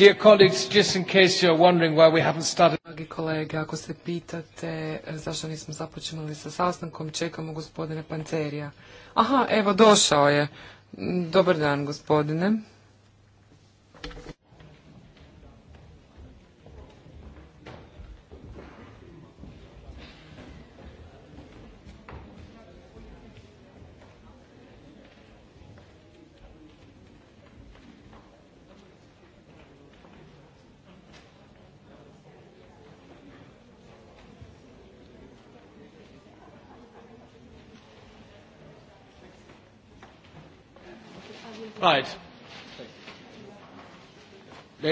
Dear colleagues, just in case you're wondering why we haven't started... Dragi kolege, ako se pitate e, zašto nismo započinuli sa sastankom, čekamo gospodine Panterija. Aha, evo, došao je. Mm, dobar dan, gospodine.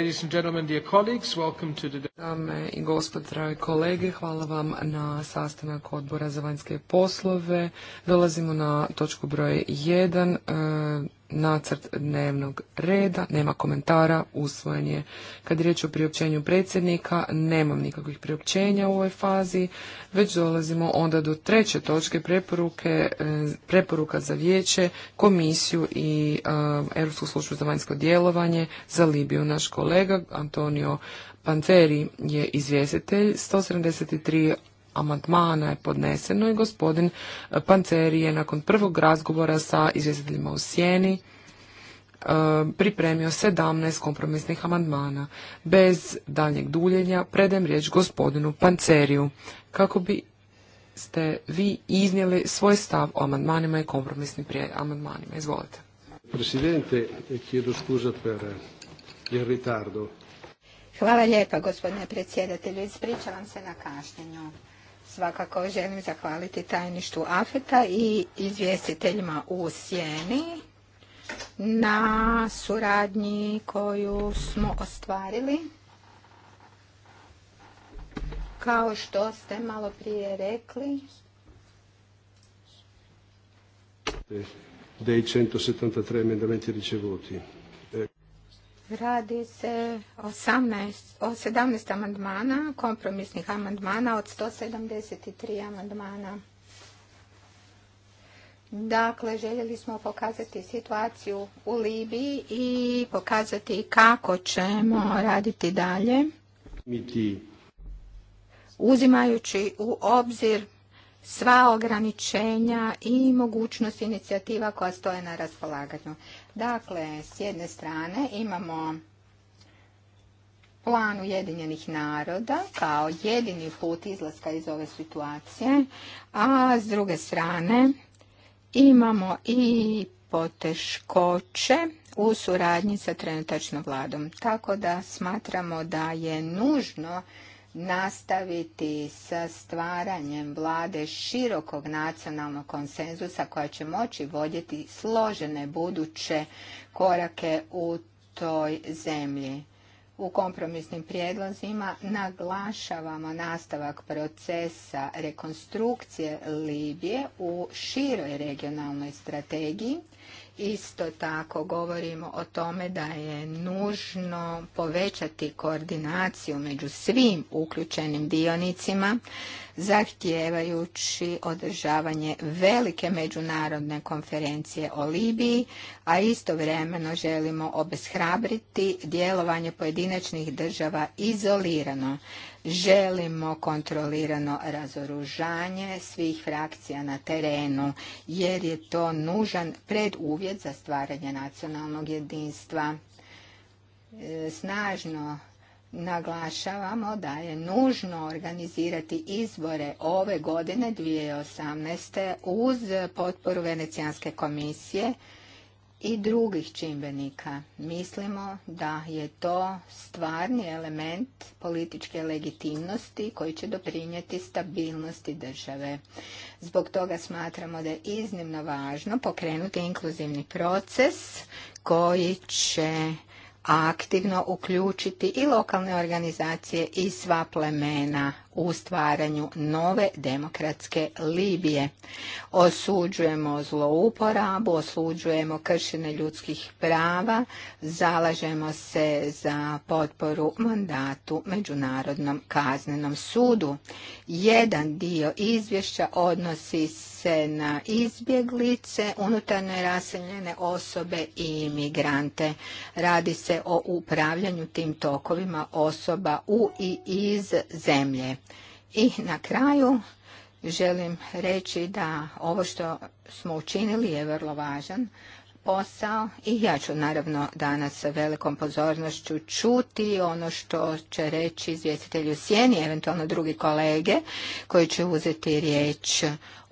Ladies and gentlemen, dear colleagues, welcome to the... Dame i gospod, dragi kolege, hvala vam na sastanak odbora za vanjske poslove. Dolazimo na točku broj 1 nacrt dnevnog reda, nema komentara, usvojen je. Kad je riječ o priopćenju predsjednika, nemam nikakvih priopćenja u ovoj fazi, već dolazimo onda do treće točke preporuke, e, preporuka za vijeće, komisiju i e, Europsku službu za vanjsko djelovanje za Libiju. Naš kolega Antonio Panceri je izvjestitelj, 173 amandmana je podneseno i gospodin Panceri je nakon prvog razgovora sa izvjestiteljima u sjeni e, pripremio sedamnaest kompromisnih amandmana. Bez daljnjeg duljenja predem riječ gospodinu Panceriju kako bi ste vi iznijeli svoj stav o amandmanima i kompromisnim prije amandmanima. Izvolite. Presidente, chiedo scusa per il ritardo. Hvala lijepa, gospodine predsjedatelju. Ispričavam se na kašnjenju. Svakako želim zahvaliti tajništu AFETA i izvjestiteljima u Sjeni na suradnji koju smo ostvarili. Kao što ste malo prije rekli, Dej 173 emendamenti ricevuti. Radi se o, 18, 17 amandmana, kompromisnih amandmana od 173 amandmana. Dakle, željeli smo pokazati situaciju u Libiji i pokazati kako ćemo raditi dalje. Uzimajući u obzir sva ograničenja i mogućnost inicijativa koja stoje na raspolaganju. Dakle, s jedne strane imamo plan Ujedinjenih naroda kao jedini put izlaska iz ove situacije, a s druge strane imamo i poteškoće u suradnji sa trenutačnom vladom. Tako da smatramo da je nužno nastaviti sa stvaranjem vlade širokog nacionalnog konsenzusa koja će moći voditi složene buduće korake u toj zemlji. U kompromisnim prijedlozima naglašavamo nastavak procesa rekonstrukcije Libije u široj regionalnoj strategiji Isto tako govorimo o tome da je nužno povećati koordinaciju među svim uključenim dionicima, zahtijevajući održavanje velike međunarodne konferencije o Libiji, a istovremeno želimo obeshrabriti djelovanje pojedinačnih država izolirano. Želimo kontrolirano razoružanje svih frakcija na terenu, jer je to nužan preduvjet za stvaranje nacionalnog jedinstva. E, snažno Naglašavamo da je nužno organizirati izbore ove godine 2018. uz potporu Venecijanske komisije i drugih čimbenika. Mislimo da je to stvarni element političke legitimnosti koji će doprinijeti stabilnosti države. Zbog toga smatramo da je iznimno važno pokrenuti inkluzivni proces koji će aktivno uključiti i lokalne organizacije i sva plemena u stvaranju nove demokratske Libije. Osuđujemo zlouporabu, osuđujemo kršenje ljudskih prava, zalažemo se za potporu mandatu Međunarodnom kaznenom sudu. Jedan dio izvješća odnosi se na izbjeglice, unutarnje raseljene osobe i imigrante. Radi se o upravljanju tim tokovima osoba u i iz zemlje. I na kraju želim reći da ovo što smo učinili je vrlo važan posao i ja ću naravno danas sa velikom pozornošću čuti ono što će reći izvjestitelju Sjeni, eventualno drugi kolege koji će uzeti riječ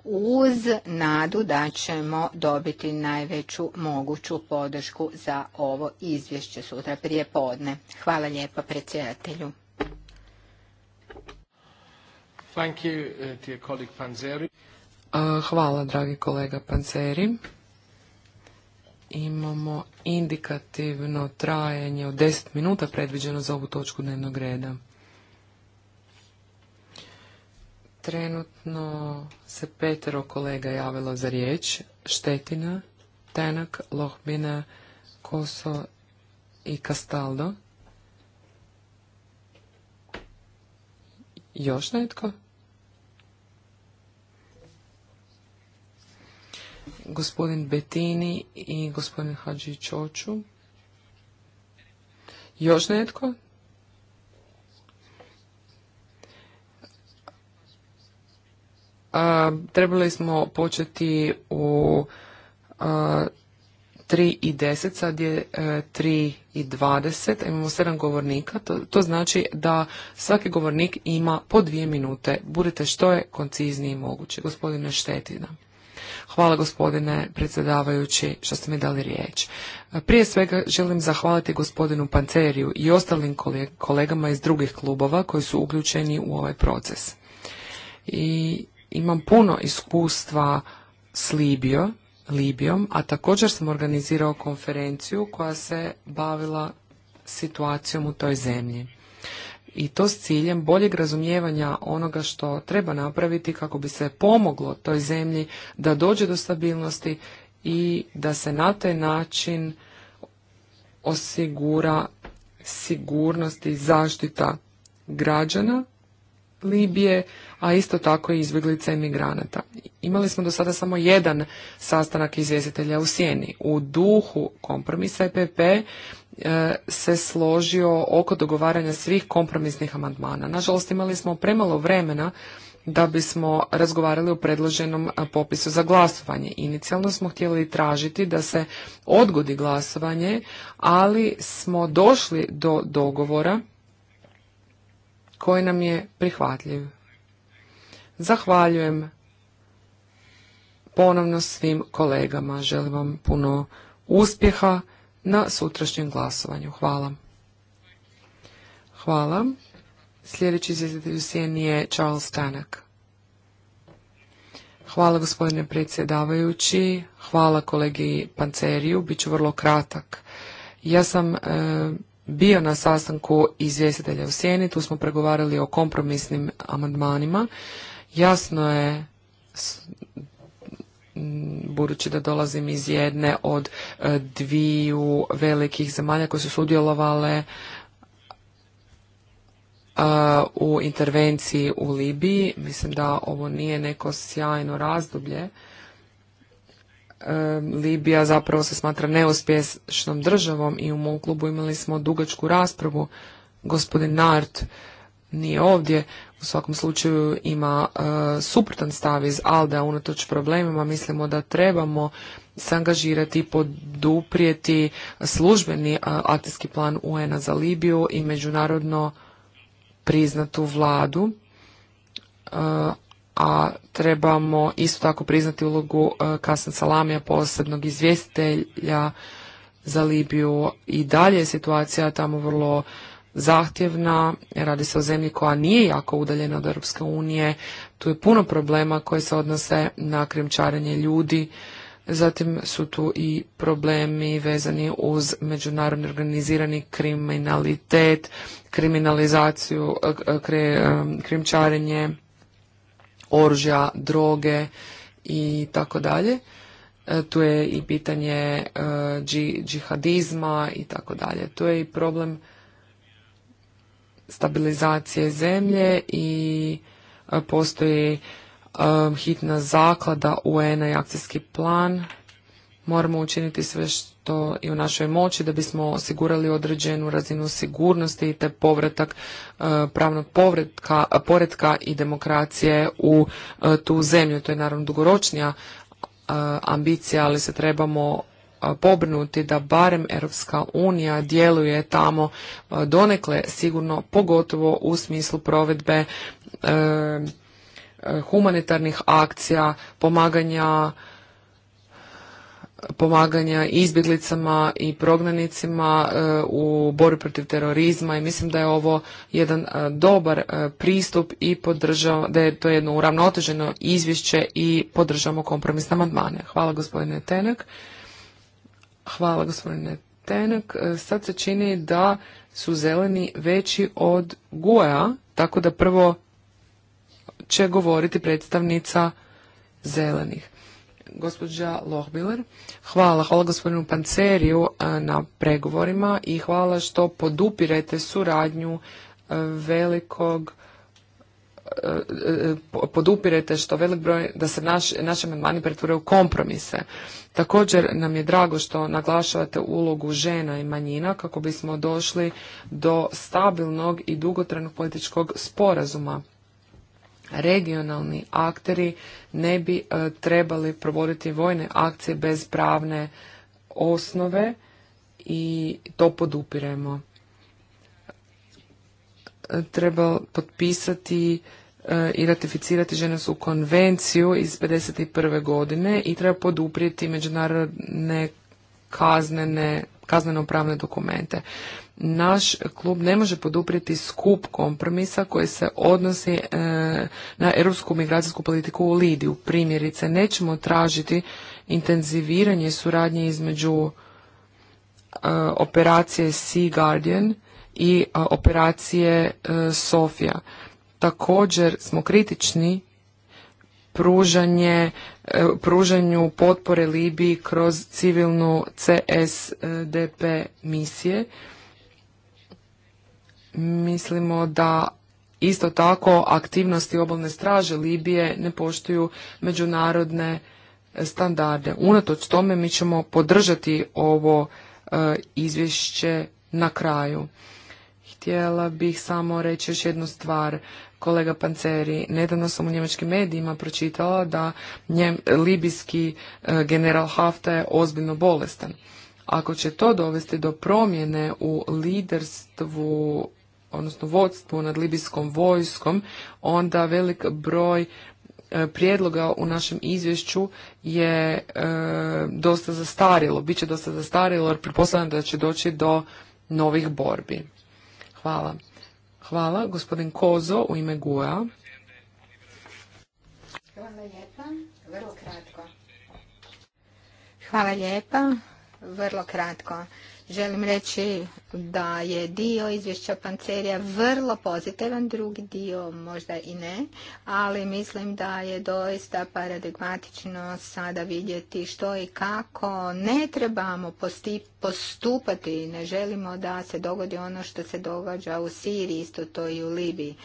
uz nadu da ćemo dobiti najveću moguću podršku za ovo izvješće sutra prije podne. Hvala lijepa predsjedatelju. Thank you, uh, dear colleague Panzeri. Hvala, dragi kolega Panzeri. Imamo indikativno trajanje od 10 minuta predviđeno za ovu točku dnevnog reda. Trenutno se petero kolega javilo za riječ. Štetina, Tenak, Lohbina, Koso i kastaldo Još netko? gospodin Betini i gospodin Hadži Čoču. Još netko? A, trebali smo početi u a, 3 i 10, sad je 3 e, i 20, imamo 7 govornika, to, to znači da svaki govornik ima po dvije minute, Budete što je koncizniji moguće, gospodine Štetina. Hvala gospodine predsjedavajući što ste mi dali riječ. Prije svega želim zahvaliti gospodinu Panceriju i ostalim kolegama iz drugih klubova koji su uključeni u ovaj proces. I imam puno iskustva s Libijom, Libijom, a također sam organizirao konferenciju koja se bavila situacijom u toj zemlji i to s ciljem boljeg razumijevanja onoga što treba napraviti kako bi se pomoglo toj zemlji da dođe do stabilnosti i da se na taj način osigura sigurnost i zaštita građana Libije a isto tako i izbjeglica emigranata. Imali smo do sada samo jedan sastanak izvjestitelja u Sjeni. U duhu kompromisa EPP e, se složio oko dogovaranja svih kompromisnih amandmana. Nažalost, imali smo premalo vremena da bismo razgovarali o predloženom popisu za glasovanje. Inicijalno smo htjeli tražiti da se odgodi glasovanje, ali smo došli do dogovora koji nam je prihvatljiv. Zahvaljujem ponovno svim kolegama. Želim vam puno uspjeha na sutrašnjem glasovanju. Hvala. Hvala. Sljedeći izvjestitelj u sjeni je Charles Tanak. Hvala gospodine predsjedavajući, hvala kolegi Panceriju, bit ću vrlo kratak. Ja sam e, bio na sastanku izvjestitelja u sjeni, tu smo pregovarali o kompromisnim amandmanima. Jasno je budući da dolazim iz jedne od e, dviju velikih zemalja koje su sudjelovale e, u intervenciji u Libiji. Mislim da ovo nije neko sjajno razdoblje. E, Libija zapravo se smatra neuspješnom državom i u mom klubu imali smo dugačku raspravu. Gospodin Nart nije ovdje, u svakom slučaju ima e, suprotan stav iz Alda unatoč problemima. Mislimo da trebamo se angažirati i poduprijeti službeni e, akcijski plan UN-a za Libiju i međunarodno priznatu vladu. E, a trebamo isto tako priznati ulogu e, Kasan Salamija, posebnog izvjestitelja za Libiju. I dalje je situacija tamo vrlo zahtjevna, radi se o zemlji koja nije jako udaljena od Europske unije, tu je puno problema koji se odnose na krimčarenje ljudi, zatim su tu i problemi vezani uz međunarodni organizirani kriminalitet, kriminalizaciju, e, e, krimčarenje e, oružja, droge i tako dalje. Tu je i pitanje džihadizma i tako dalje. Tu je i problem stabilizacije zemlje i e, postoji e, hitna zaklada UN-a i akcijski plan. Moramo učiniti sve što i u našoj moći da bismo osigurali određenu razinu sigurnosti i te povratak e, pravnog povretka, poretka i demokracije u tu zemlju. To je naravno dugoročnija ambicija, ali se trebamo pobrinuti da barem Europska unija djeluje tamo donekle sigurno, pogotovo u smislu provedbe e, e, humanitarnih akcija, pomaganja pomaganja izbjeglicama i prognanicima e, u borbi protiv terorizma i mislim da je ovo jedan dobar pristup i podržava, da je to jedno uravnoteženo izvješće i podržamo kompromisne amandmane. Hvala gospodine Tenek. Hvala gospodine Tenak. E, sad se čini da su zeleni veći od guaja tako da prvo će govoriti predstavnica zelenih. Gospođa Lohbiler, hvala, hvala gospodinu Panceriju e, na pregovorima i hvala što podupirete suradnju e, velikog podupirete što velik broj da se naš, naši amandmani pretvore u kompromise. Također nam je drago što naglašavate ulogu žena i manjina kako bismo došli do stabilnog i dugotrajnog političkog sporazuma. Regionalni akteri ne bi e, trebali provoditi vojne akcije bez pravne osnove i to podupiremo treba potpisati eh, i ratificirati ženevsku konvenciju iz 51. godine i treba poduprijeti međunarodne kaznene, kazneno-pravne dokumente. Naš klub ne može poduprijeti skup kompromisa koji se odnosi eh, na europsku migracijsku politiku u Lidiju. Primjerice, nećemo tražiti intenziviranje suradnje između eh, operacije Sea Guardian i operacije e, Sofija. Također smo kritični pružanje, e, pružanju potpore Libiji kroz civilnu CSDP misije. Mislimo da isto tako aktivnosti obalne straže Libije ne poštuju međunarodne standarde. Unatoč tome mi ćemo podržati ovo e, izvješće na kraju htjela bih samo reći još jednu stvar. Kolega Panceri, nedavno sam u njemačkim medijima pročitala da njem, libijski e, general Hafta je ozbiljno bolestan. Ako će to dovesti do promjene u liderstvu, odnosno vodstvu nad libijskom vojskom, onda velik broj e, prijedloga u našem izvješću je e, dosta zastarilo, bit će dosta zastarilo jer pretpostavljam da će doći do novih borbi. Hvala. Hvala. Gospodin Kozo u ime Guja. Hvala lijepa. Vrlo kratko. Hvala lijepa. Vrlo kratko. Želim reći da je dio izvješća Pancerija vrlo pozitivan, drugi dio možda i ne, ali mislim da je doista paradigmatično sada vidjeti što i kako ne trebamo postupati, ne želimo da se dogodi ono što se događa u Siriji, isto to i u Libiji.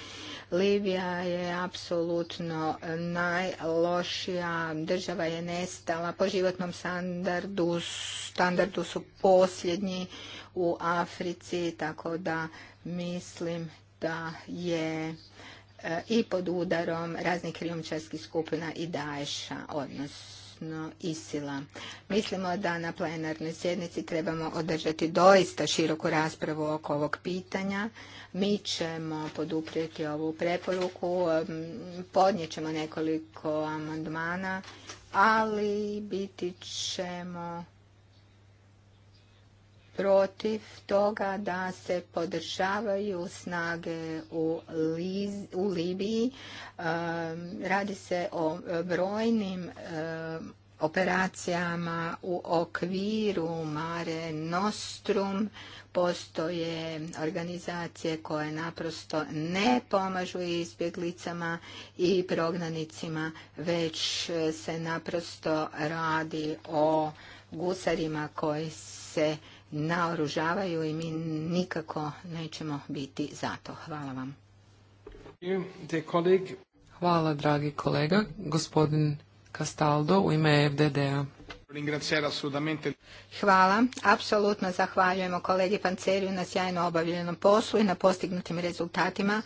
Livija je apsolutno najlošija, država je nestala, po životnom standardu, standardu su posljednji u Africi, tako da mislim da je e, i pod udarom raznih krijumčarskih skupina i daješa odnos Isila. Mislimo da na plenarnoj sjednici trebamo održati doista široku raspravu oko ovog pitanja. Mi ćemo poduprijeti ovu preporuku, ćemo nekoliko amandmana, ali biti ćemo protiv toga da se podržavaju snage u, u Libiji. radi se o brojnim operacijama u okviru Mare Nostrum. Postoje organizacije koje naprosto ne pomažu izbjeglicama i prognanicima, već se naprosto radi o gusarima koji se naoružavaju i mi nikako nećemo biti za to. Hvala vam. Hvala, dragi kolega. Gospodin Castaldo u ime FDD-a. Hvala. Apsolutno zahvaljujemo kolegi Panceriju na sjajno obavljenom poslu i na postignutim rezultatima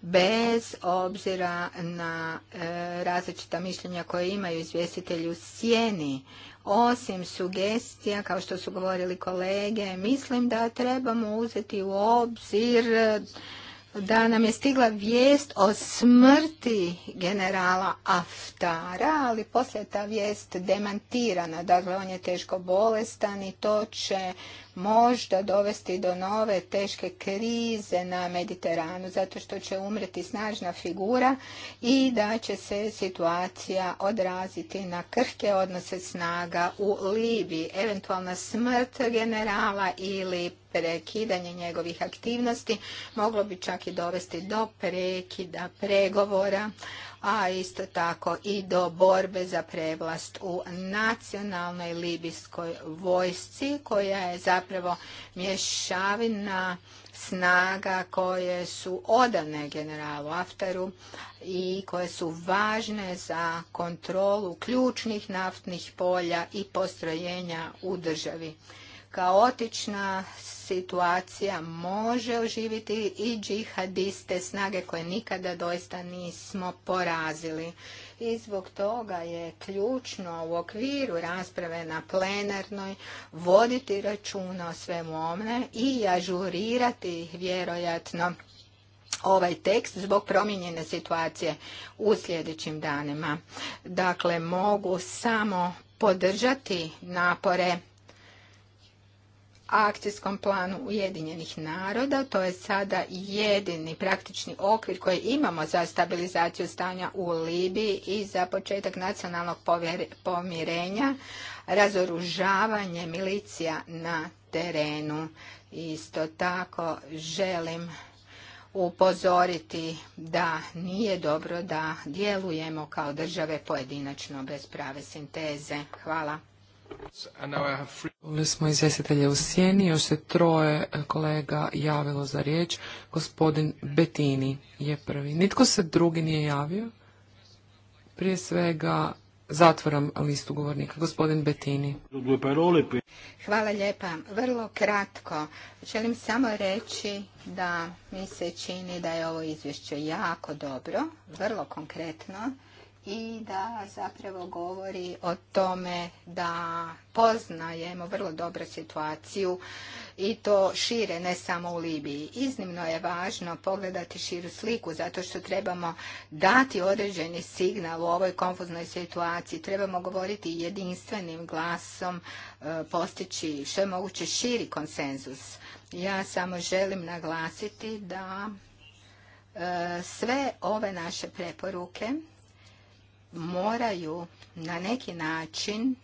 bez obzira na e, različita mišljenja koje imaju izvjestitelji u sjeni osim sugestija, kao što su govorili kolege, mislim da trebamo uzeti u obzir da nam je stigla vijest o smrti generala Aftara, ali poslije ta vijest demantirana. Dakle, on je teško bolestan i to će možda dovesti do nove teške krize na Mediteranu zato što će umreti snažna figura i da će se situacija odraziti na krhke odnose snaga u Libiji. Eventualna smrt generala ili prekidanje njegovih aktivnosti moglo bi čak i dovesti do prekida pregovora a isto tako i do borbe za prevlast u nacionalnoj libijskoj vojsci koja je zapravo mješavina snaga koje su odane generalu Aftaru i koje su važne za kontrolu ključnih naftnih polja i postrojenja u državi kaotična situacija može oživiti i džihadiste snage koje nikada doista nismo porazili. I zbog toga je ključno u okviru rasprave na plenarnoj voditi računa o svemu omne i ažurirati vjerojatno ovaj tekst zbog promijenjene situacije u sljedećim danima. Dakle, mogu samo podržati napore akcijskom planu Ujedinjenih naroda. To je sada jedini praktični okvir koji imamo za stabilizaciju stanja u Libiji i za početak nacionalnog pomirenja, razoružavanje milicija na terenu. Isto tako želim upozoriti da nije dobro da djelujemo kao države pojedinačno bez prave sinteze. Hvala. Čuli smo izvjestitelje u sjeni, još se troje kolega javilo za riječ. Gospodin Betini je prvi. Nitko se drugi nije javio. Prije svega zatvoram listu govornika. Gospodin Betini. Hvala lijepa. Vrlo kratko. Želim samo reći da mi se čini da je ovo izvješće jako dobro, vrlo konkretno i da zapravo govori o tome da poznajemo vrlo dobro situaciju i to šire, ne samo u Libiji. Iznimno je važno pogledati širu sliku zato što trebamo dati određeni signal u ovoj konfuznoj situaciji. Trebamo govoriti jedinstvenim glasom, e, postići što je moguće širi konsenzus. Ja samo želim naglasiti da e, sve ove naše preporuke moraju na neki način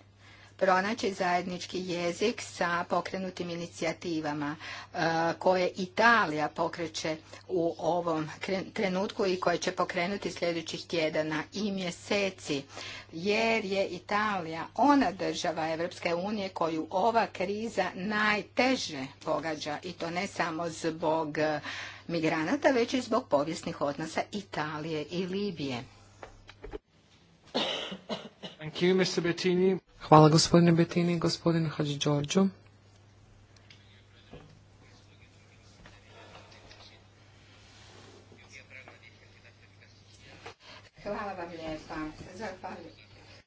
pronaći zajednički jezik sa pokrenutim inicijativama e, koje Italija pokreće u ovom trenutku i koje će pokrenuti sljedećih tjedana i mjeseci. Jer je Italija ona država Evropske unije koju ova kriza najteže pogađa i to ne samo zbog migranata, već i zbog povijesnih odnosa Italije i Libije. Thank you, Mr. Bettini. Hvala gospodine Bettini, gospodin Hadži Đorđo. Hvala vam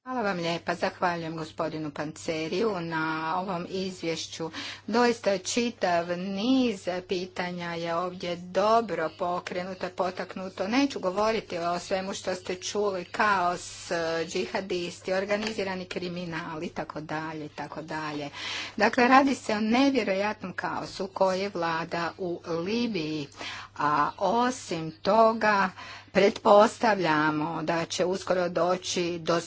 Hvala vam lijepa. Zahvaljujem gospodinu Panceriju na ovom izvješću. Doista čitav niz pitanja je ovdje dobro pokrenuto, potaknuto. Neću govoriti o svemu što ste čuli, kaos, džihadisti, organizirani kriminal i tako dalje i tako dalje. Dakle, radi se o nevjerojatnom kaosu koji vlada u Libiji. A osim toga, pretpostavljamo da će uskoro doći do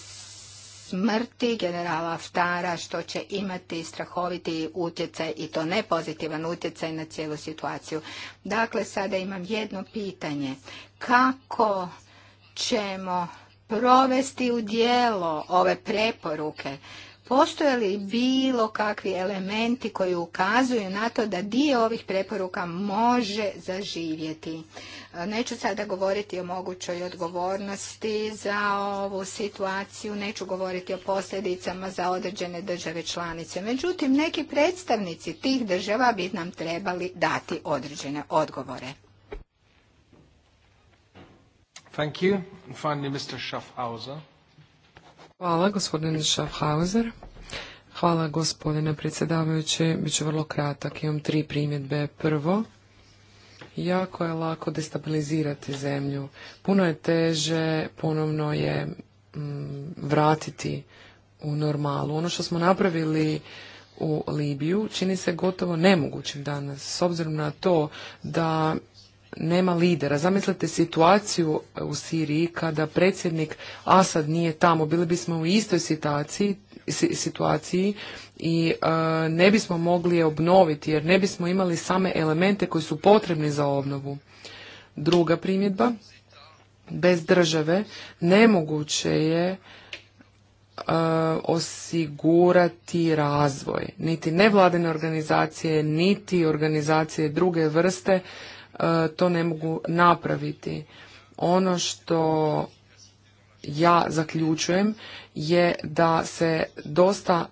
smrti generala Aftara što će imati strahoviti utjecaj i to ne pozitivan utjecaj na cijelu situaciju. Dakle, sada imam jedno pitanje. Kako ćemo provesti u dijelo ove preporuke? Postoje li bilo kakvi elementi koji ukazuju na to da dio ovih preporuka može zaživjeti? E, neću sada govoriti o mogućoj odgovornosti za ovu situaciju, neću govoriti o posljedicama za određene države članice. Međutim, neki predstavnici tih država bi nam trebali dati određene odgovore. Thank you. Mr. Schaffhauser. Hvala, gospodine Schaffhauser. Hvala, gospodine predsjedavajući. Biću vrlo kratak. Imam tri primjedbe. Prvo, jako je lako destabilizirati zemlju. Puno je teže, ponovno je mm, vratiti u normalu. Ono što smo napravili u Libiju čini se gotovo nemogućim danas, s obzirom na to da nema lidera. Zamislite situaciju u Siriji kada predsjednik Asad nije tamo. Bili bismo u istoj situaciji, situaciji i e, ne bismo mogli je obnoviti jer ne bismo imali same elemente koji su potrebni za obnovu. Druga primjedba, bez države nemoguće je e, osigurati razvoj. Niti nevladene organizacije, niti organizacije druge vrste E, to ne mogu napraviti. Ono što ja zaključujem je da se dosta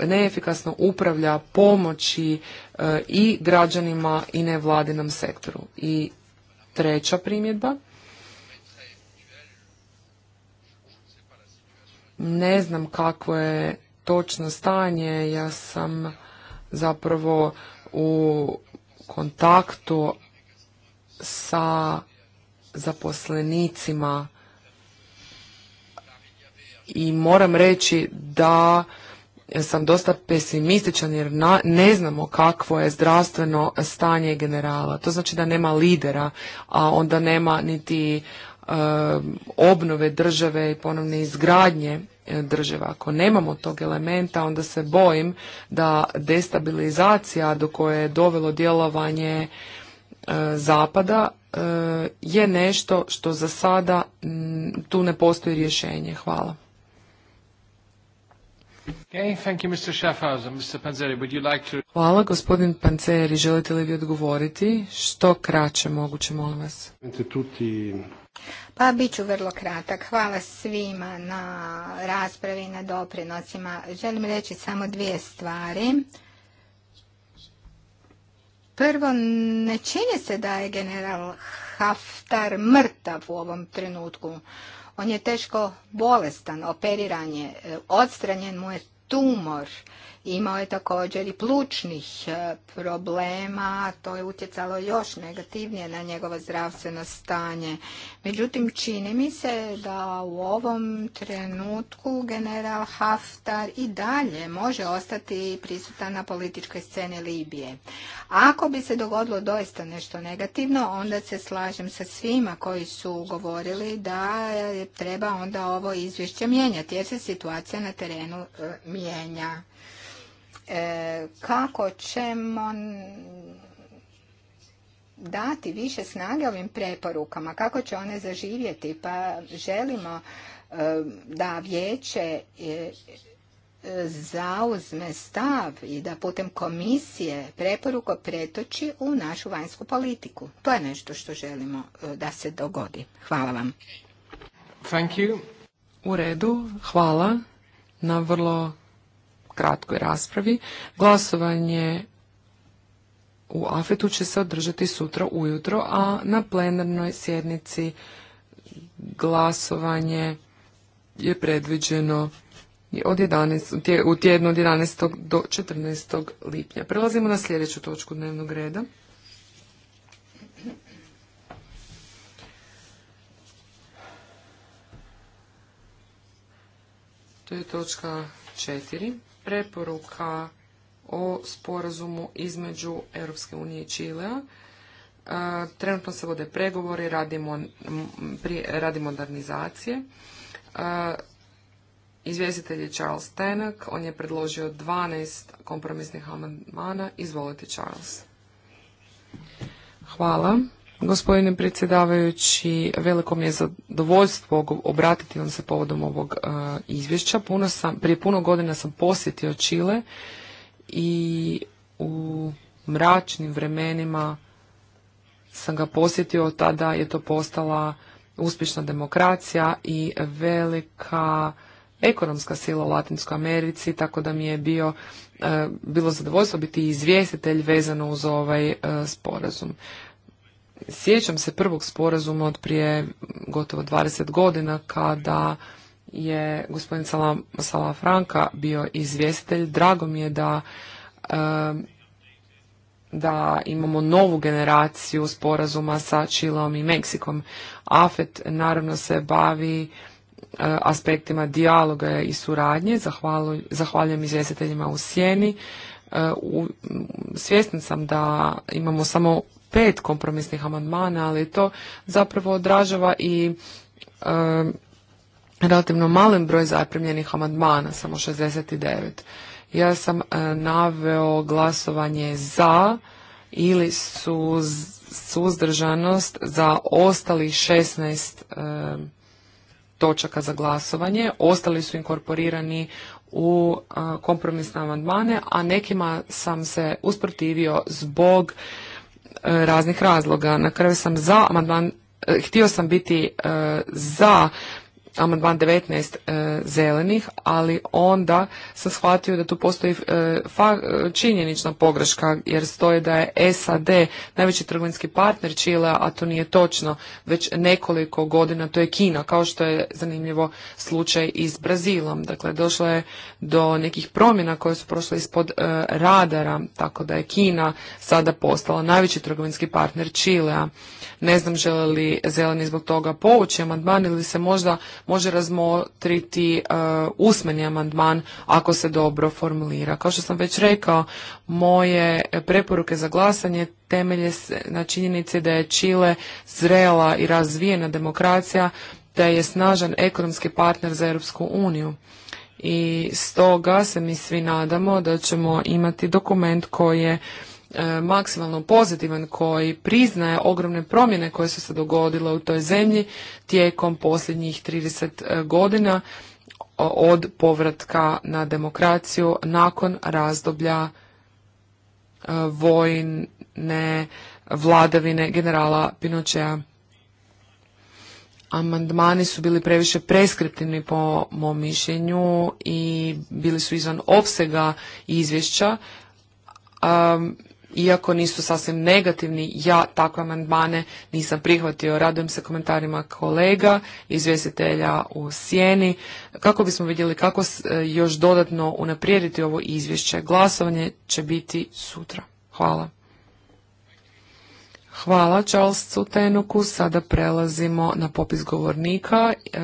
neefikasno upravlja pomoći e, i građanima i nevladinom sektoru. I treća primjedba. Ne znam kakvo je točno stanje. Ja sam zapravo u kontaktu sa zaposlenicima i moram reći da sam dosta pesimističan jer ne znamo kakvo je zdravstveno stanje generala. To znači da nema lidera, a onda nema niti obnove države i ponovne izgradnje e, države. Ako nemamo tog elementa, onda se bojim da destabilizacija do koje je dovelo djelovanje E, zapada e, je nešto što za sada mm, tu ne postoji rješenje. Hvala. Hvala, gospodin Panceri, želite li vi odgovoriti? Što kraće moguće, molim vas. Pa bit ću vrlo kratak. Hvala svima na raspravi i na doprinosima. Želim reći samo dvije stvari. Prvo, ne čini se da je general Haftar mrtav u ovom trenutku. On je teško bolestan, operiran je, e, odstranjen mu je tumor Imao je također i plućnih e, problema, to je utjecalo još negativnije na njegovo zdravstveno stanje. Međutim, čini mi se da u ovom trenutku general Haftar i dalje može ostati prisutan na političkoj sceni Libije. Ako bi se dogodilo doista nešto negativno, onda se slažem sa svima koji su govorili da treba onda ovo izvješće mijenjati jer se situacija na terenu e, mijenja. E, kako ćemo dati više snage ovim preporukama, kako će one zaživjeti, pa želimo e, da vijeće e, zauzme stav i da putem komisije preporuko pretoči u našu vanjsku politiku. To je nešto što želimo da se dogodi. Hvala vam. Thank you. U redu, hvala na vrlo kratkoj raspravi. Glasovanje u Afetu će se održati sutra ujutro, a na plenarnoj sjednici glasovanje je predviđeno od 11, u tjednu od 11. do 14. lipnja. Prelazimo na sljedeću točku dnevnog reda. To je točka 4 preporuka o sporazumu između Europske unije i Čilea. E, trenutno se vode pregovori, radi modernizacije. E, izvjestitelj je Charles Tenak, on je predložio 12 kompromisnih amandmana. Izvolite Charles. Hvala. Gospodine predsjedavajući, veliko mi je zadovoljstvo obratiti vam se povodom ovog e, izvješća. Puno prije puno godina sam posjetio Čile i u mračnim vremenima sam ga posjetio, tada je to postala uspješna demokracija i velika ekonomska sila u Latinskoj Americi, tako da mi je bio, e, bilo zadovoljstvo biti izvjestitelj vezano uz ovaj e, sporazum. Sjećam se prvog sporazuma od prije gotovo 20 godina kada je gospodin Sala Franka bio izvjestitelj. Drago mi je da da imamo novu generaciju sporazuma sa Čilom i Meksikom. AFET naravno se bavi e, aspektima dijaloga i suradnje. Zahvaljujem izvjestiteljima u Sjeni. E, Svjesna sam da imamo samo pet kompromisnih amandmana, ali to zapravo odražava i relativno malen broj zaprimljenih amandmana, samo 69. Ja sam e, naveo glasovanje za ili su suzdržanost za ostali 16 točaka za glasovanje. Ostali su inkorporirani u e, kompromisne amandmane, a nekima sam se usprotivio zbog raznih razloga. Na kraju sam za amandman, eh, htio sam biti eh, za amandman 19 e, zelenih, ali onda sam shvatio da tu postoji e, činjenična pogreška jer stoje da je SAD najveći trgovinski partner Čile, a to nije točno, već nekoliko godina to je Kina, kao što je zanimljivo slučaj i s Brazilom. Dakle, došlo je do nekih promjena koje su prošle ispod e, radara, tako da je Kina sada postala najveći trgovinski partner Čilea. Ne znam žele li zeleni zbog toga povući amandman ili se možda može razmotriti e, usmeni amandman ako se dobro formulira. Kao što sam već rekao, moje preporuke za glasanje temelje se na činjenici da je Čile zrela i razvijena demokracija, da je snažan ekonomski partner za Europsku uniju. I stoga se mi svi nadamo da ćemo imati dokument koji je E, maksimalno pozitivan koji priznaje ogromne promjene koje su se dogodile u toj zemlji tijekom posljednjih 30 e, godina od povratka na demokraciju nakon razdoblja e, vojne vladavine generala Pinočeja. Amandmani su bili previše preskriptivni po mom mišljenju i bili su izvan opsega izvješća iako nisu sasvim negativni, ja takve amandmane nisam prihvatio. Radujem se komentarima kolega, izvjestitelja u sjeni, kako bismo vidjeli kako e, još dodatno unaprijediti ovo izvješće. Glasovanje će biti sutra. Hvala. Hvala Charles Cutenuku. Sada prelazimo na popis govornika. E,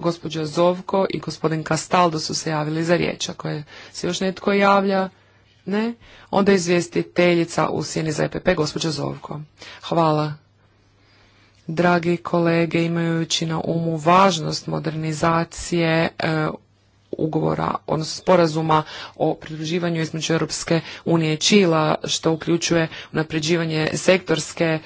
gospođa Zovko i gospodin Kastaldo su se javili za riječ. Ako je, se još netko javlja, ne. Onda izvjestiteljica u sjeni za EPP, gospođa Zovko. Hvala. Dragi kolege, imajući na umu važnost modernizacije e, ugovora, odnosno sporazuma o pridruživanju između Europske unije i Čila, što uključuje napređivanje sektorske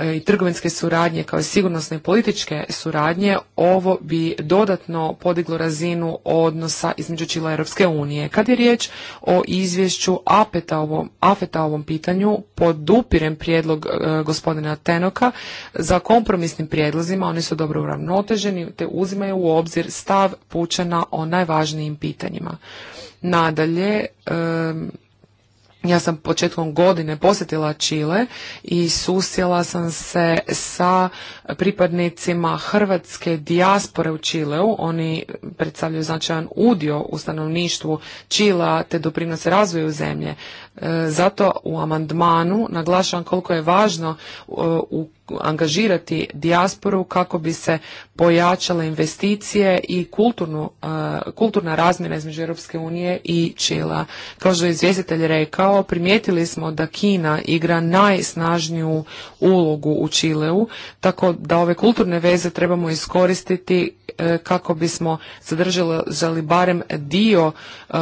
E, i trgovinske suradnje kao i sigurnosne i političke suradnje, ovo bi dodatno podiglo razinu odnosa između Čila i Europske unije. Kad je riječ o izvješću APETA ovom, AFETA ovom pitanju, podupirem prijedlog e, gospodina Tenoka za kompromisnim prijedlozima, oni su dobro uravnoteženi te uzimaju u obzir stav pučana o najvažnijim pitanjima. Nadalje, e, ja sam početkom godine posjetila Čile i susjela sam se sa pripadnicima hrvatske dijaspore u Čileu. Oni predstavljaju značajan udio u stanovništvu Čila te doprinose razvoju zemlje. E, zato u amandmanu naglašavam koliko je važno e, u angažirati dijasporu kako bi se pojačale investicije i e, kulturna razmjena između Europske unije i Čila. Kao što je izvjestitelj rekao, primijetili smo da Kina igra najsnažniju ulogu u Čileu, tako da ove kulturne veze trebamo iskoristiti e, kako bismo zadržali barem dio e,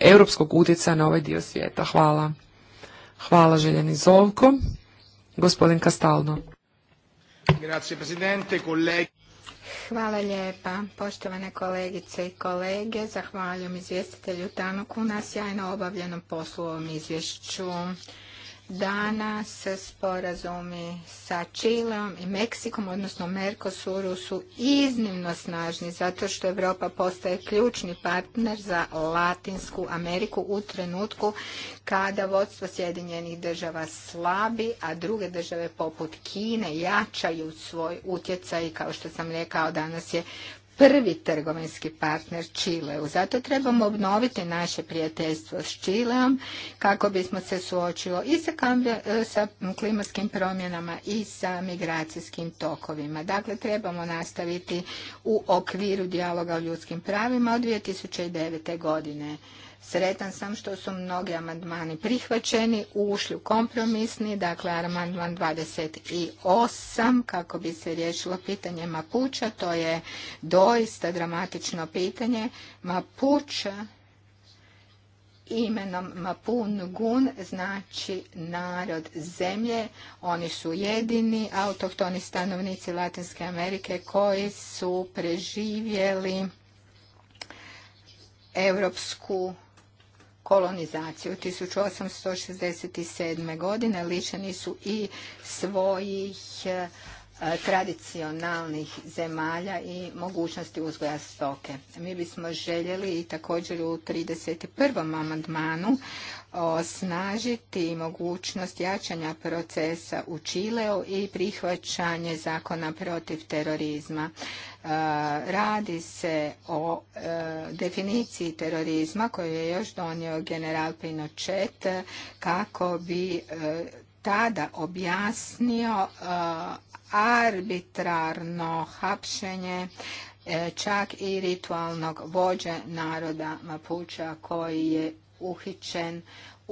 europskog utjecaja na ovaj dio svijeta. Hvala. Hvala Željeni Zovko. Gospodin Kastalno. Hvala lijepa, poštovane kolegice i kolege. Zahvaljujem izvjestitelju Tanuku na sjajno obavljenom poslu u ovom izvješću. Danas sporazumi sa Čileom i Meksikom, odnosno Mercosuru, su iznimno snažni zato što Europa postaje ključni partner za Latinsku Ameriku u trenutku kada vodstvo Sjedinjenih država slabi, a druge države poput Kine jačaju svoj utjecaj. Kao što sam rekao, danas je prvi trgovinski partner Čileu. Zato trebamo obnoviti naše prijateljstvo s Čileom kako bismo se suočili i sa, e, sa klimatskim promjenama i sa migracijskim tokovima. Dakle, trebamo nastaviti u okviru dijaloga o ljudskim pravima od 2009. godine. Sretan sam što su mnogi amandmani prihvaćeni, ušli u kompromisni, dakle amandman 28 kako bi se riješilo pitanje Mapuća, to je doista dramatično pitanje. Mapuća imenom Mapun Gun znači narod zemlje. Oni su jedini autohtoni stanovnici Latinske Amerike koji su preživjeli europsku kolonizaciju. 1867. godine lišeni su i svojih E, tradicionalnih zemalja i mogućnosti uzgoja stoke. Mi bismo željeli i također u 31. amandmanu osnažiti mogućnost jačanja procesa u Čileu i prihvaćanje zakona protiv terorizma. E, radi se o e, definiciji terorizma koju je još donio general Pinochet kako bi tada objasnio uh, arbitrarno hapšenje uh, čak i ritualnog vođe naroda Mapuča koji je uhićen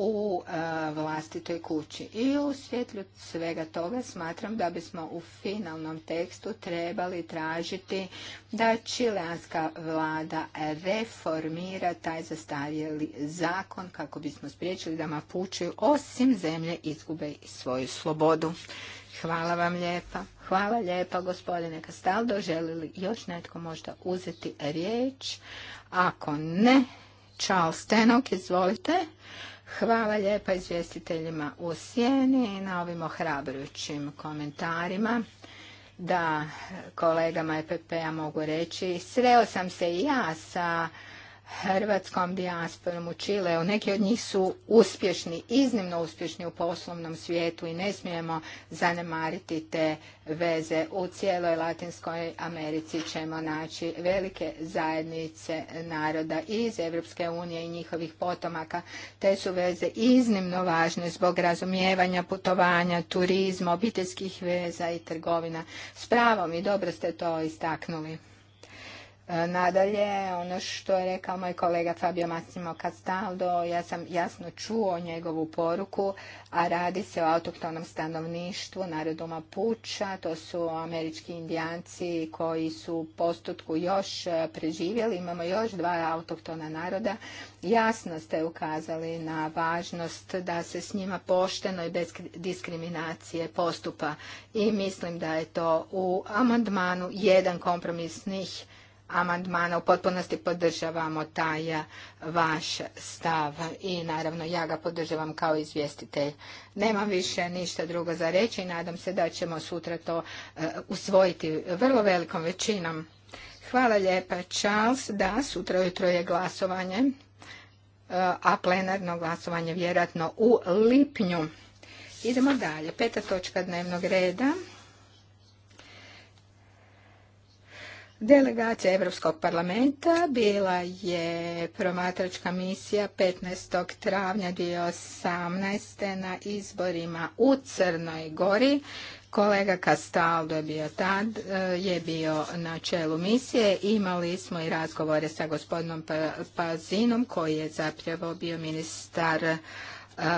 u e, vlastitoj kući. I u svjetlju svega toga smatram da bismo u finalnom tekstu trebali tražiti da čileanska vlada reformira taj zastarjeli zakon kako bismo spriječili da mapučuju osim zemlje izgube svoju slobodu. Hvala vam lijepa. Hvala lijepa gospodine Kastaldo. Želi li još netko možda uzeti riječ? Ako ne, Charles Stenok, izvolite. Hvala lijepa izvjestiteljima u sjeni na ovim ohrabrujućim komentarima. Da, kolegama EPP-a mogu reći, sreo sam se i ja sa hrvatskom dijasporom u Čileu. Neki od njih su uspješni, iznimno uspješni u poslovnom svijetu i ne smijemo zanemariti te veze. U cijeloj Latinskoj Americi ćemo naći velike zajednice naroda iz Europske unije i njihovih potomaka. Te su veze iznimno važne zbog razumijevanja, putovanja, turizma, obiteljskih veza i trgovina. S pravom i dobro ste to istaknuli. E, nadalje, ono što je rekao moj kolega Fabio Massimo Castaldo, ja sam jasno čuo njegovu poruku, a radi se o autoktonom stanovništvu narodu Mapuča, to su američki indijanci koji su u postotku još e, preživjeli, imamo još dva autoktona naroda. Jasno ste ukazali na važnost da se s njima pošteno i bez diskriminacije postupa i mislim da je to u amandmanu jedan kompromisnih amandmana u potpunosti podržavamo taj eh, vaš stav i naravno ja ga podržavam kao izvjestitelj. Nema više ništa drugo za reći i nadam se da ćemo sutra to eh, usvojiti vrlo velikom većinom. Hvala lijepa Charles. Da, sutra ujutro je glasovanje, eh, a plenarno glasovanje vjerojatno u lipnju. Idemo dalje. Peta točka dnevnog reda. Delegacija Europskog parlamenta bila je promatračka misija 15. travnja 2018. na izborima u Crnoj Gori. Kolega Castaldo je bio tad, eh, je bio na čelu misije. Imali smo i razgovore sa gospodinom pa-, Pazinom koji je zapravo bio ministar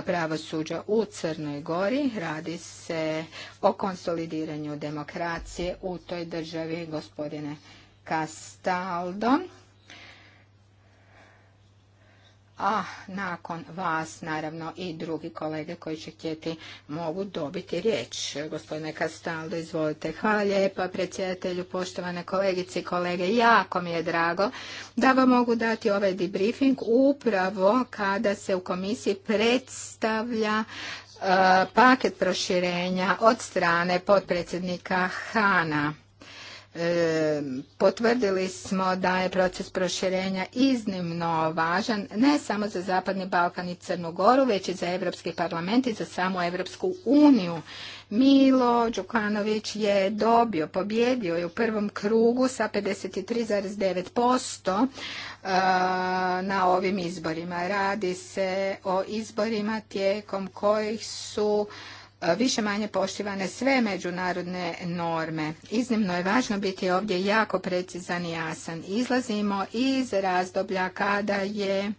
pravosuđa u Crnoj Gori. Radi se o konsolidiranju demokracije u toj državi, gospodine Castaldo a nakon vas naravno i drugi kolege koji će htjeti mogu dobiti riječ. Gospodine Kastaldo, izvolite. Hvala lijepa predsjedatelju, poštovane kolegice i kolege. Jako mi je drago da vam mogu dati ovaj debriefing upravo kada se u komisiji predstavlja e, paket proširenja od strane potpredsjednika Hana. Potvrdili smo da je proces proširenja iznimno važan ne samo za Zapadni Balkan i Crnu Goru, već i za Europski parlament i za samu Europsku uniju. Milo Đukanović je dobio, pobjedio je u prvom krugu sa 53,9% na ovim izborima. Radi se o izborima tijekom kojih su više manje poštivane sve međunarodne norme. Iznimno je važno biti ovdje jako precizan i jasan. Izlazimo iz razdoblja kada je e,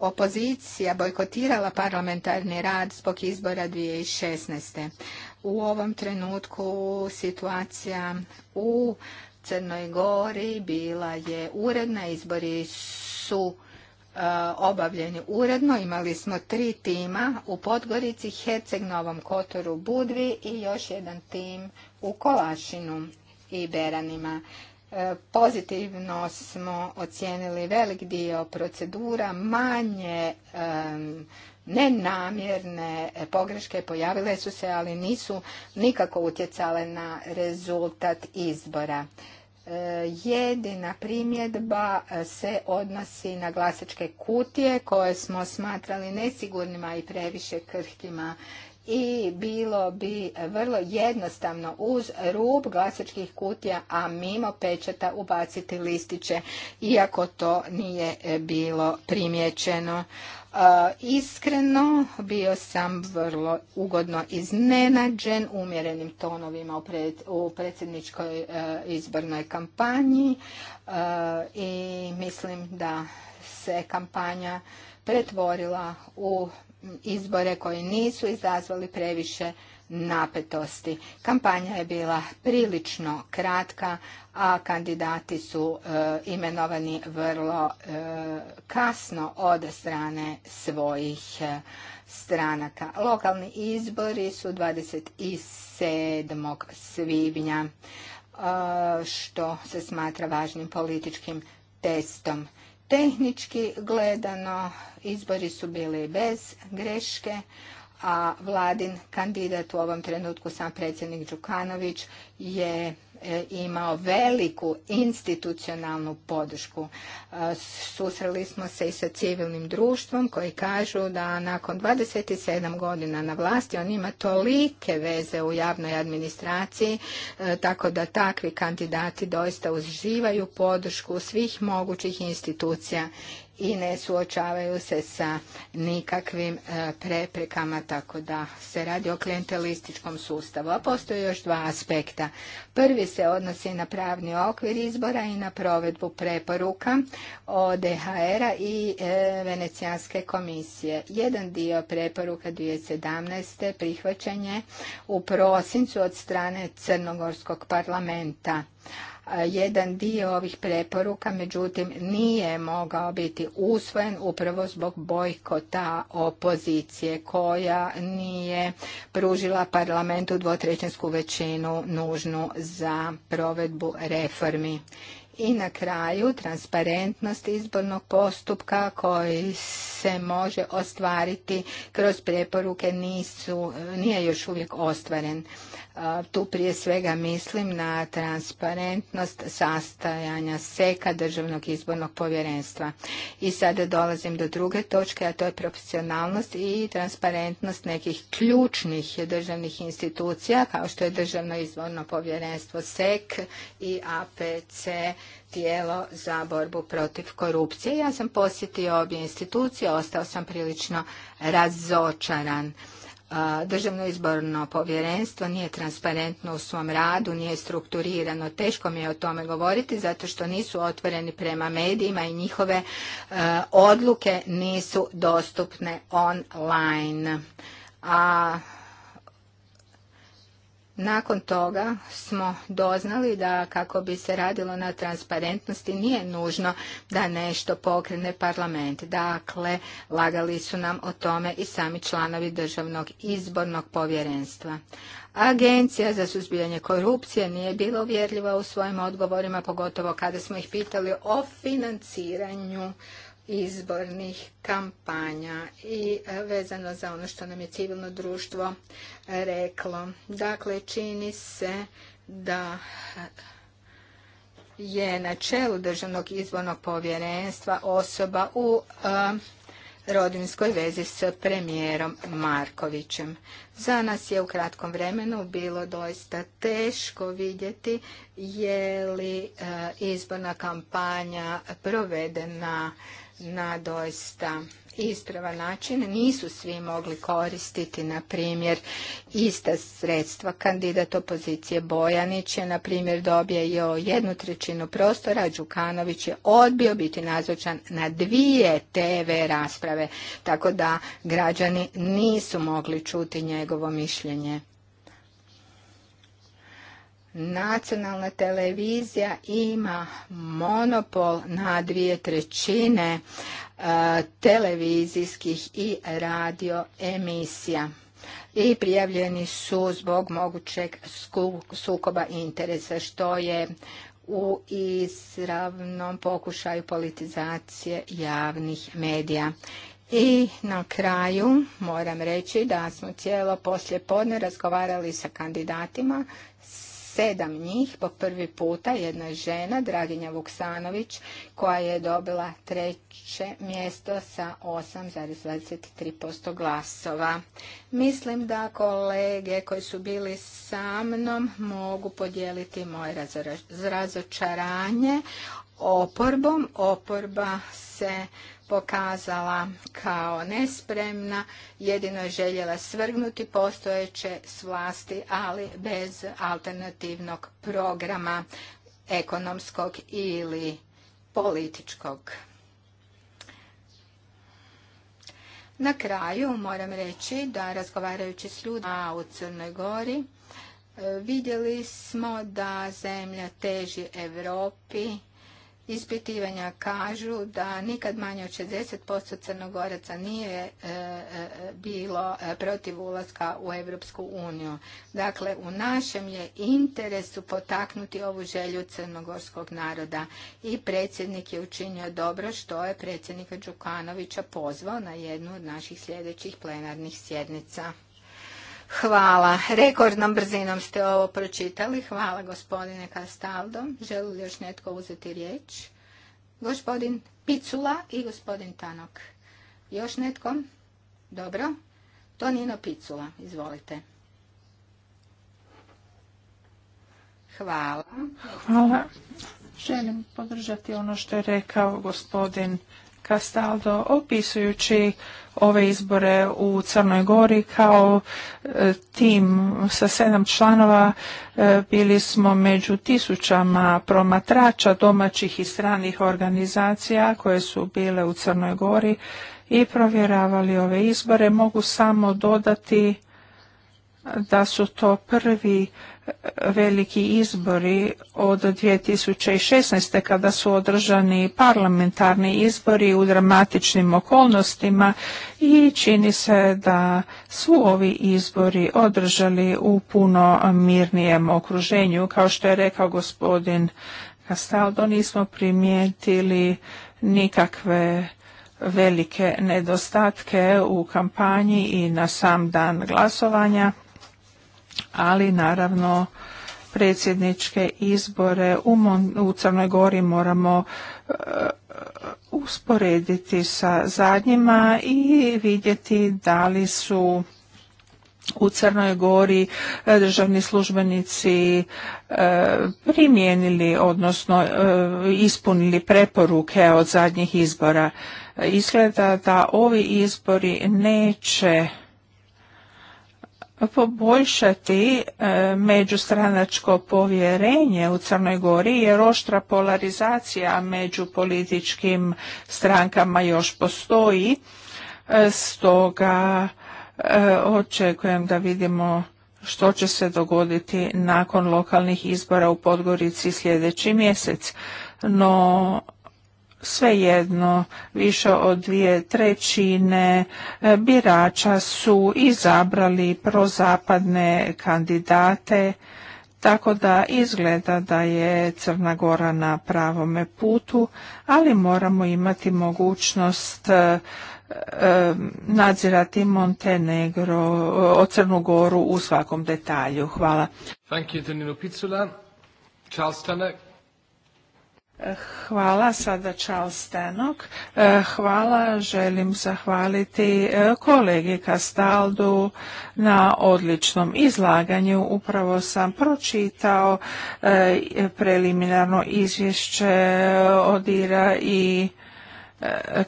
opozicija bojkotirala parlamentarni rad zbog izbora 2016. U ovom trenutku situacija u Crnoj Gori bila je uredna, izbori su E, obavljeni uredno. Imali smo tri tima u Podgorici, Herceg, Novom Kotoru, Budvi i još jedan tim u Kolašinu i Beranima. E, pozitivno smo ocijenili velik dio procedura, manje e, nenamjerne pogreške pojavile su se, ali nisu nikako utjecale na rezultat izbora. Jedina primjedba e, se odnosi na glasačke kutije koje smo smatrali nesigurnima i previše krhkima i bilo bi vrlo jednostavno uz rub glasačkih kutija, a mimo pečata ubaciti listiće, iako to nije e, bilo primijećeno. Iskreno bio sam vrlo ugodno iznenađen umjerenim tonovima u predsjedničkoj e, izbornoj kampanji e, i mislim da se kampanja pretvorila u izbore koji nisu izazvali previše napetosti. Kampanja je bila prilično kratka, a kandidati su e, imenovani vrlo e, kasno od strane svojih e, stranaka. Lokalni izbori su 27. svibnja, što se smatra važnim političkim testom. Tehnički gledano izbori su bili bez greške, a vladin kandidat u ovom trenutku sam predsjednik Đukanović je e, imao veliku institucionalnu podršku. E, susreli smo se i sa civilnim društvom koji kažu da nakon 27 godina na vlasti on ima tolike veze u javnoj administraciji, e, tako da takvi kandidati doista uživaju podršku svih mogućih institucija i ne suočavaju se sa nikakvim e, preprekama, tako da se radi o klientelističkom sustavu. A postoje još dva aspekta. Prvi se odnosi na pravni okvir izbora i na provedbu preporuka ODHR-a i e, Venecijanske komisije. Jedan dio preporuka 2017. prihvaćen je u prosincu od strane Crnogorskog parlamenta jedan dio ovih preporuka međutim nije mogao biti usvojen upravo zbog bojkota opozicije koja nije pružila parlamentu dvotrećinsku većinu nužnu za provedbu reformi. I na kraju transparentnost izbornog postupka koji se može ostvariti kroz preporuke nisu, nije još uvijek ostvaren. E, tu prije svega mislim na transparentnost sastajanja seka Državnog izbornog povjerenstva. I sada dolazim do druge točke, a to je profesionalnost i transparentnost nekih ključnih državnih institucija, kao što je Državno izborno povjerenstvo SEK i APC tijelo za borbu protiv korupcije. Ja sam posjetio obje institucije, ostao sam prilično razočaran. Državno izborno povjerenstvo nije transparentno u svom radu, nije strukturirano. Teško mi je o tome govoriti zato što nisu otvoreni prema medijima i njihove e, odluke nisu dostupne online. A nakon toga smo doznali da kako bi se radilo na transparentnosti nije nužno da nešto pokrene parlament. Dakle, lagali su nam o tome i sami članovi državnog izbornog povjerenstva. Agencija za suzbijanje korupcije nije bila uvjerljiva u svojim odgovorima, pogotovo kada smo ih pitali o financiranju izbornih kampanja i e, vezano za ono što nam je civilno društvo e, reklo. Dakle, čini se da je na čelu Državnog izbornog povjerenstva osoba u e, rodinskoj vezi s premijerom Markovićem. Za nas je u kratkom vremenu bilo doista teško vidjeti je li izborna kampanja provedena na doista ispravan način. Nisu svi mogli koristiti, na primjer, ista sredstva. Kandidat opozicije Bojanić je, na primjer, dobio jednu trećinu prostora, a Đukanović je odbio biti nazočan na dvije TV rasprave, tako da građani nisu mogli čuti njegovo mišljenje nacionalna televizija ima monopol na dvije trećine e, televizijskih i radio emisija i prijavljeni su zbog mogućeg sukoba interesa što je u izravnom pokušaju politizacije javnih medija. I na kraju moram reći da smo cijelo poslje podne razgovarali sa kandidatima sedam njih po prvi puta jedna žena, Draginja Vuksanović, koja je dobila treće mjesto sa 8,23% glasova. Mislim da kolege koji su bili sa mnom mogu podijeliti moje razočaranje oporbom. Oporba se pokazala kao nespremna, jedino je željela svrgnuti postojeće s vlasti, ali bez alternativnog programa ekonomskog ili političkog. Na kraju moram reći da razgovarajući s ljudima u Crnoj Gori e, vidjeli smo da zemlja teži Europi Ispitivanja kažu da nikad manje od 60% crnogoraca nije e, e, bilo e, protiv ulaska u Europsku uniju. Dakle, u našem je interesu potaknuti ovu želju crnogorskog naroda i predsjednik je učinio dobro što je predsjednika Đukanovića pozvao na jednu od naših sljedećih plenarnih sjednica. Hvala. Rekordnom brzinom ste ovo pročitali. Hvala gospodine Kastaldo. Želi li još netko uzeti riječ? Gospodin Picula i gospodin Tanok. Još netko? Dobro. Tonino Picula, izvolite. Hvala. Hvala. Želim podržati ono što je rekao gospodin Castaldo opisujući ove izbore u Crnoj Gori kao e, tim sa sedam članova e, bili smo među tisućama promatrača domaćih i stranih organizacija koje su bile u Crnoj Gori i provjeravali ove izbore. Mogu samo dodati da su to prvi e, veliki izbori od 2016. kada su održani parlamentarni izbori u dramatičnim okolnostima i čini se da su ovi izbori održali u puno mirnijem okruženju. Kao što je rekao gospodin Castaldo, nismo primijetili nikakve velike nedostatke u kampanji i na sam dan glasovanja ali naravno predsjedničke izbore u, u Crnoj Gori moramo e, usporediti sa zadnjima i vidjeti da li su u Crnoj Gori e, državni službenici e, primijenili, odnosno ispunili preporuke od zadnjih izbora. Izgleda da ovi izbori neće poboljšati e, međustranačko povjerenje u Crnoj Gori jer oštra polarizacija među političkim strankama još postoji. E, stoga e, očekujem da vidimo što će se dogoditi nakon lokalnih izbora u Podgorici sljedeći mjesec. No svejedno više od dvije trećine e, birača su izabrali prozapadne kandidate tako da izgleda da je Crna Gora na pravome putu, ali moramo imati mogućnost e, e, nadzirati Montenegro, o Crnu Goru u svakom detalju. Hvala. Thank you, Picula. Charles Hvala, sada čao Stenok. E, hvala, želim zahvaliti e, kolegi Kastaldu na odličnom izlaganju. Upravo sam pročitao e, preliminarno izvješće IRA i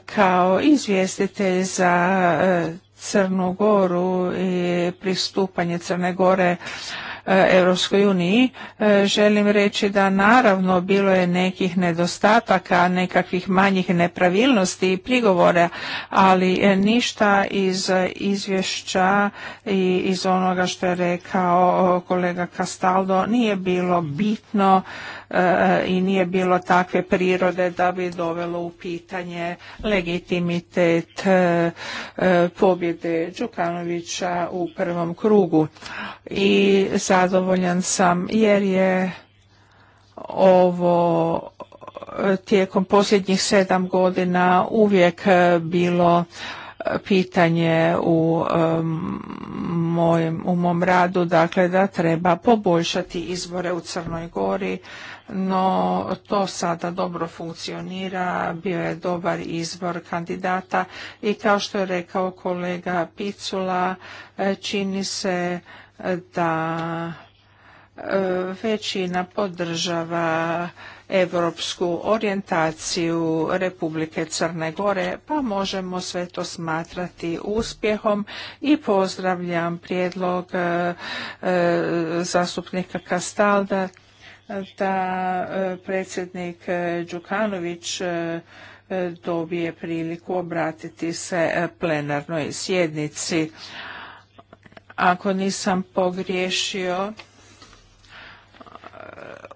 kao izvjestitelj za Crnu Goru i pristupanje Crne Gore E, Europskoj uniji. E, želim reći da naravno bilo je nekih nedostataka, nekakvih manjih nepravilnosti i prigovora, ali e, ništa iz izvješća i iz onoga što je rekao kolega Castaldo nije bilo bitno i nije bilo takve prirode da bi dovelo u pitanje legitimitet e, pobjede Đukanovića u prvom krugu. I zadovoljan sam jer je ovo e, tijekom posljednjih sedam godina uvijek e, bilo pitanje u, u mom radu, dakle da treba poboljšati izbore u Crnoj Gori, no to sada dobro funkcionira, bio je dobar izbor kandidata i kao što je rekao kolega Picula, e, čini se e, da e, većina podržava europsku orijentaciju Republike Crne Gore, pa možemo sve to smatrati uspjehom i pozdravljam prijedlog e, e, zastupnika Kastalda da e, predsjednik Đukanović dobije priliku obratiti se plenarnoj sjednici. Ako nisam pogriješio,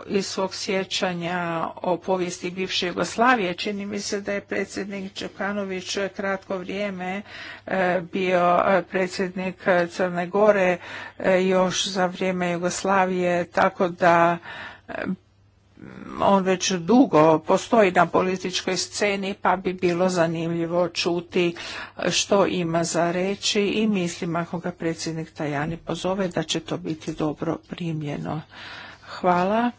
iz svog sjećanja o povijesti bivše Jugoslavije. Čini mi se da je predsjednik Čekanović kratko vrijeme e, bio e, predsjednik Crne Gore e, još za vrijeme Jugoslavije, tako da on već dugo postoji na političkoj sceni pa bi bilo zanimljivo čuti što ima za reći i mislim ako ga predsjednik Tajani pozove da će to biti dobro primljeno. Hvala.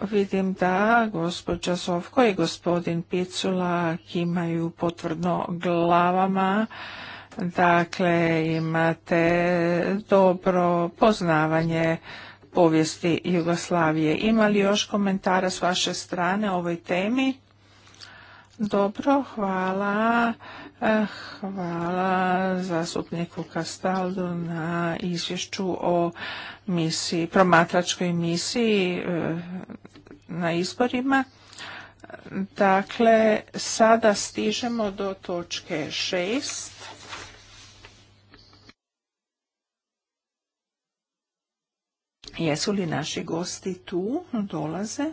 Vidim da gospođa Sovko i gospodin Picula imaju potvrdno glavama. Dakle, imate dobro poznavanje povijesti Jugoslavije. Ima li još komentara s vaše strane o ovoj temi? Dobro, hvala. Eh, hvala zastupniku Kastaldu na izvješću o misiji, promatračkoj misiji eh, na izborima. Dakle, sada stižemo do točke šest. Jesu li naši gosti tu? Dolaze.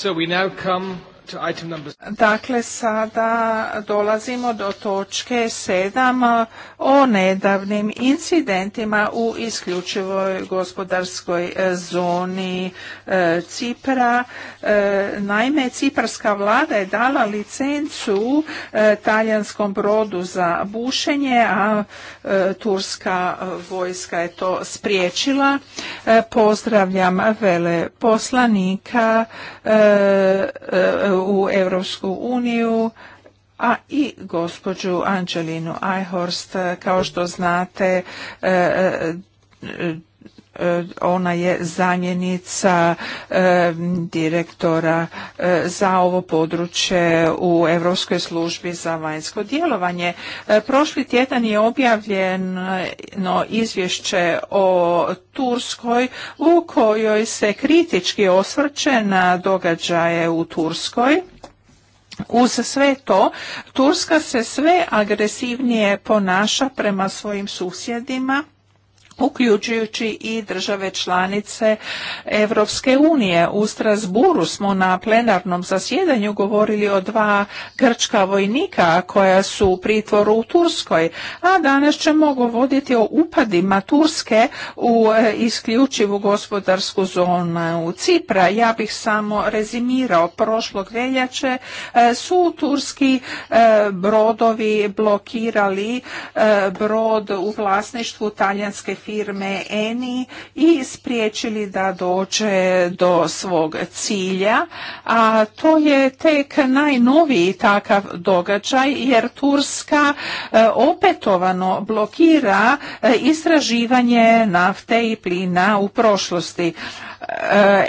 So we now come to item number... Dakle, sada dolazimo do točke sedam o nedavnim incidentima u isključivoj gospodarskoj e, zoni e, Cipra. E, naime, Ciparska vlada je dala licencu talijanskom brodu za bušenje, a turska vojska je to spriječila. Pozdravljam vele poslanika u EU. Europsku uniju, a i gospođu Angelinu Ajhorst. Kao što znate, e, e, e, ona je zamjenica direktora za ovo područje u Europskoj službi za vanjsko djelovanje. prošli tjedan je objavljeno izvješće o Turskoj u kojoj se kritički osvrće na događaje u Turskoj uz sve to, Turska se sve agresivnije ponaša prema svojim susjedima uključujući i države članice Europske unije. U Strasburu smo na plenarnom zasjedanju govorili o dva grčka vojnika koja su u pritvoru u Turskoj, a danas ćemo govoriti o upadima Turske u e, isključivu gospodarsku zonu u Cipra. Ja bih samo rezimirao prošlog veljače e, su turski e, brodovi blokirali brod u vlasništvu talijanske firme firme Eni i spriječili da dođe do svog cilja, a to je tek najnoviji takav događaj jer Turska e, opetovano blokira e, istraživanje nafte i plina u prošlosti.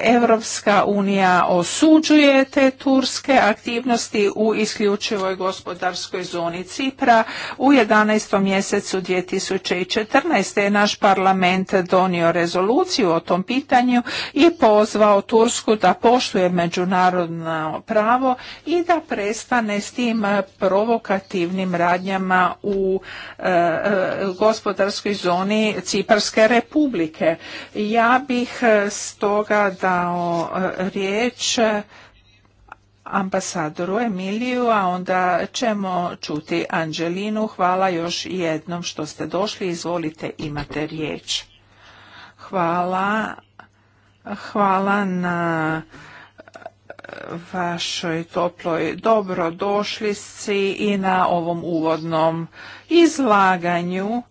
Europska unija osuđuje te turske aktivnosti u isključivoj gospodarskoj zoni Cipra. U 11. mjesecu 2014. je naš parlament donio rezoluciju o tom pitanju i pozvao Tursku da poštuje međunarodno pravo i da prestane s tim provokativnim radnjama u e, e, gospodarskoj zoni Ciparske republike. Ja bih s e, toga dao riječ ambasadoru Emiliju, a onda ćemo čuti Anđelinu. Hvala još jednom što ste došli. Izvolite, imate riječ. Hvala. Hvala na eh, vašoj toploj dobrodošlici i na ovom uvodnom izlaganju.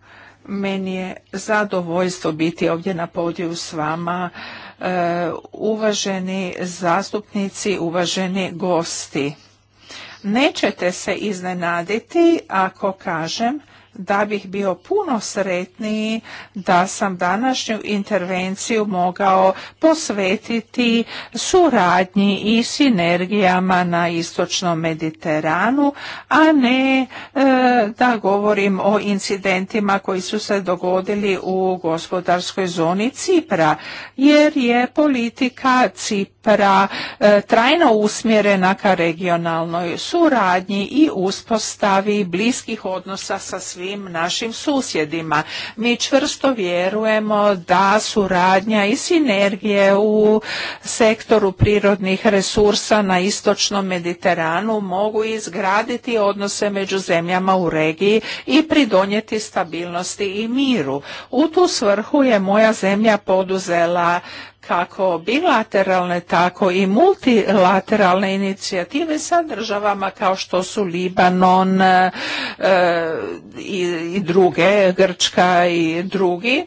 Meni je zadovoljstvo biti ovdje na podiju s vama E, uvaženi zastupnici, uvaženi gosti. Nećete se iznenaditi ako kažem da bih bio puno sretniji da sam današnju intervenciju mogao posvetiti suradnji i sinergijama na istočnom Mediteranu, a ne e, da govorim o incidentima koji su se dogodili u gospodarskoj zoni Cipra, jer je politika Cipra e, trajno usmjerena ka regionalnoj suradnji i uspostavi bliskih odnosa sa svim svim našim susjedima. Mi čvrsto vjerujemo da suradnja i sinergije u sektoru prirodnih resursa na istočnom Mediteranu mogu izgraditi odnose među zemljama u regiji i pridonijeti stabilnosti i miru. U tu svrhu je moja zemlja poduzela kako bilateralne, tako i multilateralne inicijative sa državama kao što su Libanon e, i, i druge, Grčka i drugi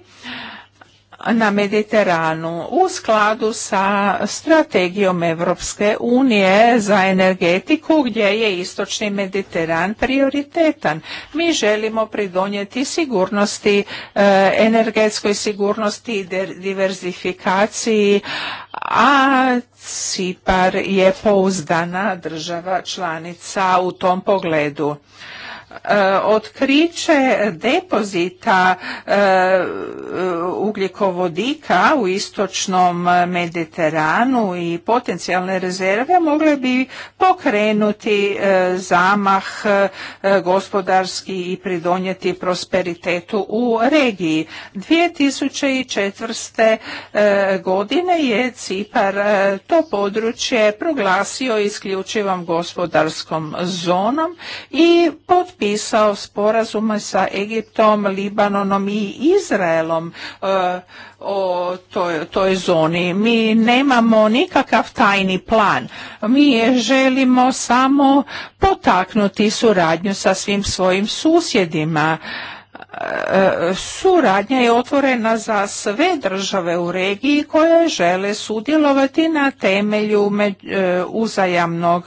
na Mediteranu u skladu sa strategijom Evropske unije za energetiku gdje je istočni Mediteran prioritetan. Mi želimo pridonijeti sigurnosti, e, energetskoj sigurnosti i diverzifikaciji, a Cipar je pouzdana država članica u tom pogledu. E, otkriće depozita e, ugljikovodika u istočnom Mediteranu i potencijalne rezerve mogle bi pokrenuti e, zamah gospodarski i pridonijeti prosperitetu u regiji. 2004. godine je Cipar to područje proglasio isključivom gospodarskom zonom i potpisao potpisao sporazume sa Egiptom, Libanonom i Izraelom e, o toj, toj zoni. Mi nemamo nikakav tajni plan. Mi želimo samo potaknuti suradnju sa svim svojim susjedima e, suradnja je otvorena za sve države u regiji koje žele sudjelovati na temelju e, uzajamnog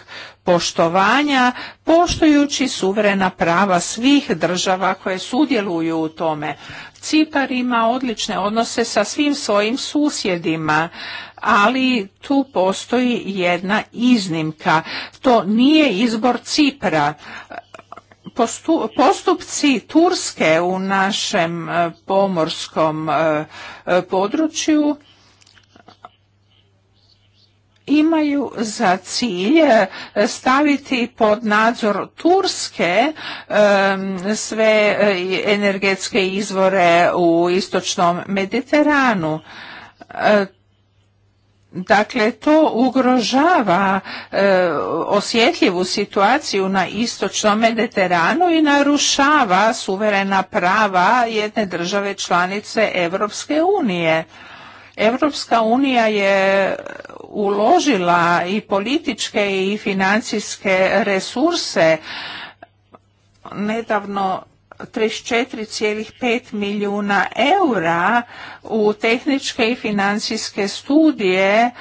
poštovanja poštujući suverena prava svih država koje sudjeluju u tome. Cipar ima odlične odnose sa svim svojim susjedima, ali tu postoji jedna iznimka. To nije izbor Cipra. Postupci Turske u našem eh, pomorskom eh, eh, području imaju za cilj eh, staviti pod nadzor Turske sve eh, energetske izvore u istočnom Mediteranu. Eh, dakle, to ugrožava osjetljivu situaciju na istočnom Mediteranu i narušava suverena prava jedne države članice Europske unije. Europska unija je uložila i političke i financijske resurse nedavno 34,5 milijuna eura u tehničke i financijske studije e,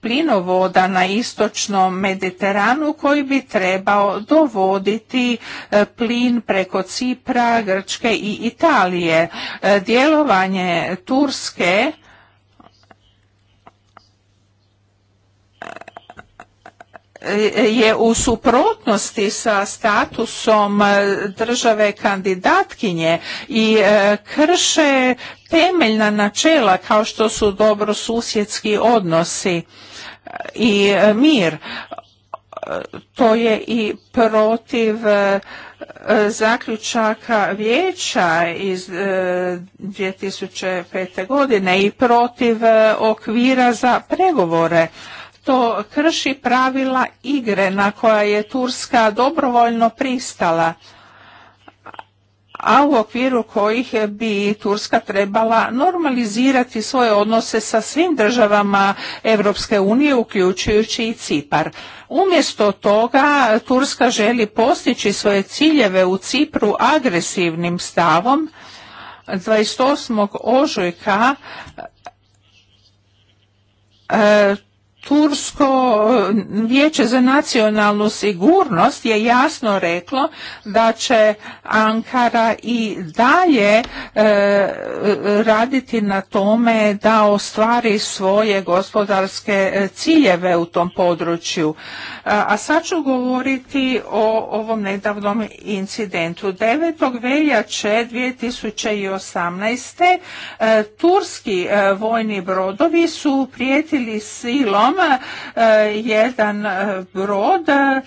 plinovoda na istočnom Mediteranu koji bi trebao dovoditi e, plin preko Cipra, Grčke i Italije. E, djelovanje Turske je u suprotnosti sa statusom e, države kandidatkinje i e, krše temeljna načela kao što su dobro susjedski odnosi e, i mir. To je i protiv zaključaka vijeća iz 2005. godine i protiv okvira za pregovore što krši pravila igre na koja je Turska dobrovoljno pristala, a u okviru kojih bi Turska trebala normalizirati svoje odnose sa svim državama Europske unije, uključujući i Cipar. Umjesto toga, Turska želi postići svoje ciljeve u Cipru agresivnim stavom, 28. ožujka e, Tursko eh, vijeće za nacionalnu sigurnost je jasno reklo da će Ankara i dalje eh, raditi na tome da ostvari svoje gospodarske eh, ciljeve u tom području. A, a sad ću govoriti o ovom nedavnom incidentu. 9. veljače 2018. E, turski vojni brodovi su prijetili silom E, jedan e, brod e,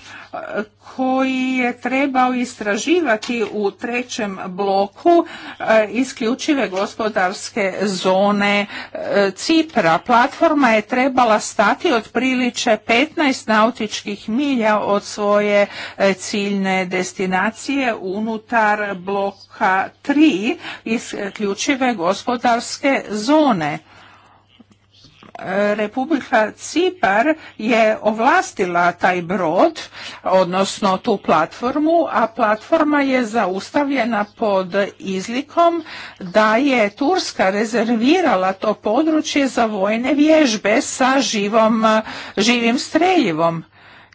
koji je trebao istraživati u trećem bloku isključive gospodarske zone Cipra. Platforma je trebala stati otpriliče 15 nautičkih milja od svoje ciljne destinacije unutar bloka 3 isključive gospodarske zone. Republika Cipar je ovlastila taj brod, odnosno tu platformu, a platforma je zaustavljena pod izlikom da je Turska rezervirala to područje za vojne vježbe sa živom, živim streljivom.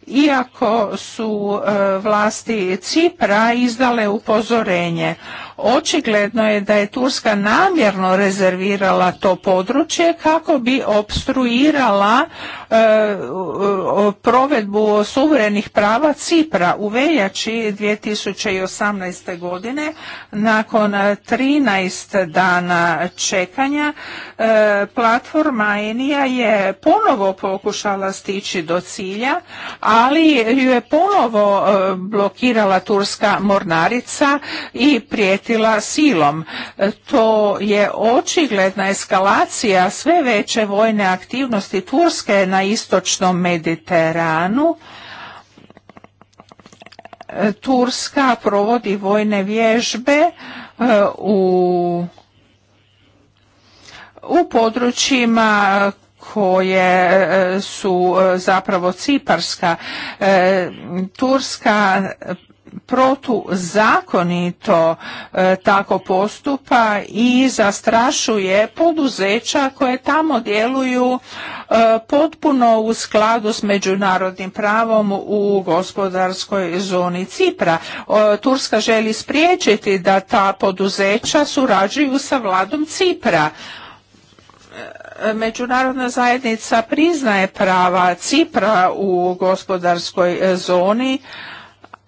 Iako su e, vlasti Cipra izdale upozorenje, Očigledno je da je Turska namjerno rezervirala to područje kako bi obstruirala e, provedbu suverenih prava Cipra u veljači 2018. godine nakon 13 dana čekanja e, platforma Enija je ponovo pokušala stići do cilja, ali ju je ponovo e, blokirala turska mornarica i prijeti sila silom. E, to je očigledna eskalacija sve veće vojne aktivnosti Turske na istočnom Mediteranu. E, Turska provodi vojne vježbe e, u u područjima koje su zapravo ciparska. Turska protuzakonito e, tako postupa i zastrašuje poduzeća koje tamo djeluju e, potpuno u skladu s međunarodnim pravom u gospodarskoj zoni Cipra. Turska želi spriječiti da ta poduzeća surađuju sa vladom Cipra e, međunarodna zajednica priznaje prava Cipra u gospodarskoj e, zoni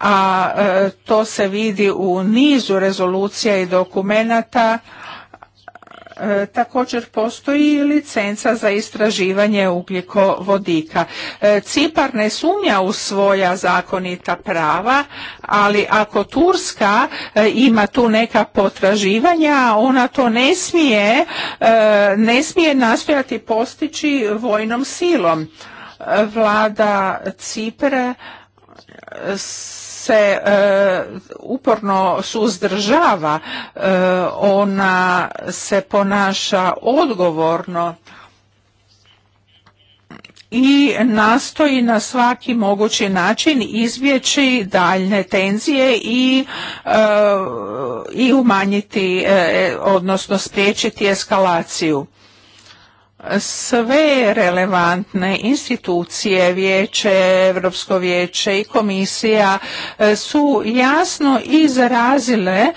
a e, to se vidi u nizu rezolucija i dokumenata e, također postoji licenca za istraživanje ugljikovodika. E, Cipar ne sumnja u svoja zakonita prava, ali ako Turska ima tu neka potraživanja, ona to ne smije, ne smije nastojati postići vojnom silom. Vlada s se e, uporno suzdržava, e, ona se ponaša odgovorno i nastoji na svaki mogući način izbjeći daljne tenzije i, e, i umanjiti odnosno spriječiti eskalaciju sve relevantne institucije, vijeće, Europsko vijeće i komisija e, su jasno izrazile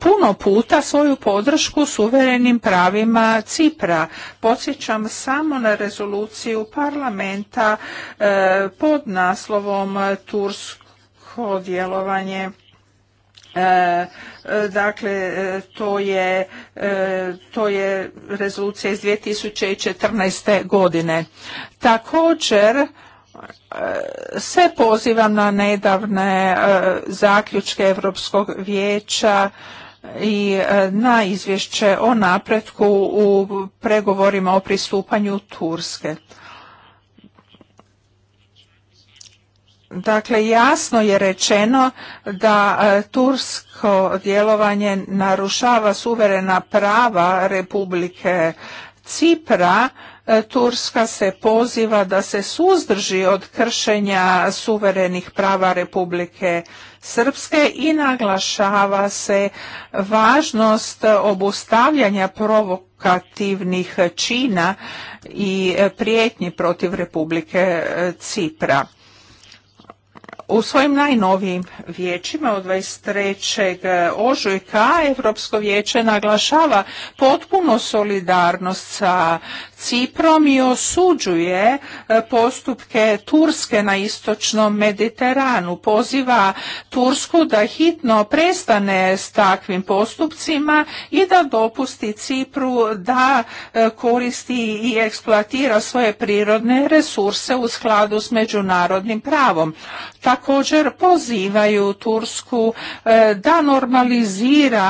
puno puta svoju podršku suverenim pravima Cipra. Podsjećam samo na rezoluciju parlamenta e, pod naslovom Tursko djelovanje E, e, dakle, e, to je, to je rezolucija iz 2014. godine. Također, se pozivam na nedavne zaključke Europskog vijeća i na izvješće o napretku u pregovorima o pristupanju Turske. Dakle, jasno je rečeno da e, tursko djelovanje narušava suverena prava Republike Cipra. E, Turska se poziva da se suzdrži od kršenja suverenih prava Republike Srpske i naglašava se važnost obustavljanja provokativnih čina i prijetnji protiv Republike e, Cipra. U svojim najnovijim vijećima od 23. ožujka Europsko vijeće naglašava potpuno solidarnost sa Ciprom i osuđuje e, postupke Turske na istočnom Mediteranu. Poziva Tursku da hitno prestane s takvim postupcima i da dopusti Cipru da e, koristi i eksploatira svoje prirodne resurse u skladu s međunarodnim pravom. Također pozivaju Tursku e, da normalizira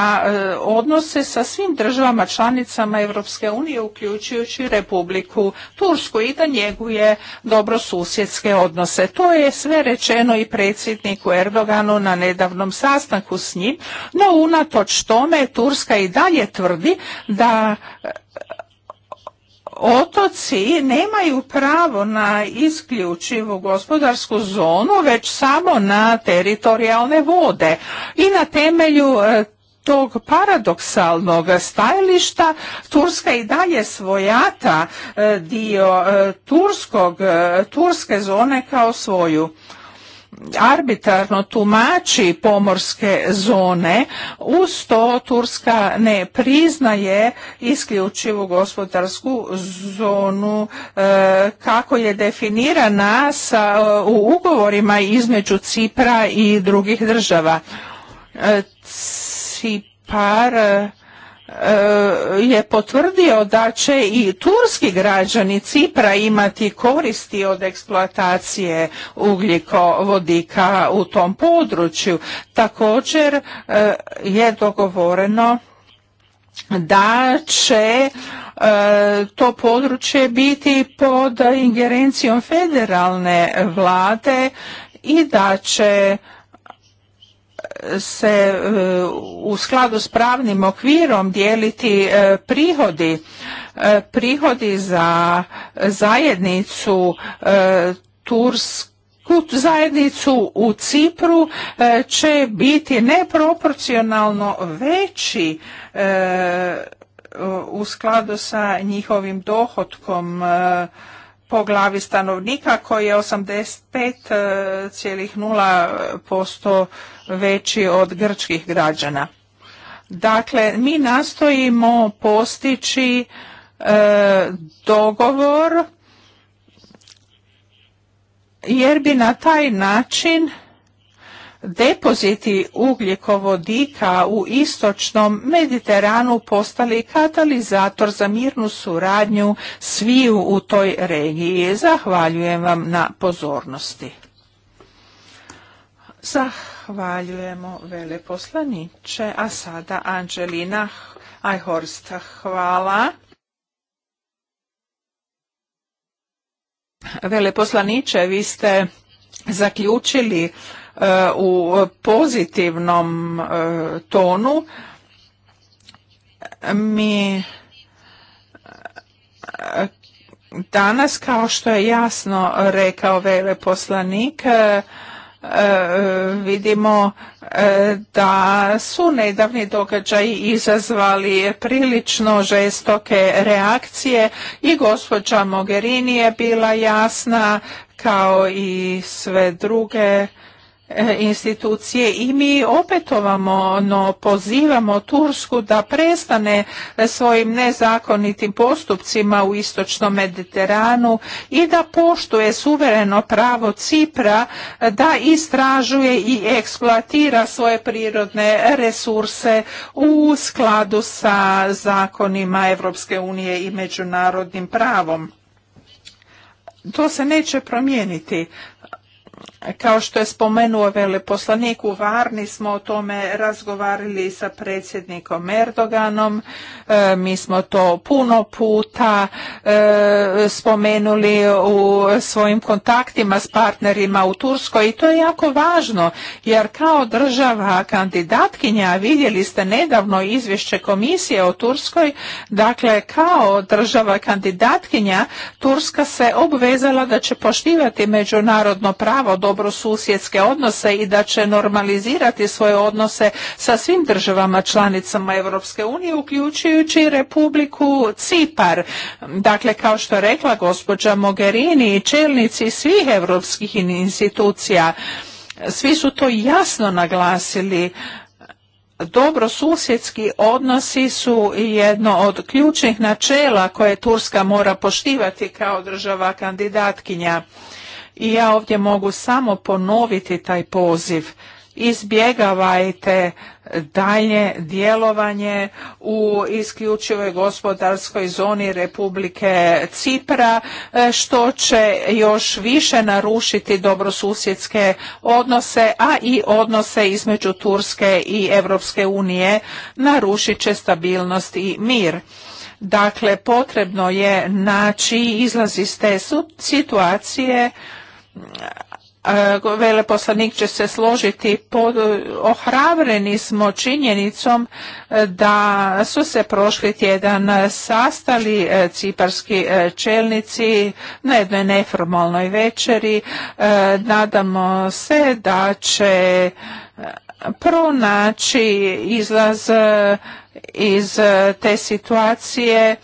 odnose sa svim državama članicama Europske unije uključujući Republiku Tursku i da njeguje dobrosusjedske odnose. To je sve rečeno i predsjedniku Erdoganu na nedavnom sastanku s njim, no unatoč tome Turska i dalje tvrdi da e, otoci nemaju pravo na isključivu gospodarsku zonu, već samo na teritorijalne vode. I na temelju e, tog paradoksalnog stajališta Turska i dalje svojata e, dio e, turskog, e, turske zone kao svoju arbitrarno tumači pomorske zone, uz to Turska ne priznaje isključivu gospodarsku zonu kako je definirana sa, u ugovorima između Cipra i drugih država. Par e, e, je potvrdio da će i turski građani Cipra imati koristi od eksploatacije ugljikovodika u tom području. Također e, je dogovoreno da će to područje biti pod ingerencijom federalne vlade i da će se e, u skladu s pravnim okvirom dijeliti e, prihodi e, prihodi za zajednicu tursku zajednicu u Cipru će biti neproporcionalno veći u skladu sa njihovim dohotkom po glavi stanovnika koji je 85,0% veći od grčkih građana. Dakle, mi nastojimo postići e, dogovor jer bi na taj način depoziti ugljikovodika u istočnom Mediteranu postali katalizator za mirnu suradnju sviju u toj regiji. Zahvaljujem vam na pozornosti. Zahvaljujem Zahvaljujemo veleposlaniče, a sada Anđelina Ajhorst. Hvala. Veleposlaniče, vi ste zaključili e, u pozitivnom e, tonu. Mi e, danas, kao što je jasno rekao veleposlanik, E, vidimo e, da su nedavni događaji izazvali prilično žestoke reakcije i gospođa Mogherini je bila jasna kao i sve druge institucije i mi opetovamo, no pozivamo Tursku da prestane svojim nezakonitim postupcima u istočnom Mediteranu i da poštuje suvereno pravo Cipra da istražuje i eksploatira svoje prirodne resurse u skladu sa zakonima Europske unije i međunarodnim pravom. To se neće promijeniti kao što je spomenuo veleposlanik u Varni, smo o tome razgovarali sa predsjednikom Erdoganom. E, mi smo to puno puta e, spomenuli u svojim kontaktima s partnerima u Turskoj i to je jako važno, jer kao država kandidatkinja, vidjeli ste nedavno izvješće komisije o Turskoj, dakle kao država kandidatkinja, Turska se obvezala da će poštivati međunarodno pravo dobro susjedske odnose i da će normalizirati svoje odnose sa svim državama članicama Europske unije, uključujući Republiku Cipar. Dakle, kao što je rekla gospođa Mogherini i čelnici svih europskih institucija, svi su to jasno naglasili. Dobro susjedski odnosi su jedno od ključnih načela koje Turska mora poštivati kao država kandidatkinja. I ja ovdje mogu samo ponoviti taj poziv. Izbjegavajte dalje djelovanje u isključivoj gospodarskoj zoni Republike Cipra, e, što će još više narušiti dobrosusjedske odnose, a i odnose između Turske i Europske unije narušit će stabilnost i mir. Dakle, potrebno je naći izlaz iz te situacije E, veleposlanik će se složiti, Ohravreni smo činjenicom e, da su se prošli tjedan sastali e, ciparski čelnici na jednoj neformalnoj večeri. Nadamo se da će pronaći izlaz iz te situacije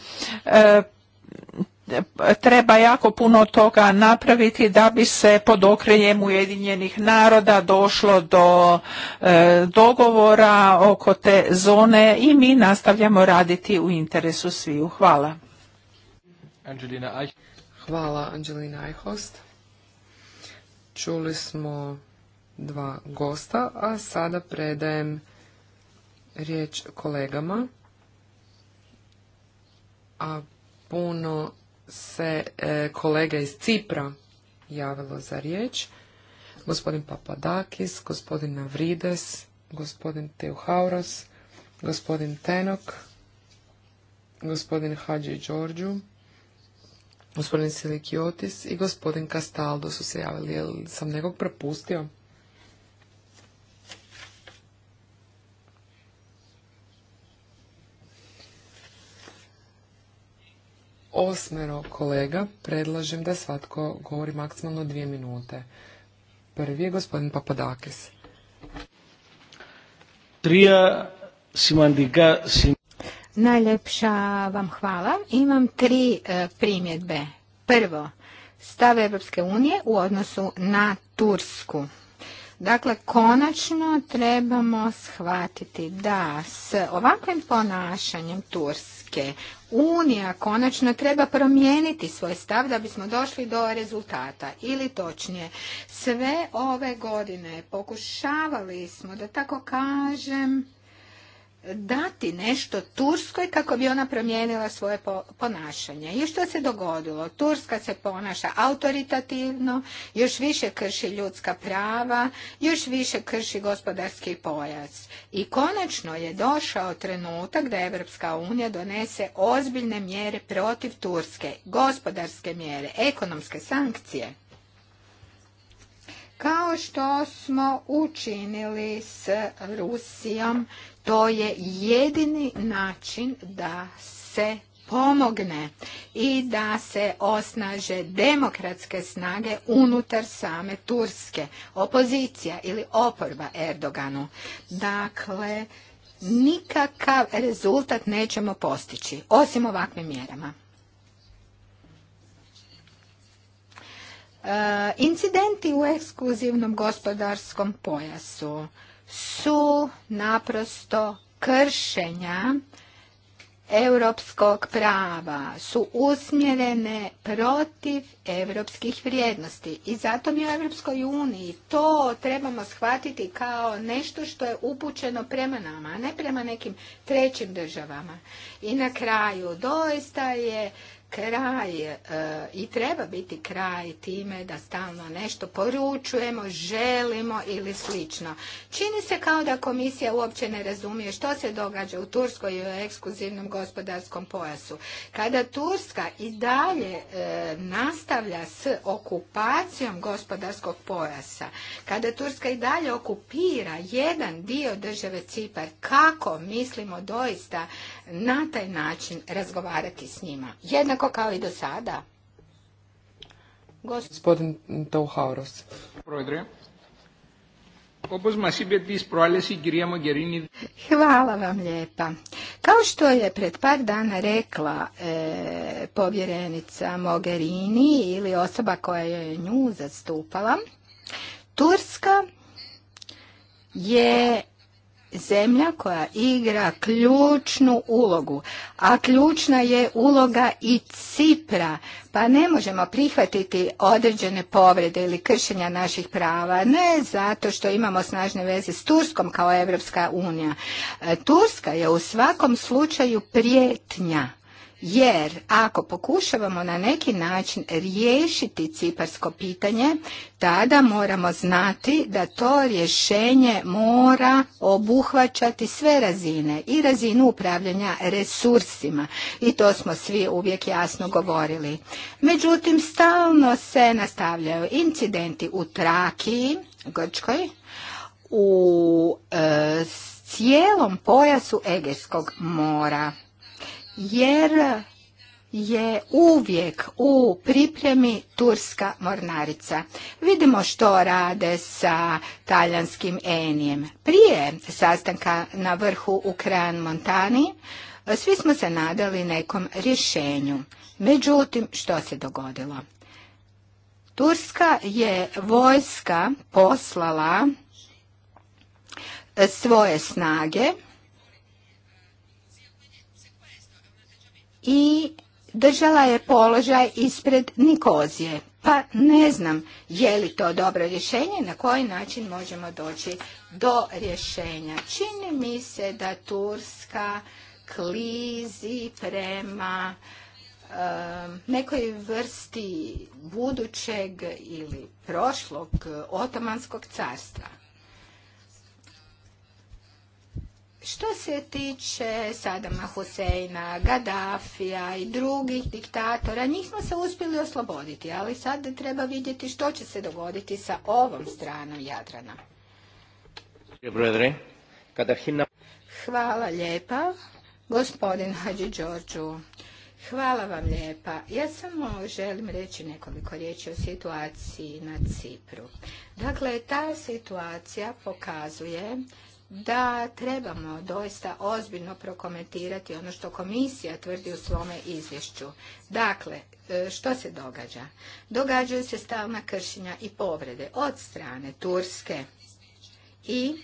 treba jako puno toga napraviti da bi se pod okriljem Ujedinjenih naroda došlo do e, dogovora oko te zone i mi nastavljamo raditi u interesu sviju. Hvala. Angelina Hvala Angelina Eichhost. Čuli smo dva gosta, a sada predajem riječ kolegama. A puno se e, kolega iz Cipra javilo za riječ. Gospodin Papadakis, gospodin Navrides, gospodin Teuhauros, gospodin Tenok, gospodin Hadži Đorđu, gospodin Silikiotis i gospodin Kastaldo su se javili. Jel sam nekog propustio? osmero kolega, predlažem da svatko govori maksimalno dvije minute. Prvi je gospodin Papadakis. Trija Najljepša vam hvala. Imam tri e, primjedbe. Prvo, stav Europske unije u odnosu na Tursku. Dakle, konačno trebamo shvatiti da s ovakvim ponašanjem Turske Unija konačno treba promijeniti svoj stav da bismo došli do rezultata. Ili točnije, sve ove godine pokušavali smo, da tako kažem, dati nešto Turskoj kako bi ona promijenila svoje ponašanje. I što se dogodilo? Turska se ponaša autoritativno, još više krši ljudska prava, još više krši gospodarski pojas. I konačno je došao trenutak da Evropska unija donese ozbiljne mjere protiv Turske, gospodarske mjere, ekonomske sankcije kao što smo učinili s Rusijom to je jedini način da se pomogne i da se osnaže demokratske snage unutar same Turske, opozicija ili oporba Erdoganu. Dakle, nikakav rezultat nećemo postići, osim ovakvim mjerama. E, incidenti u ekskluzivnom gospodarskom pojasu su naprosto kršenja europskog prava su usmjerene protiv europskih vrijednosti i zato mi u Europskoj uniji to trebamo shvatiti kao nešto što je upućeno prema nama, a ne prema nekim trećim državama. I na kraju, doista je kraj e, i treba biti kraj time da stalno nešto poručujemo, želimo ili slično. Čini se kao da komisija uopće ne razumije što se događa u Turskoj i u ekskluzivnom gospodarskom pojasu. Kada Turska i dalje e, nastavlja s okupacijom gospodarskog pojasa, kada Turska i dalje okupira jedan dio države Cipar, kako mislimo doista na taj način razgovarati s njima? Jednako kao i do sada. Gospodin Tauhauros. Hvala vam lijepa. Kao što je pred par dana rekla e, povjerenica Mogherini ili osoba koja je nju zastupala, Turska je zemlja koja igra ključnu ulogu, a ključna je uloga i Cipra, pa ne možemo prihvatiti određene povrede ili kršenja naših prava, ne zato što imamo snažne veze s Turskom kao Evropska unija. E, Turska je u svakom slučaju prijetnja jer ako pokušavamo na neki način riješiti ciparsko pitanje, tada moramo znati da to rješenje mora obuhvaćati sve razine i razinu upravljanja resursima i to smo svi uvijek jasno govorili. Međutim, stalno se nastavljaju incidenti u Trakiji, Grčkoj, u e, cijelom pojasu Egejskog mora jer je uvijek u pripremi turska mornarica. Vidimo što rade sa talijanskim enijem. Prije sastanka na vrhu u Montani, svi smo se nadali nekom rješenju. Međutim, što se dogodilo? Turska je vojska poslala svoje snage i držala je položaj ispred Nikozije. Pa ne znam je li to dobro rješenje, na koji način možemo doći do rješenja. Čini mi se da Turska klizi prema eh, nekoj vrsti budućeg ili prošlog otomanskog carstva. Što se tiče Sadama Huseina, Gaddafija i drugih diktatora, njih smo se uspjeli osloboditi, ali sad treba vidjeti što će se dogoditi sa ovom stranom Jadrana. Hvala lijepa, gospodin Hadži Đorđu. Hvala vam lijepa. Ja samo želim reći nekoliko riječi o situaciji na Cipru. Dakle, ta situacija pokazuje da trebamo doista ozbiljno prokomentirati ono što komisija tvrdi u svome izvješću. Dakle, e, što se događa? Događaju se stalna kršenja i povrede od strane Turske i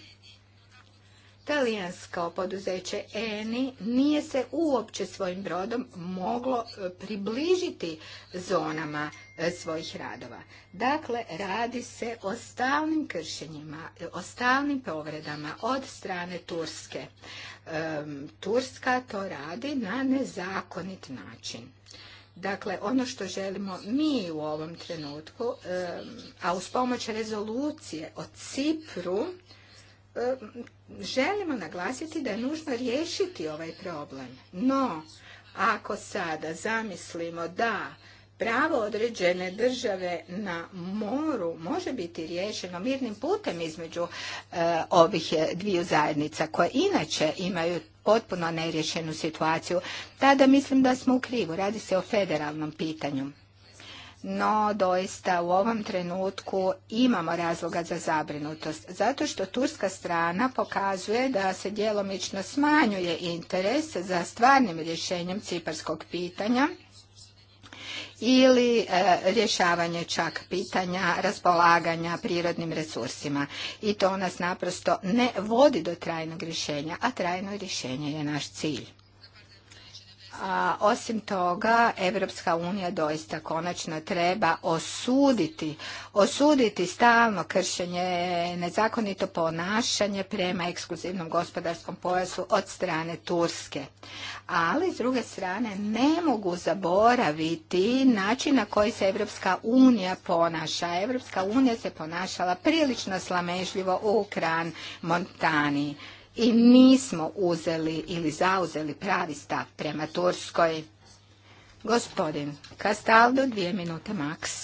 talijansko poduzeće Eni nije se uopće svojim brodom moglo e, približiti zonama e, svojih radova. Dakle, radi se o stalnim kršenjima, e, o stalnim povredama od strane Turske. Turska to radi na nezakonit način. Dakle, ono što želimo mi u ovom trenutku, a uz pomoć rezolucije o Cipru, želimo naglasiti da je nužno riješiti ovaj problem. No, ako sada zamislimo da pravo određene države na moru može biti riješeno mirnim putem između e, ovih e, dviju zajednica koje inače imaju potpuno neriješenu situaciju, tada mislim da smo u krivu. Radi se o federalnom pitanju no doista u ovom trenutku imamo razloga za zabrinutost. Zato što turska strana pokazuje da se djelomično smanjuje interes za stvarnim rješenjem ciparskog pitanja ili e, rješavanje čak pitanja raspolaganja prirodnim resursima. I to nas naprosto ne vodi do trajnog rješenja, a trajno rješenje je naš cilj osim toga, Evropska unija doista konačno treba osuditi, osuditi stalno kršenje, nezakonito ponašanje prema ekskluzivnom gospodarskom pojasu od strane Turske. Ali, s druge strane, ne mogu zaboraviti način na koji se Evropska unija ponaša. Evropska unija se ponašala prilično slamežljivo u Kran Montani i nismo uzeli ili zauzeli pravi stav prema Turskoj. Gospodin Kastaldo, dvije minute maks.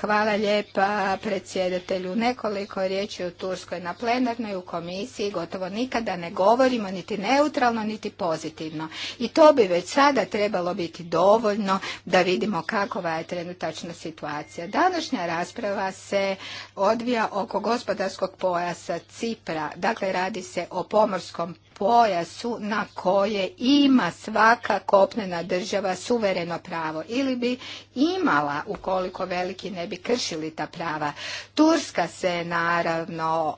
Hvala lijepa predsjedatelju. Nekoliko riječi o Turskoj na plenarnoj u komisiji gotovo nikada ne govorimo niti neutralno niti pozitivno. I to bi već sada trebalo biti dovoljno da vidimo kakva je trenutačna situacija. Današnja rasprava se odvija oko gospodarskog pojasa Cipra. Dakle, radi se o pomorskom pojasu na koje ima svaka kopnena država suvereno pravo ili bi imala ukoliko veliki ne bi kršili ta prava. Turska se naravno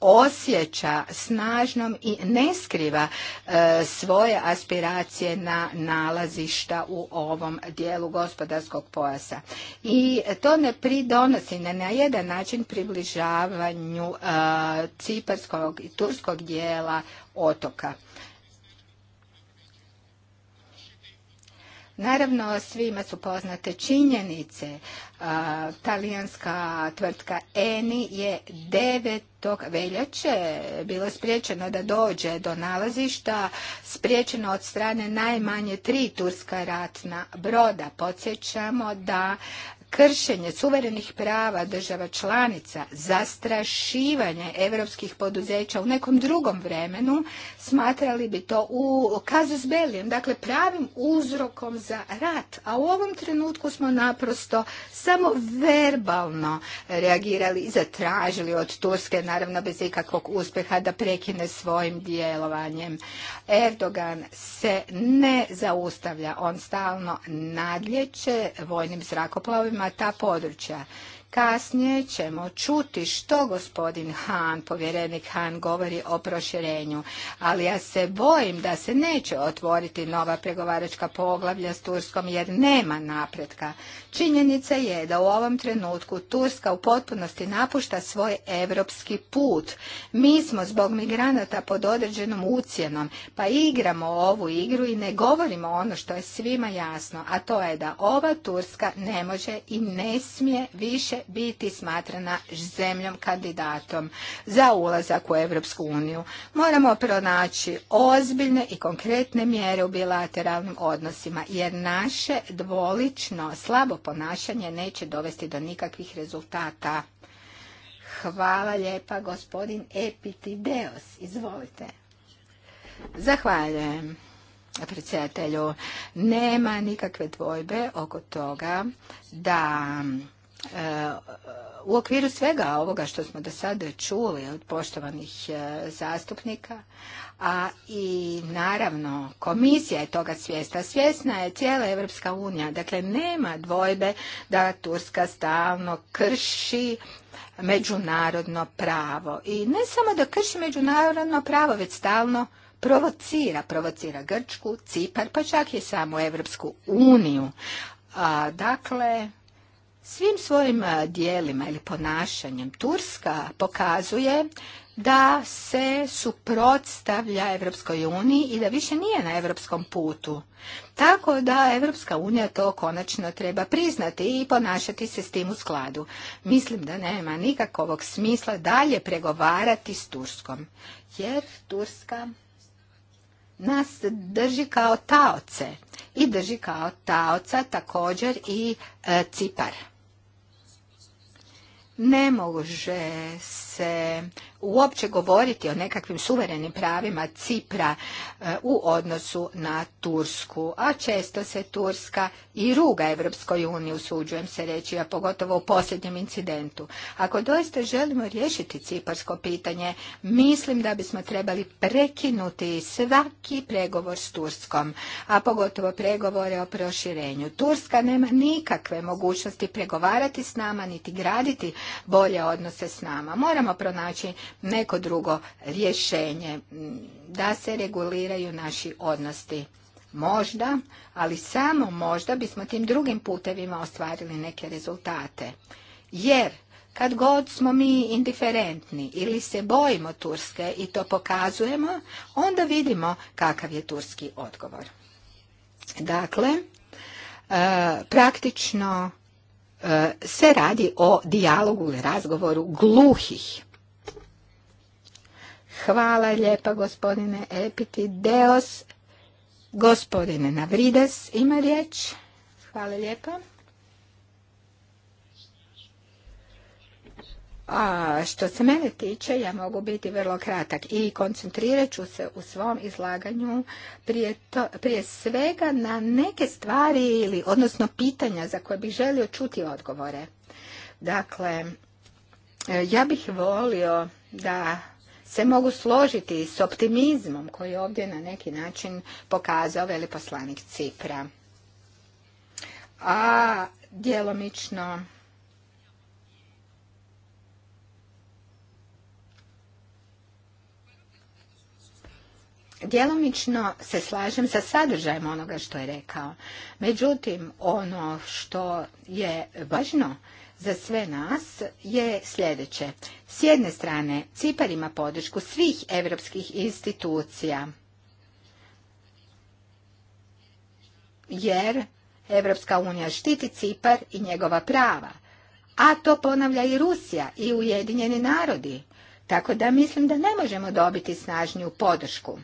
osjeća snažnom i ne skriva e, svoje aspiracije na nalazišta u ovom dijelu gospodarskog pojasa. I to ne pridonosi ne na jedan način približavanju e, ciparskog i turskog dijela otoka. Naravno, svima su poznate činjenice. talijanska tvrtka Eni je 9. veljače bilo spriječeno da dođe do nalazišta, spriječeno od strane najmanje tri turska ratna broda. Podsjećamo da kršenje suverenih prava država članica, zastrašivanje europskih poduzeća u nekom drugom vremenu, smatrali bi to u kazus belijem, dakle pravim uzrokom za rat. A u ovom trenutku smo naprosto samo verbalno reagirali i zatražili od Turske, naravno bez ikakvog uspjeha, da prekine svojim djelovanjem. Erdogan se ne zaustavlja, on stalno nadlječe vojnim zrakoplovima ta područja. Kasnije ćemo čuti što gospodin Han, povjerenik Han, govori o proširenju, ali ja se bojim da se neće otvoriti nova pregovaračka poglavlja s Turskom jer nema napretka. Činjenica je da u ovom trenutku Turska u potpunosti napušta svoj evropski put. Mi smo zbog migranata pod određenom ucjenom, pa igramo ovu igru i ne govorimo ono što je svima jasno, a to je da ova Turska ne može i ne smije više biti smatrana zemljom kandidatom za ulazak u Evropsku uniju. Moramo pronaći ozbiljne i konkretne mjere u bilateralnim odnosima, jer naše dvolično slabo ponašanje neće dovesti do nikakvih rezultata. Hvala lijepa, gospodin Epitideos. Izvolite. Zahvaljujem predsjedatelju. Nema nikakve dvojbe oko toga da e, u okviru svega ovoga što smo do sada čuli od poštovanih e, zastupnika, a i naravno komisija je toga svjesna, svjesna je cijela Evropska unija, dakle nema dvojbe da Turska stalno krši međunarodno pravo. I ne samo da krši međunarodno pravo, već stalno provocira, provocira Grčku, Cipar, pa čak i samu Evropsku uniju. dakle, Svim svojim e, dijelima ili ponašanjem Turska pokazuje da se suprotstavlja Evropskoj uniji i da više nije na evropskom putu. Tako da Evropska unija to konačno treba priznati i ponašati se s tim u skladu. Mislim da nema nikakvog smisla dalje pregovarati s Turskom. Jer Turska nas drži kao taoce i drži kao taoca također i e, Cipar ne može se uopće govoriti o nekakvim suverenim pravima Cipra e, u odnosu na Tursku, a često se Turska i ruga Evropskoj uniji, usuđujem se reći, a pogotovo u posljednjem incidentu. Ako doista želimo riješiti ciparsko pitanje, mislim da bismo trebali prekinuti svaki pregovor s Turskom, a pogotovo pregovore o proširenju. Turska nema nikakve mogućnosti pregovarati s nama, niti graditi bolje odnose s nama. Moramo moramo pronaći neko drugo rješenje da se reguliraju naši odnosti. Možda, ali samo možda bismo tim drugim putevima ostvarili neke rezultate. Jer kad god smo mi indiferentni ili se bojimo Turske i to pokazujemo, onda vidimo kakav je turski odgovor. Dakle, e, praktično se radi o dijalogu i razgovoru gluhih. Hvala lijepa gospodine Epitideos. Gospodine Navrides ima riječ. Hvala lijepa. A što se mene tiče, ja mogu biti vrlo kratak i koncentrirat ću se u svom izlaganju prije, prije svega na neke stvari ili odnosno pitanja za koje bih želio čuti odgovore. Dakle, ja bih volio da se mogu složiti s optimizmom koji je ovdje na neki način pokazao veliposlanik Cipra. A djelomično Djelomično se slažem sa sadržajem onoga što je rekao. Međutim, ono što je važno za sve nas je sljedeće. S jedne strane, Cipar ima podršku svih europskih institucija, jer Evropska unija štiti Cipar i njegova prava. A to ponavlja i Rusija i Ujedinjeni narodi. Tako da mislim da ne možemo dobiti snažniju podršku.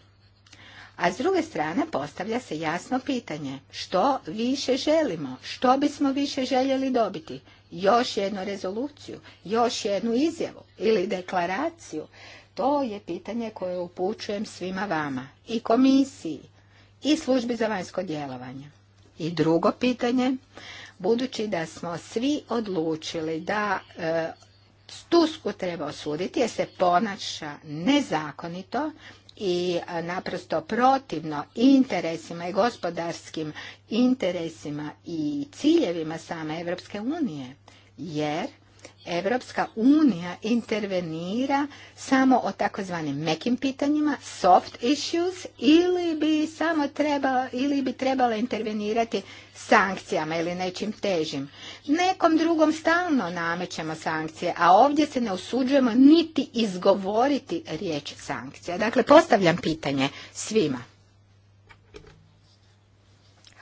A s druge strane postavlja se jasno pitanje što više želimo, što bismo više željeli dobiti, još jednu rezoluciju, još jednu izjavu ili deklaraciju. To je pitanje koje upućujem svima vama i komisiji i službi za vanjsko djelovanje. I drugo pitanje, budući da smo svi odlučili da e, Tusku treba osuditi jer se ponaša nezakonito, i naprosto protivno interesima i gospodarskim interesima i ciljevima same Europske unije. Jer Evropska unija intervenira samo o takozvanim mekim pitanjima, soft issues, ili bi samo treba, ili bi trebala intervenirati sankcijama ili nečim težim nekom drugom stalno namećemo sankcije, a ovdje se ne usuđujemo niti izgovoriti riječ sankcija. Dakle, postavljam pitanje svima.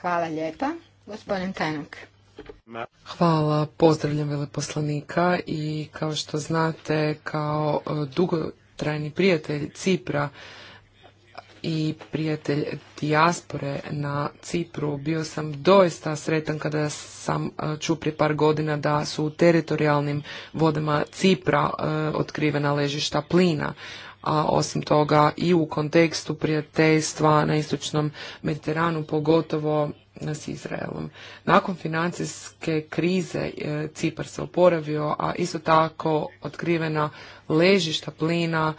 Hvala lijepa. Gospodin Hvala, pozdravljam veleposlanika i kao što znate, kao e, dugotrajni prijatelj Cipra, i prijatelj dijaspore na Cipru. Bio sam doista sretan kada sam e, čuo prije par godina da su u teritorijalnim vodama Cipra e, otkrivena ležišta plina. A osim toga i u kontekstu prijateljstva na istočnom Mediteranu, pogotovo s Izraelom. Nakon financijske krize e, Cipar se oporavio, a isto tako otkrivena ležišta plina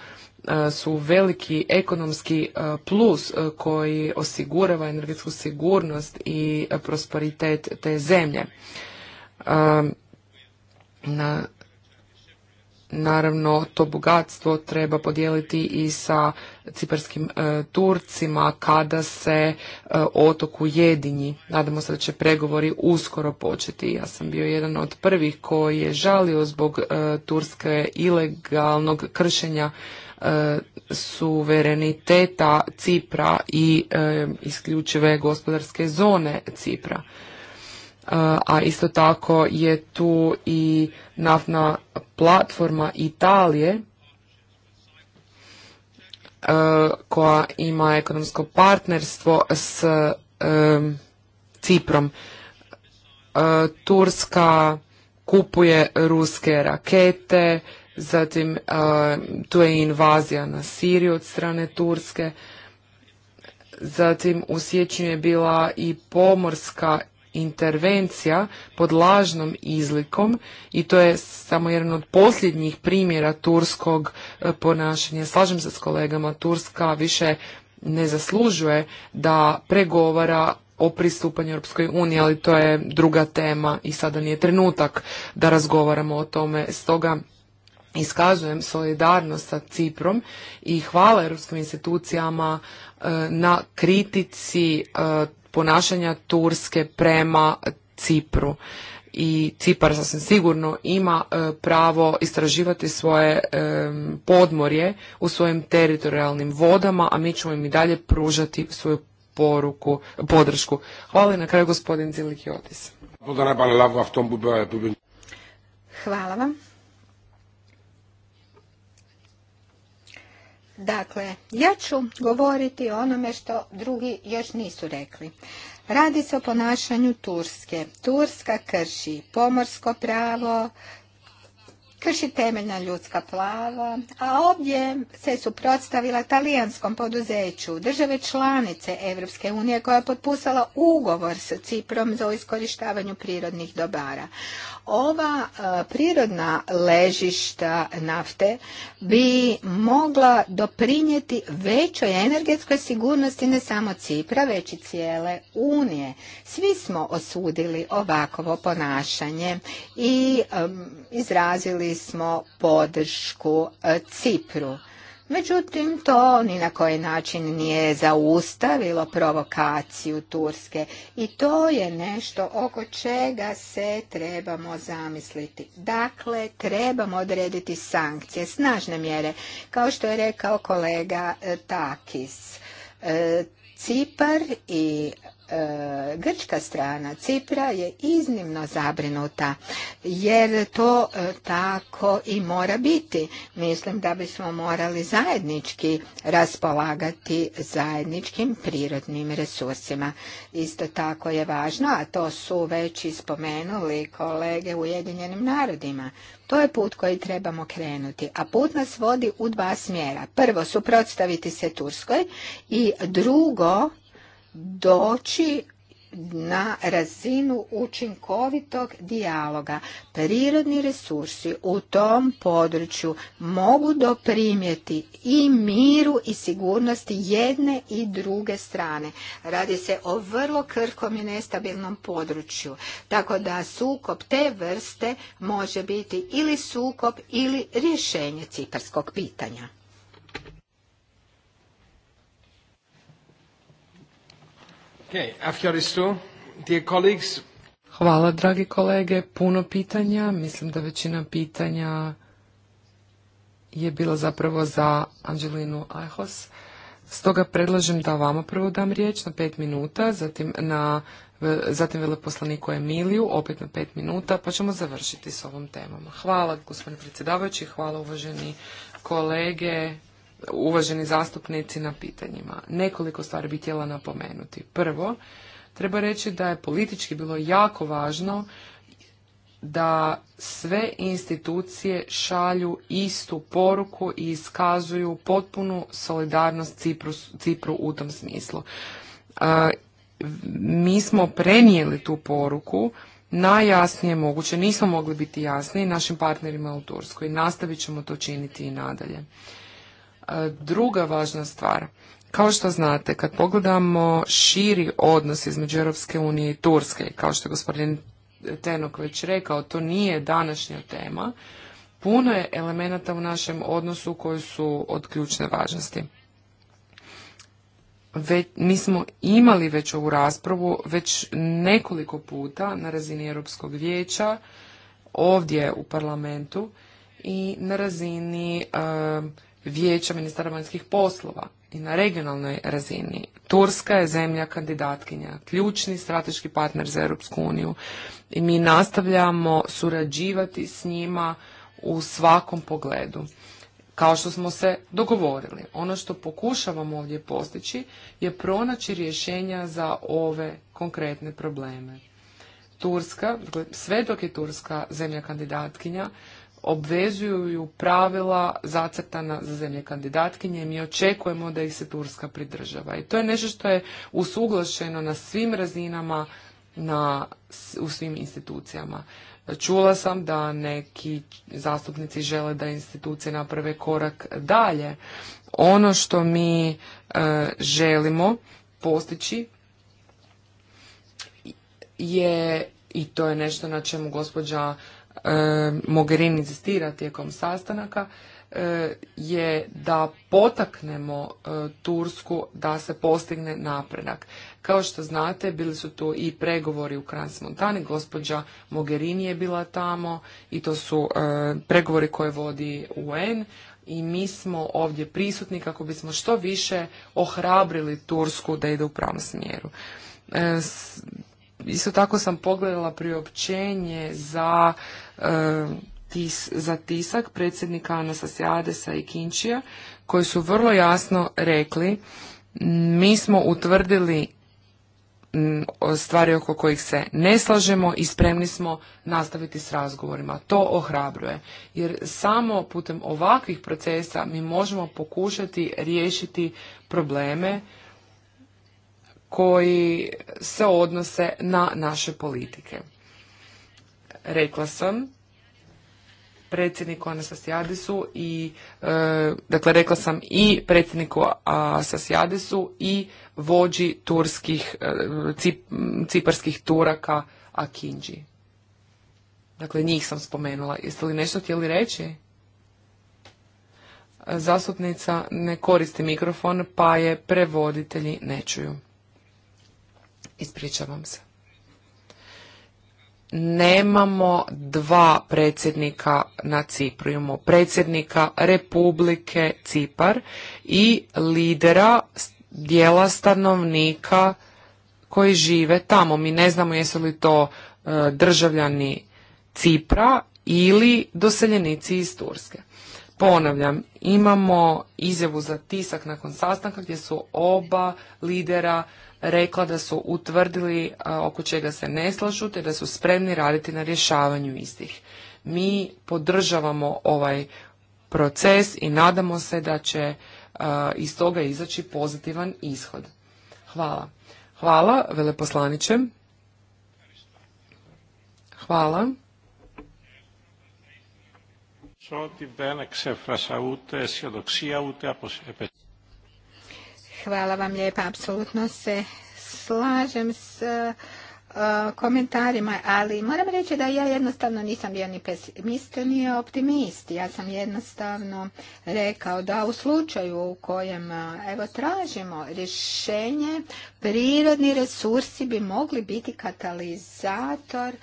E, su veliki ekonomski e, plus e, koji osigurava energetsku sigurnost i prosperitet te zemlje. Na, naravno, to bogatstvo treba podijeliti i sa ciparskim Turcima kada se e, otok ujedinji. Nadamo se da će pregovori uskoro početi. Ja sam bio jedan od prvih koji je žalio zbog Turske ilegalnog kršenja E, suvereniteta Cipra i e, isključive gospodarske zone Cipra. E, a isto tako je tu i naftna platforma Italije koja ima ekonomsko partnerstvo s Ciprom. Turska kupuje ruske rakete, zatim e, tu je invazija na Siriju od strane Turske, zatim u siječnju je bila i pomorska intervencija pod lažnom izlikom i to je samo jedan od posljednjih primjera turskog e, ponašanja. Slažem se s kolegama, Turska više ne zaslužuje da pregovara o pristupanju Europskoj uniji, ali to je druga tema i sada nije trenutak da razgovaramo o tome. Stoga iskazujem solidarnost sa Ciprom i hvala europskim institucijama e, na kritici e, ponašanja Turske prema Cipru. I Cipar sasvim sigurno ima e, pravo istraživati svoje podmorje u svojim teritorijalnim vodama, a mi ćemo im i dalje pružati svoju poruku, podršku. Hvala i na kraju gospodin Zilikiotis. Hvala vam. Dakle, ja ću govoriti o onome što drugi još nisu rekli. Radi se o ponašanju Turske. Turska krši pomorsko pravo, krši temeljna ljudska plava, a ovdje se suprotstavila talijanskom poduzeću države članice Europske unije koja je potpisala ugovor sa Ciprom za iskorištavanje prirodnih dobara. Ova e, prirodna ležišta nafte bi mogla doprinijeti većoj energetskoj sigurnosti ne samo Cipra, već i cijele Unije. Svi smo osudili ovakovo ponašanje i izrazili smo podršku e, Cipru. Međutim, to ni na koji način nije zaustavilo provokaciju Turske i to je nešto oko čega se trebamo zamisliti. Dakle, trebamo odrediti sankcije, snažne mjere, kao što je rekao kolega eh, Takis. Eh, Cipar i E, grčka strana Cipra je iznimno zabrinuta jer to e, tako i mora biti. Mislim da bismo morali zajednički raspolagati zajedničkim prirodnim resursima. Isto tako je važno, a to su već i spomenuli kolege u Ujedinjenim narodima. To je put koji trebamo krenuti, a put nas vodi u dva smjera. Prvo, suprotstaviti se Turskoj i drugo, doći na razinu učinkovitog dijaloga. Prirodni resursi u tom području mogu doprimjeti i miru i sigurnosti jedne i druge strane. Radi se o vrlo krkom i nestabilnom području. Tako da sukob te vrste može biti ili sukob ili rješenje ciparskog pitanja. Hvala, dragi kolege. Puno pitanja. Mislim da većina pitanja je bila zapravo za Anđelinu Ajhos. Stoga predlažem da vama prvo dam riječ na pet minuta, zatim na zatim veleposlaniku Emiliju, opet na pet minuta, pa ćemo završiti s ovom temom. Hvala, gospodine predsjedavajući, hvala uvaženi kolege uvaženi zastupnici na pitanjima. Nekoliko stvari bih htjela napomenuti. Prvo, treba reći da je politički bilo jako važno da sve institucije šalju istu poruku i iskazuju potpunu solidarnost Cipru, u tom smislu. mi smo prenijeli tu poruku najjasnije moguće, nismo mogli biti jasniji našim partnerima u Turskoj. Nastavit ćemo to činiti i nadalje. E, druga važna stvar. Kao što znate, kad pogledamo širi odnos između Europske unije i Turske, kao što je gospodin Tenok već rekao, to nije današnja tema, puno je elemenata u našem odnosu koji su od ključne važnosti. Već, mi smo imali već ovu raspravu već nekoliko puta na razini Europskog vijeća, ovdje u parlamentu i na razini e, vijeća ministara vanjskih poslova i na regionalnoj razini. Turska je zemlja kandidatkinja, ključni strateški partner za Europsku uniju i mi nastavljamo surađivati s njima u svakom pogledu kao što smo se dogovorili. Ono što pokušavamo ovdje postići je pronaći rješenja za ove konkretne probleme. Turska, dakle, sve dok je Turska zemlja kandidatkinja, obvezuju pravila zacrtana za zemlje kandidatkinje i mi očekujemo da ih se Turska pridržava. I to je nešto što je usuglašeno na svim razinama na, u svim institucijama. Čula sam da neki zastupnici žele da institucije naprave korak dalje. Ono što mi e, želimo postići je, i to je nešto na čemu gospođa E, Mogherini inzistira tijekom sastanaka e, je da potaknemo e, Tursku da se postigne napredak. Kao što znate, bili su tu i pregovori u Krans Montani, gospođa Mogherini je bila tamo i to su pregovori koje vodi UN i mi smo ovdje prisutni kako bismo što više ohrabrili Tursku da ide u pravom smjeru. Isto tako sam pogledala priopćenje za tis, za tisak predsjednika Anasasijadesa i Kinčija koji su vrlo jasno rekli mi smo utvrdili mm, stvari oko kojih se ne slažemo i spremni smo nastaviti s razgovorima. To ohrabruje. Jer samo putem ovakvih procesa mi možemo pokušati riješiti probleme koji se odnose na naše politike rekla sam predsjedniku Anastasijadisu i e, dakle rekla sam i predsjedniku Asasijadisu i vođi turskih e, ciparskih turaka Akinđi. Dakle, njih sam spomenula. Jeste li nešto htjeli reći? Zastupnica ne koristi mikrofon, pa je prevoditelji ne čuju. Ispričavam se nemamo dva predsjednika na Cipru. Imamo predsjednika Republike Cipar i lidera dijela stanovnika koji žive tamo. Mi ne znamo jesu li to e, državljani Cipra ili doseljenici iz Turske. Ponavljam, imamo izjavu za tisak nakon sastanka gdje su oba lidera rekla da su utvrdili e, oko čega se ne slažu te da su spremni raditi na rješavanju istih. Mi podržavamo ovaj proces i nadamo se da će e, iz toga izaći pozitivan ishod. Hvala. Hvala veleposlaniče. Hvala. Hvala vam lijepa, apsolutno se slažem s e, komentarima, ali moram reći da ja jednostavno nisam bio ni pesimist ni optimist. Ja sam jednostavno rekao da u slučaju u kojem e, evo tražimo rješenje, prirodni resursi bi mogli biti katalizator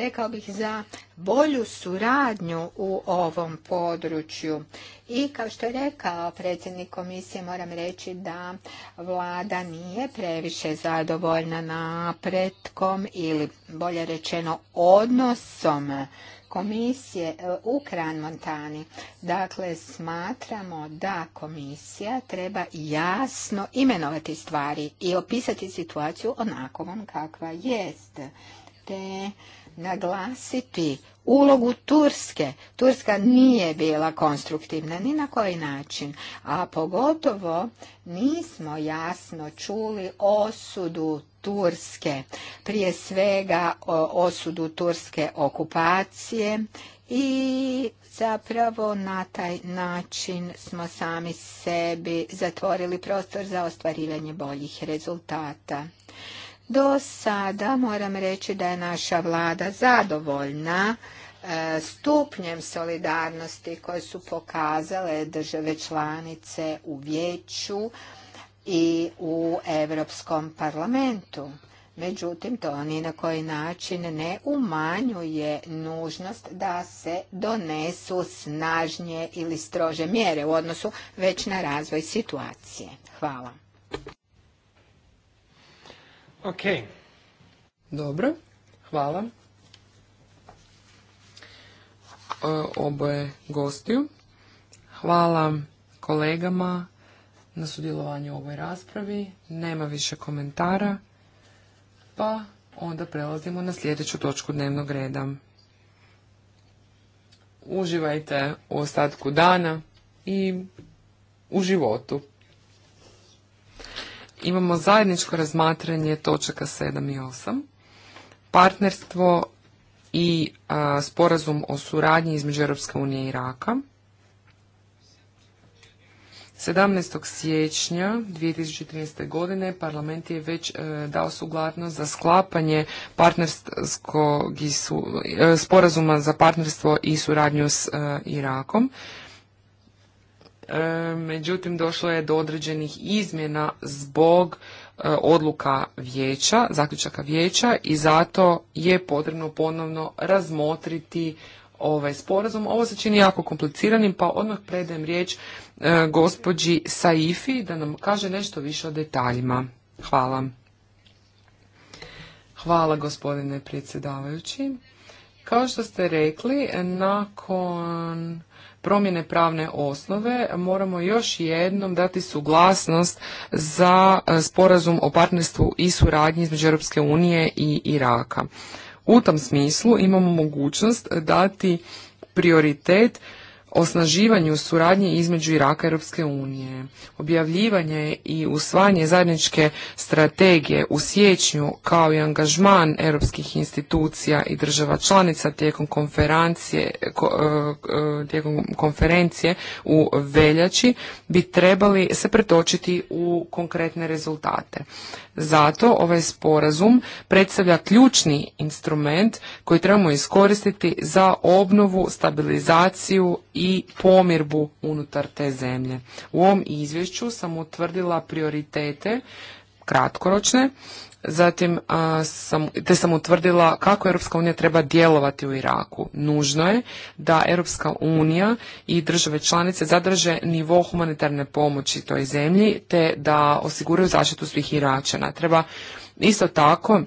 rekao bih, za bolju suradnju u ovom području. I kao što je rekao predsjednik komisije, moram reći da vlada nije previše zadovoljna napretkom ili bolje rečeno odnosom komisije e, u Kran Montani. Dakle, smatramo da komisija treba jasno imenovati stvari i opisati situaciju onakovom kakva jest. Te naglasiti ulogu Turske. Turska nije bila konstruktivna ni na koji način, a pogotovo nismo jasno čuli osudu Turske, prije svega osudu turske okupacije i zapravo na taj način smo sami sebi zatvorili prostor za ostvarivanje boljih rezultata. Do sada moram reći da je naša vlada zadovoljna e, stupnjem solidarnosti koje su pokazale države članice u vijeću i u Europskom parlamentu. Međutim, to ni na koji način ne umanjuje nužnost da se donesu snažnije ili strože mjere u odnosu već na razvoj situacije. Hvala. Ok. Dobro, hvala. E, oboje gostiju. Hvala kolegama na sudjelovanju u ovoj raspravi. Nema više komentara. Pa onda prelazimo na sljedeću točku dnevnog reda. Uživajte u ostatku dana i u životu imamo zajedničko razmatranje točaka 7 i 8, partnerstvo i sporazum o suradnji između Europske unije i Iraka. 17. siječnja 2013. godine parlament je već e, dao suglasnost za sklapanje partnerskog e, sporazuma za partnerstvo i suradnju s e, Irakom. E, međutim došlo je do određenih izmjena zbog e, odluka vijeća, zaključaka vijeća i zato je potrebno ponovno razmotriti ovaj sporazum. Ovo se čini jako kompliciranim, pa odmah predajem riječ e, gospođi Saifi da nam kaže nešto više o detaljima. Hvala. Hvala gospodine predsjedavajući. Kao što ste rekli, nakon promjene pravne osnove moramo još jednom dati suglasnost za e, sporazum o partnerstvu i suradnji između Europske unije i Iraka. U tom smislu imamo mogućnost dati prioritet osnaživanju suradnje između Iraka i Europske unije. Objavljivanje i usvajanje zajedničke strategije u siječnju kao i angažman europskih institucija i država članica tijekom konferencije, e, e, tijekom konferencije u veljači bi trebali se pretočiti u konkretne rezultate. Zato ovaj sporazum predstavlja ključni instrument koji trebamo iskoristiti za obnovu, stabilizaciju i pomirbu unutar te zemlje. U ovom izvješću sam utvrdila prioritete kratkoročne, zatim sam, te sam utvrdila kako Europska unija treba djelovati u Iraku. Nužno je da Europska unija i države članice zadrže nivo humanitarne pomoći toj zemlji te da osiguraju zaštitu svih Iračana. Treba isto tako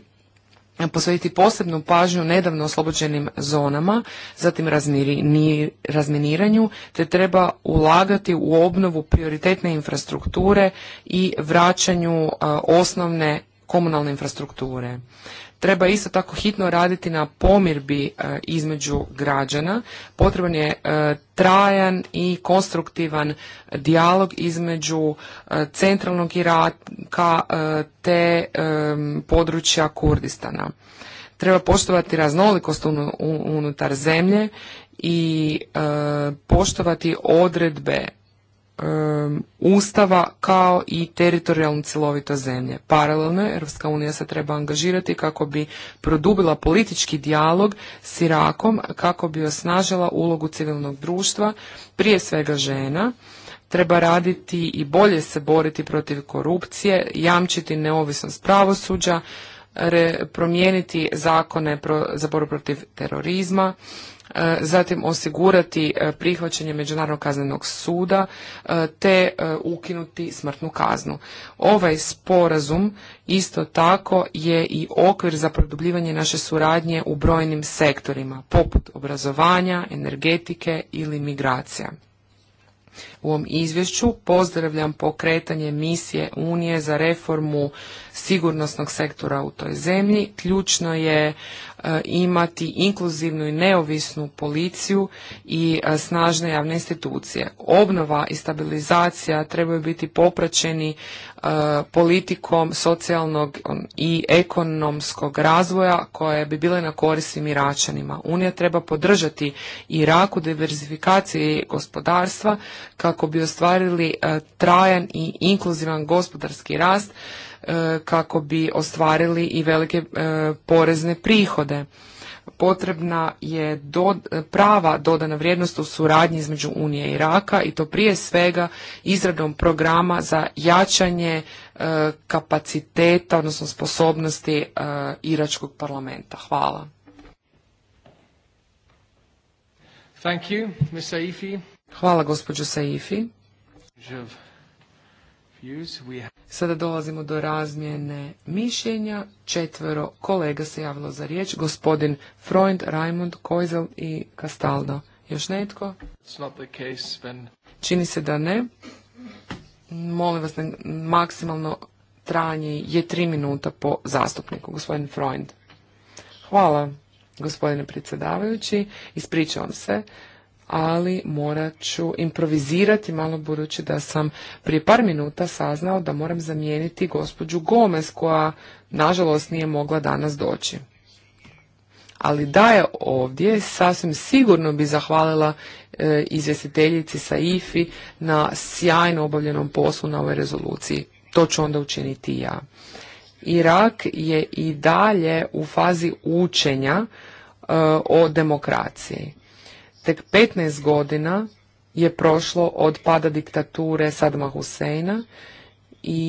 posvetiti posebnu pažnju nedavno oslobođenim zonama, zatim razminiranju, te treba ulagati u obnovu prioritetne infrastrukture i vraćanju osnovne komunalne infrastrukture. Treba isto tako hitno raditi na pomirbi e, između građana. Potreban je e, trajan i konstruktivan dijalog između e, centralnog Iraka te područja Kurdistana. Treba poštovati raznolikost unutar zemlje i poštovati odredbe ustava kao i teritorijalnu cjelovito zemlje. Paralelno, Europska unija se treba angažirati kako bi produbila politički dijalog s Irakom, kako bi osnažila ulogu civilnog društva, prije svega žena, treba raditi i bolje se boriti protiv korupcije, jamčiti neovisnost pravosuđa, promijeniti zakone za boru protiv terorizma, E, zatim osigurati e, prihvaćanje Međunarodnog kaznenog suda e, te ukinuti smrtnu kaznu. Ovaj sporazum isto tako je i okvir za produbljivanje naše suradnje u brojnim sektorima poput obrazovanja, energetike ili migracija u ovom izvješću. Pozdravljam pokretanje misije Unije za reformu sigurnosnog sektora u toj zemlji. Ključno je e, imati inkluzivnu i neovisnu policiju i e, snažne javne institucije. Obnova i stabilizacija trebaju biti popraćeni e, politikom socijalnog i ekonomskog razvoja koje bi bile na korist Iračanima. Unija treba podržati Iraku u diversifikaciji gospodarstva kao kako bi ostvarili e, trajan i inkluzivan gospodarski rast, e, kako bi ostvarili i velike e, porezne prihode. Potrebna je prava dodana vrijednost u suradnji između Unije i Iraka i to prije svega izradom programa za jačanje kapaciteta, odnosno sposobnosti Iračkog parlamenta. Hvala. Thank you, Hvala gospođo Saifi. Sada dolazimo do razmjene mišljenja. Četvero kolega se javilo za riječ. Gospodin Freund, Raimund, Koizel i Castaldo. Još netko? Čini se da ne. Molim vas, maksimalno trajanje je tri minuta po zastupniku. Gospodin Freund. Hvala, gospodine predsjedavajući. Ispričavam se ali morat ću improvizirati malo budući da sam prije par minuta saznao da moram zamijeniti gospođu Gomez koja nažalost nije mogla danas doći. Ali da je ovdje, sasvim sigurno bi zahvalila e, izvjestiteljici sa IFI na sjajno obavljenom poslu na ovoj rezoluciji. To ću onda učiniti i ja. Irak je i dalje u fazi učenja e, o demokraciji Tek 15 godina je prošlo od pada diktature Sadma Huseina i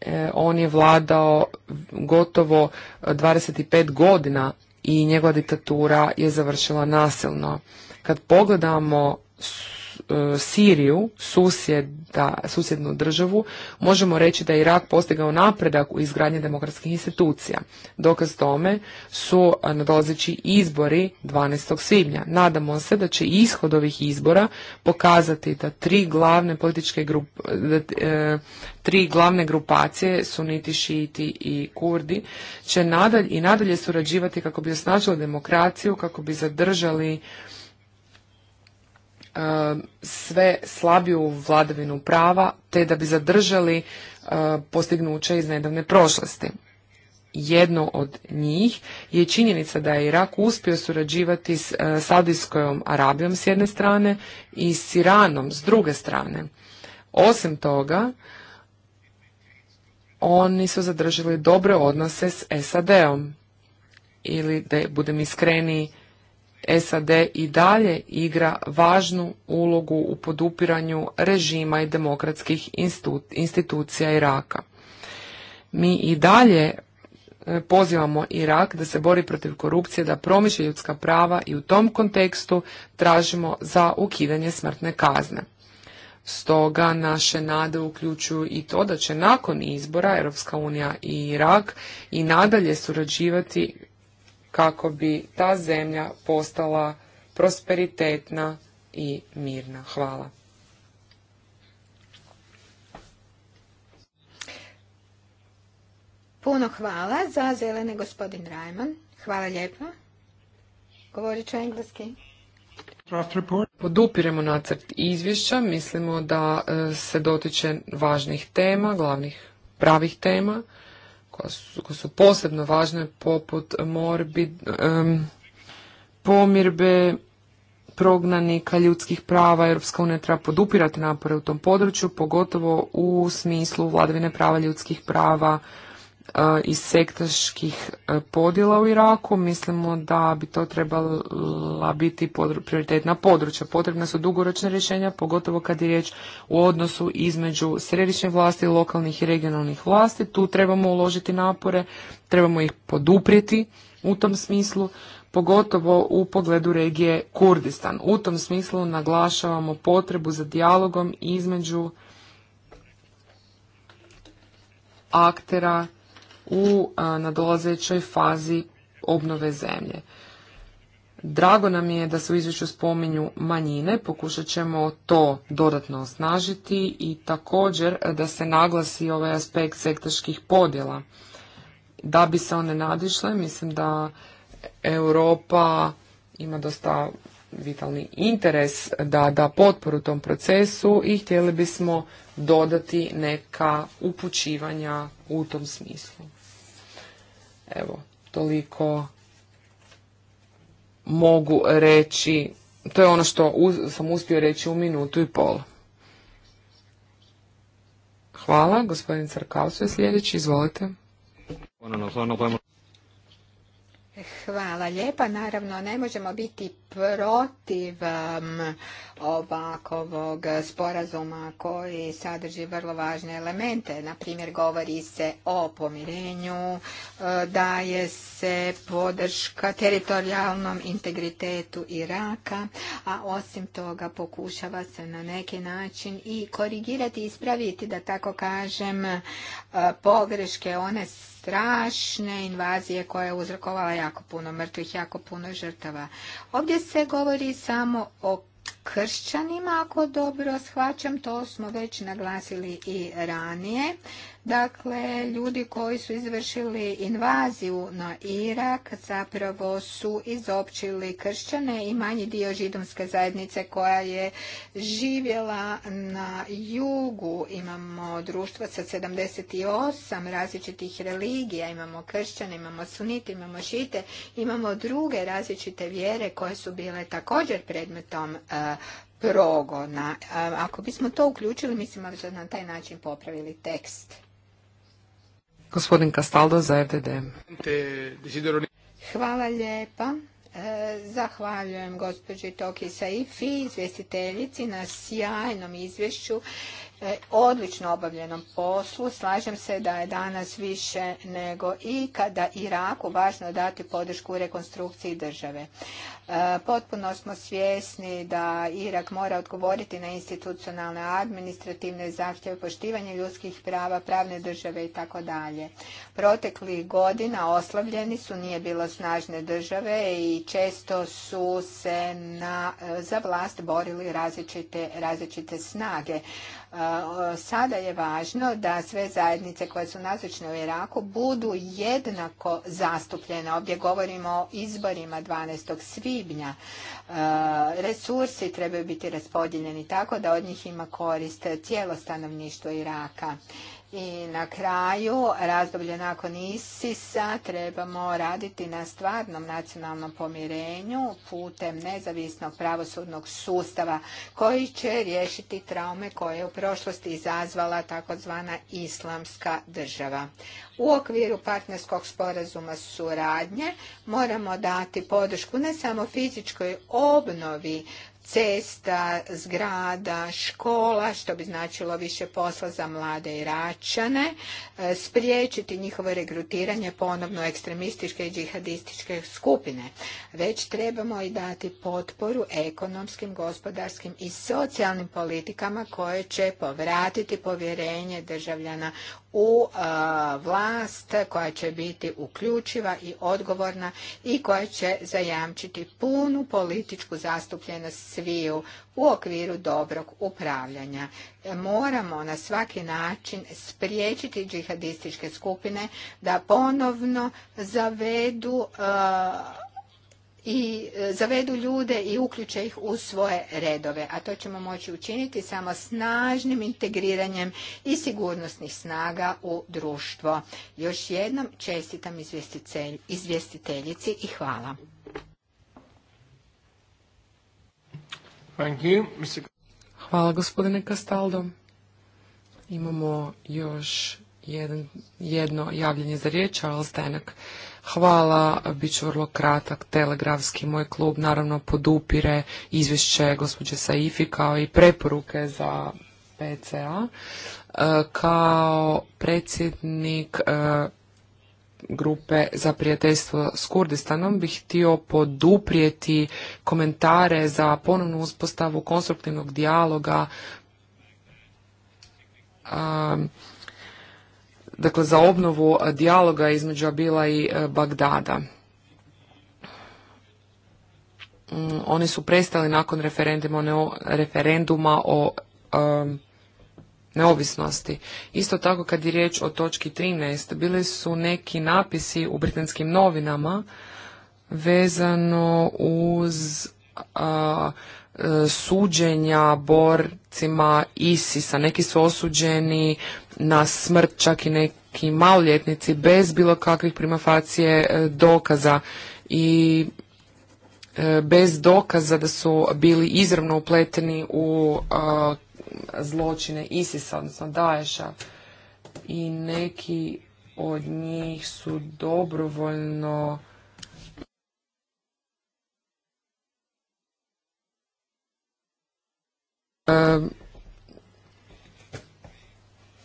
e, on je vladao gotovo 25 godina i njegova diktatura je završila nasilno. Kad pogledamo E, Siriju, susjeda, susjednu državu, možemo reći da je Irak postigao napredak u izgradnji demokratskih institucija. Dokaz tome su nadolazeći izbori 12. svibnja. Nadamo se da će ishod ovih izbora pokazati da tri glavne političke grupe, da, e, tri glavne grupacije, suniti, šiti i kurdi, će nadalj, i nadalje surađivati kako bi osnažili demokraciju, kako bi zadržali E, sve slabiju vladavinu prava te da bi zadržali e, postignuće iz nedavne prošlosti. Jedno od njih je činjenica da je Irak uspio surađivati s e, Saudijskom Arabijom s jedne strane i s Iranom s druge strane. Osim toga, oni su zadržali dobre odnose s SAD-om ili da budem iskreni, SAD i dalje igra važnu ulogu u podupiranju režima i demokratskih institucija Iraka. Mi i dalje e, pozivamo Irak da se bori protiv korupcije, da promiče ljudska prava i u tom kontekstu tražimo za ukidanje smrtne kazne. Stoga naše nade uključuju i to da će nakon izbora Europska unija i Irak i nadalje surađivati kako bi ta zemlja postala prosperitetna i mirna. Hvala. Puno hvala za zelene gospodin Rajman. Hvala lijepo. Govorit ću engleski. Podupiremo nacrt izvješća, mislimo da e, se dotiče važnih tema, glavnih pravih tema koja su, posebno važne poput morbi pomirbe prognanika ljudskih prava Europska unija treba podupirati napore u tom području, pogotovo u smislu vladavine prava ljudskih prava iz sektaških podjela u Iraku. Mislimo da bi to trebala biti prioritetna područja. Potrebna su dugoročna rješenja, pogotovo kad je riječ u odnosu između središnje vlasti, lokalnih i regionalnih vlasti. Tu trebamo uložiti napore, trebamo ih poduprijeti u tom smislu pogotovo u pogledu regije Kurdistan. U tom smislu naglašavamo potrebu za dijalogom između aktera u nadolazećoj fazi obnove zemlje. Drago nam je da se u izvješću spominju manjine, pokušat ćemo to dodatno osnažiti i također da se naglasi ovaj aspekt sektaških podjela. Da bi se one nadišle, mislim da Europa ima dosta vitalni interes da da potporu tom procesu i htjeli bismo dodati neka upućivanja u tom smislu. Evo, toliko mogu reći, to je ono što sam uspio reći u minutu i pol. Hvala, gospodin Crkavsu je sljedeći, izvolite. Ono, ono, ono, Hvala lijepa, naravno ne možemo biti protiv um, ovakvog sporazuma koji sadrži vrlo važne elemente. Na primjer, govori se o pomirenju, uh, daje se podrška teritorijalnom integritetu Iraka, a osim toga pokušava se na neki način i korigirati, ispraviti, da tako kažem, uh, pogreške one strašne invazije koja je uzrokovala jako puno mrtvih, jako puno žrtava. Ovdje se govori samo o kršćanima, ako dobro shvaćam, to smo već naglasili i ranije. Dakle, ljudi koji su izvršili invaziju na Irak zapravo su izopćili kršćane i manji dio židomske zajednice koja je živjela na jugu. Imamo društva sa 78 različitih religija, imamo kršćane, imamo sunite, imamo šite, imamo druge različite vjere koje su bile također predmetom e, progona. Ako bismo to uključili, mislim da na taj način popravili tekst. Gospodin Castaldo za Hvala lijepa. E, zahvaljujem gospođi Toki Saifi, izvjestiteljici, na sjajnom izvješću, e, odlično obavljenom poslu. Slažem se da je danas više nego ikada Iraku važno dati podršku u rekonstrukciji države. E, potpuno smo svjesni da Irak mora odgovoriti na institucionalne, administrativne zahtjeve, poštivanje ljudskih prava, pravne države i tako dalje. Proteklih godina oslavljeni su, nije bilo snažne države i često su se na, za vlast borili različite, različite snage. E, sada je važno da sve zajednice koje su nazočne u Iraku budu jednako zastupljene. Ovdje govorimo o izborima 12. svi svibnja. E, resursi trebaju biti raspodijeljeni tako da od njih ima korist cijelo stanovništvo Iraka. I na kraju, razdoblje nakon ISIS-a trebamo raditi na stvarnom nacionalnom pomirenju putem nezavisnog pravosudnog sustava koji će riješiti traume koje je u prošlosti izazvala takozvana islamska država. U okviru partnerskog sporazuma suradnje moramo dati podršku ne samo fizičkoj obnovi cesta, zgrada, škola, što bi značilo više posla za mlade Iračane, e, spriječiti njihovo regrutiranje ponovno ekstremističke i džihadističke skupine. Već trebamo i dati potporu ekonomskim, gospodarskim i socijalnim politikama koje će povratiti povjerenje državljana u vlast koja će biti uključiva i odgovorna i koja će zajamčiti punu političku zastupljenost sviju u okviru dobrog upravljanja. Moramo na svaki način spriječiti džihadističke skupine da ponovno zavedu i e, zavedu ljude i uključe ih u svoje redove. A to ćemo moći učiniti samo snažnim integriranjem i sigurnosnih snaga u društvo. Još jednom čestitam izvjestiteljici i hvala. Thank you. Hvala gospodine Kastaldo. Imamo još jedno javljanje za riječ, Charles Hvala, bit ću vrlo kratak, telegrafski moj klub naravno podupire izvješće gospođe Saifi kao i preporuke za PCA. E, kao predsjednik e, grupe za prijateljstvo s Kurdistanom bih htio poduprijeti komentare za ponovnu uspostavu konstruktivnog dijaloga e, dakle za obnovu dijaloga između bila i e, Bagdada. Mm, oni su prestali nakon referenduma o neovisnosti. Isto tako kad je riječ o točki 13, bili su neki napisi u britanskim novinama vezano uz e, suđenja borcima ISISA. Neki su osuđeni na smrt čak i neki maloljetnici bez bilo kakvih primafacije e, dokaza i e, bez dokaza da su bili izravno upleteni u e, zločine zločine a odnosno Daesha. I neki od njih su dobrovoljno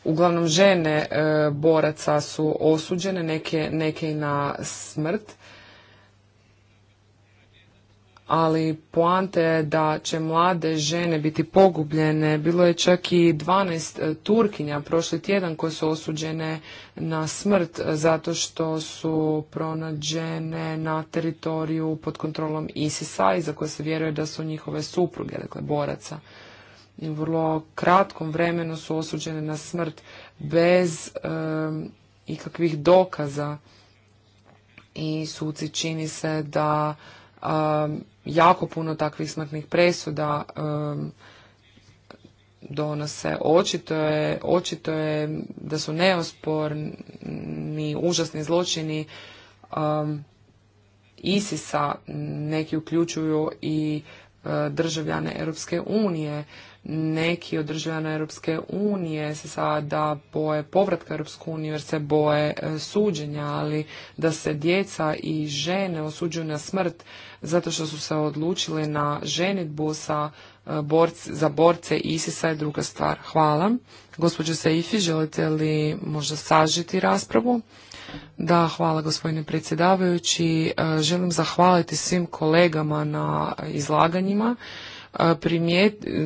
Uglavnom žene e, boraca su osuđene, neke, neke i na smrt. Ali poante je da će mlade žene biti pogubljene. Bilo je čak i 12 e, Turkinja prošli tjedan koje su osuđene na smrt e, zato što su pronađene na teritoriju pod kontrolom ISIS-a i za koje se vjeruje da su njihove supruge, dakle boraca i u vrlo kratkom vremenu su osuđene na smrt bez e, ikakvih dokaza i suci čini se da jako puno takvih smrtnih presuda donose. Očito je, očito je da su neosporni užasni zločini ISIS-a, neki uključuju i e, državljane Europske unije neki od državljana Europske unije se sada boje povratka Europske unije, jer se boje e, suđenja, ali da se djeca i žene osuđuju na smrt zato što su se odlučile na ženitbu sa e, za borce ISIS-a je druga stvar. Hvala. Gospođo Seifi, želite li možda sažiti raspravu? Da, hvala gospodine predsjedavajući. E, želim zahvaliti svim kolegama na izlaganjima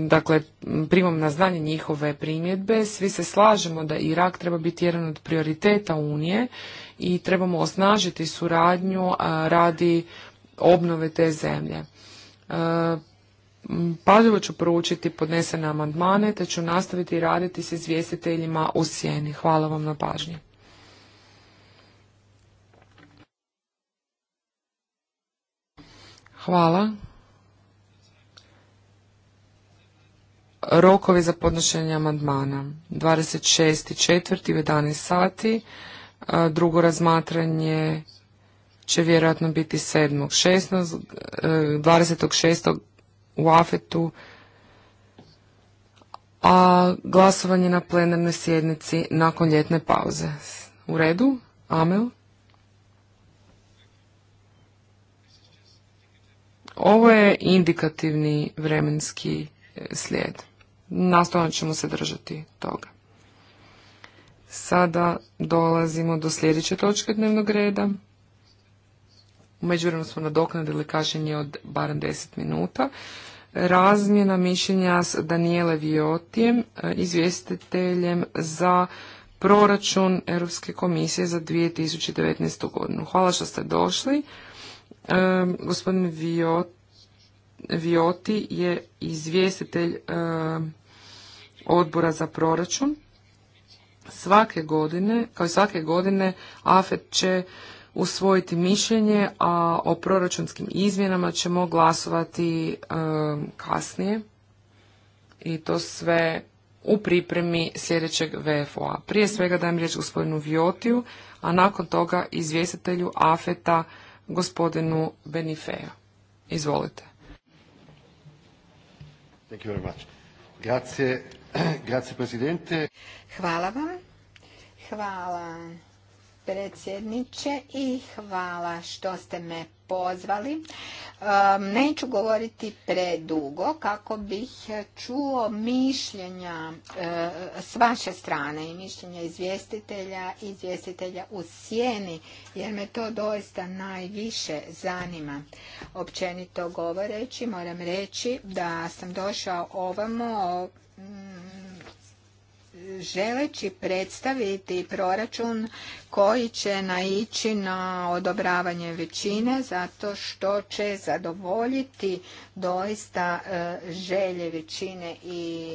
dakle, primam na znanje njihove primjedbe. Svi se slažemo da Irak treba biti jedan od prioriteta Unije i trebamo osnažiti suradnju radi obnove te zemlje. Pažljivo ću proučiti podnesene amandmane te ću nastaviti raditi s izvjestiteljima u sjeni. Hvala vam na pažnji. Hvala. Rokovi za podnošenje amandmana 26.4. u 11 sati. Drugo razmatranje će vjerojatno biti 7.6. 26. E, u Afetu. A glasovanje na plenarnoj sjednici nakon ljetne pauze. U redu? Amel? Ovo je indikativni vremenski slijed. Nastavno ćemo se držati toga. Sada dolazimo do sljedeće točke dnevnog reda. U međuvremenu smo nadoknadili kašnjenje od barem 10 minuta. Razmjena mišljenja s Daniele Viotijem, eh, izvjestiteljem za proračun Europske komisije za 2019. godinu. Hvala što ste došli. Eh, gospodin Viot Vioti je izvjestitelj e, odbora za proračun. Svake godine, kao i svake godine, AFET će usvojiti mišljenje, a o proračunskim izmjenama ćemo glasovati e, kasnije. I to sve u pripremi sljedećeg VFO-a. Prije svega dajem riječ gospodinu Viotiju, a nakon toga izvjestitelju AFETA gospodinu Benifeja. Izvolite. Thank you very much. Grazie, grazie presidente. Hvala vam. Hvala predsjedniče i hvala što ste me pozvali. Neću govoriti predugo kako bih čuo mišljenja eh, s vaše strane i mišljenja izvjestitelja i izvjestitelja u sjeni, jer me to doista najviše zanima. Općenito govoreći, moram reći da sam došao ovamo mm, želeći predstaviti proračun koji će naići na odobravanje većine zato što će zadovoljiti doista e, želje većine i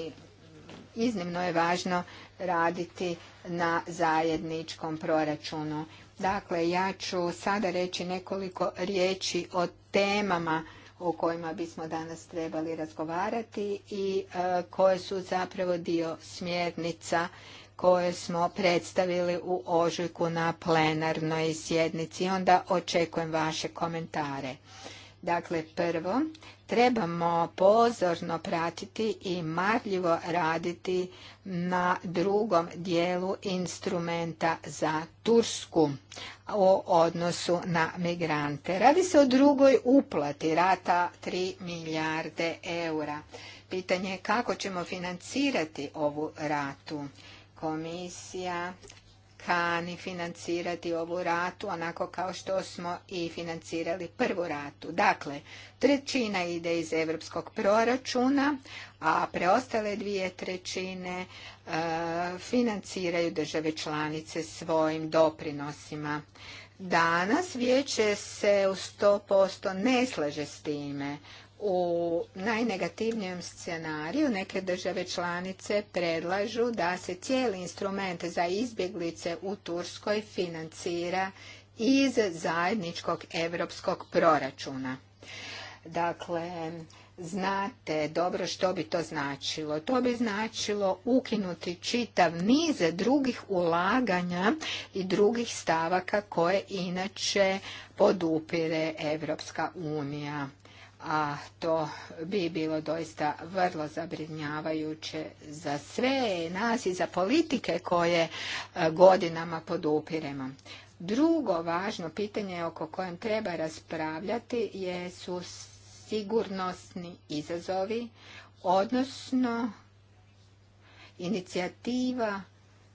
iznimno je važno raditi na zajedničkom proračunu. Dakle, ja ću sada reći nekoliko riječi o temama o kojima bismo danas trebali razgovarati i e, koje su zapravo dio smjernica koje smo predstavili u ožujku na plenarnoj sjednici. Onda očekujem vaše komentare. Dakle, prvo, trebamo pozorno pratiti i marljivo raditi na drugom dijelu instrumenta za Tursku o odnosu na migrante. Radi se o drugoj uplati rata 3 milijarde eura. Pitanje je kako ćemo financirati ovu ratu. Komisija kani financirati ovu ratu onako kao što smo i financirali prvu ratu. Dakle, trećina ide iz europskog proračuna, a preostale dvije trećine e, financiraju države članice svojim doprinosima. Danas vijeće se u 100% ne slaže s time. U najnegativnijem scenariju neke države članice predlažu da se cijeli instrument za izbjeglice u Turskoj financira iz zajedničkog europskog proračuna. Dakle, znate dobro što bi to značilo. To bi značilo ukinuti čitav niz drugih ulaganja i drugih stavaka koje inače podupire Evropska unija a to bi bilo doista vrlo zabrinjavajuće za sve nas i za politike koje e, godinama podupiremo. Drugo važno pitanje oko kojem treba raspravljati jesu sigurnosni izazovi, odnosno inicijativa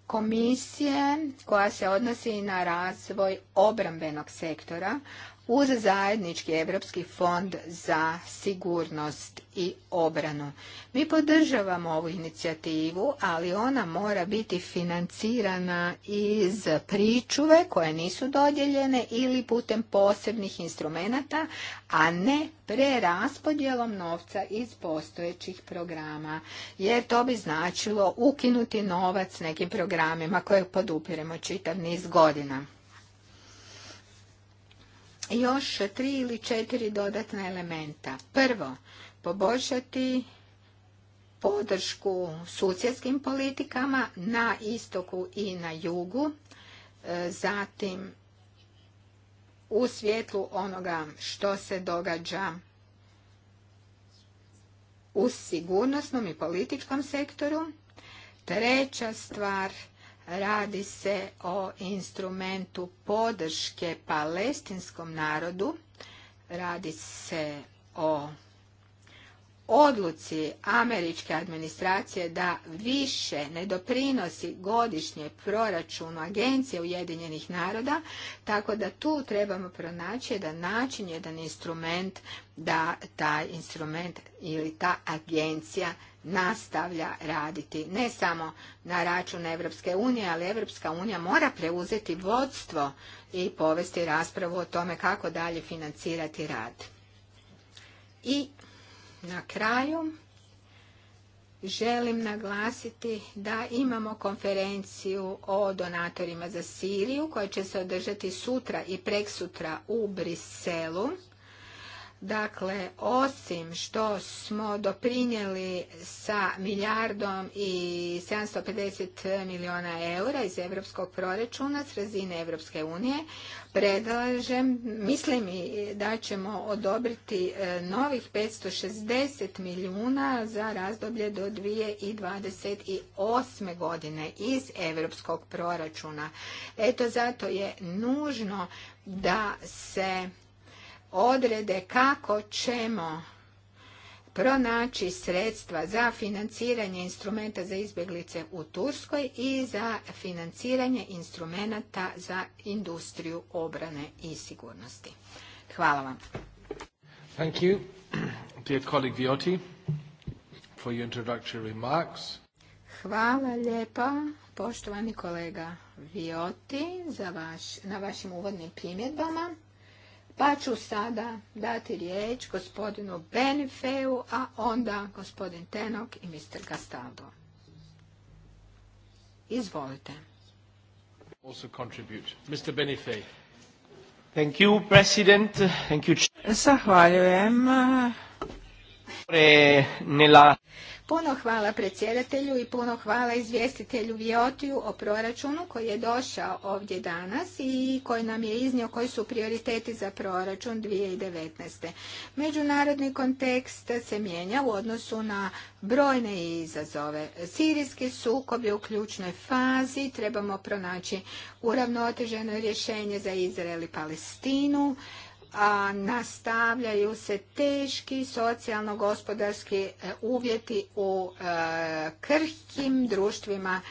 komisije koja se odnosi na razvoj obrambenog sektora, uz zajednički Europski fond za sigurnost i obranu. Mi podržavamo ovu inicijativu, ali ona mora biti financirana iz pričuve koje nisu dodjeljene ili putem posebnih instrumenata, a ne preraspodjelom novca iz postojećih programa, jer to bi značilo ukinuti novac nekim programima koje podupiremo čitav niz godina još tri ili četiri dodatna elementa. Prvo, poboljšati podršku susjedskim politikama na istoku i na jugu, e, zatim u svjetlu onoga što se događa u sigurnosnom i političkom sektoru. Treća stvar Radi se o instrumentu podrške palestinskom narodu. Radi se o odluci američke administracije da više ne doprinosi godišnje proračunu Agencije Ujedinjenih naroda, tako da tu trebamo pronaći jedan način, jedan instrument da taj instrument ili ta agencija nastavlja raditi. Ne samo na račun Evropske unije, ali Evropska unija mora preuzeti vodstvo i povesti raspravu o tome kako dalje financirati rad. I na kraju želim naglasiti da imamo konferenciju o donatorima za Siriju koja će se održati sutra i preksutra u Briselu. Dakle, osim što smo doprinijeli sa milijardom i 750 milijuna eura iz europskog proračuna s razine Europske unije, predlažem, mislim i da ćemo odobriti e, novih 560 milijuna za razdoblje do 2028. godine iz europskog proračuna. Eto zato je nužno da se odrede kako ćemo pronaći sredstva za financiranje instrumenta za izbjeglice u Turskoj i za financiranje instrumenta za industriju obrane i sigurnosti. Hvala vam. Thank you, dear colleague for your introductory remarks. Hvala lijepa, poštovani kolega Vioti, za vaš, na vašim uvodnim primjedbama. Pa ću sada dati riječ gospodinu Benifeu, a onda gospodin Tenok i mister Gastaldo. Izvolite. Also contribute. Mr. Zahvaljujem. Puno hvala predsjedatelju i puno hvala izvjestitelju Viotiju o proračunu koji je došao ovdje danas i koji nam je iznio koji su prioriteti za proračun 2019. Međunarodni kontekst se mijenja u odnosu na brojne izazove. Sirijski sukob je u ključnoj fazi, trebamo pronaći uravnoteženo rješenje za Izrael i Palestinu a nastavljaju se teški socijalno-gospodarski e, uvjeti u e, krhkim društvima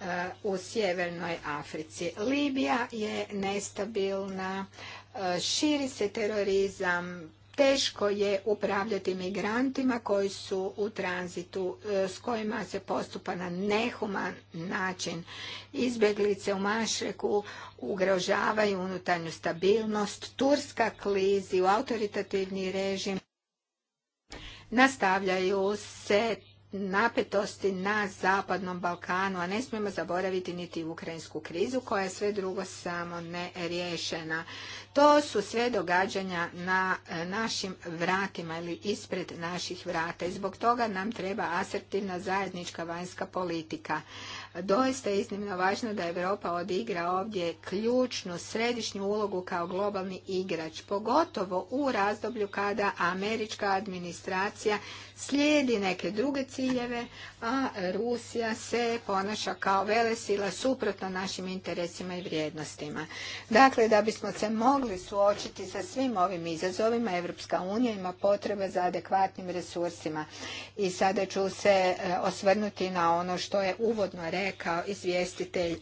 e, u sjevernoj Africi. Libija je nestabilna, širi se terorizam, Teško je upravljati migrantima koji su u tranzitu, e, s kojima se postupa na nehuman način. Izbjeglice u Mašreku ugrožavaju unutarnju stabilnost, Turska klizi u autoritativni režim nastavljaju se napetosti na Zapadnom Balkanu, a ne smijemo zaboraviti niti ukrajinsku krizu koja je sve drugo samo ne riješena. To su sve događanja na e, našim vratima ili ispred naših vrata i zbog toga nam treba asertivna zajednička vanjska politika. Doista je iznimno važno da Europa odigra ovdje ključnu središnju ulogu kao globalni igrač, pogotovo u razdoblju kada američka administracija slijedi neke druge ciljeve, a Rusija se ponaša kao velesila suprotno našim interesima i vrijednostima. Dakle, da bismo se mogli suočiti sa svim ovim izazovima, Evropska unija ima potrebe za adekvatnim resursima. I sada ću se e, osvrnuti na ono što je uvodno rekao izvjestitelj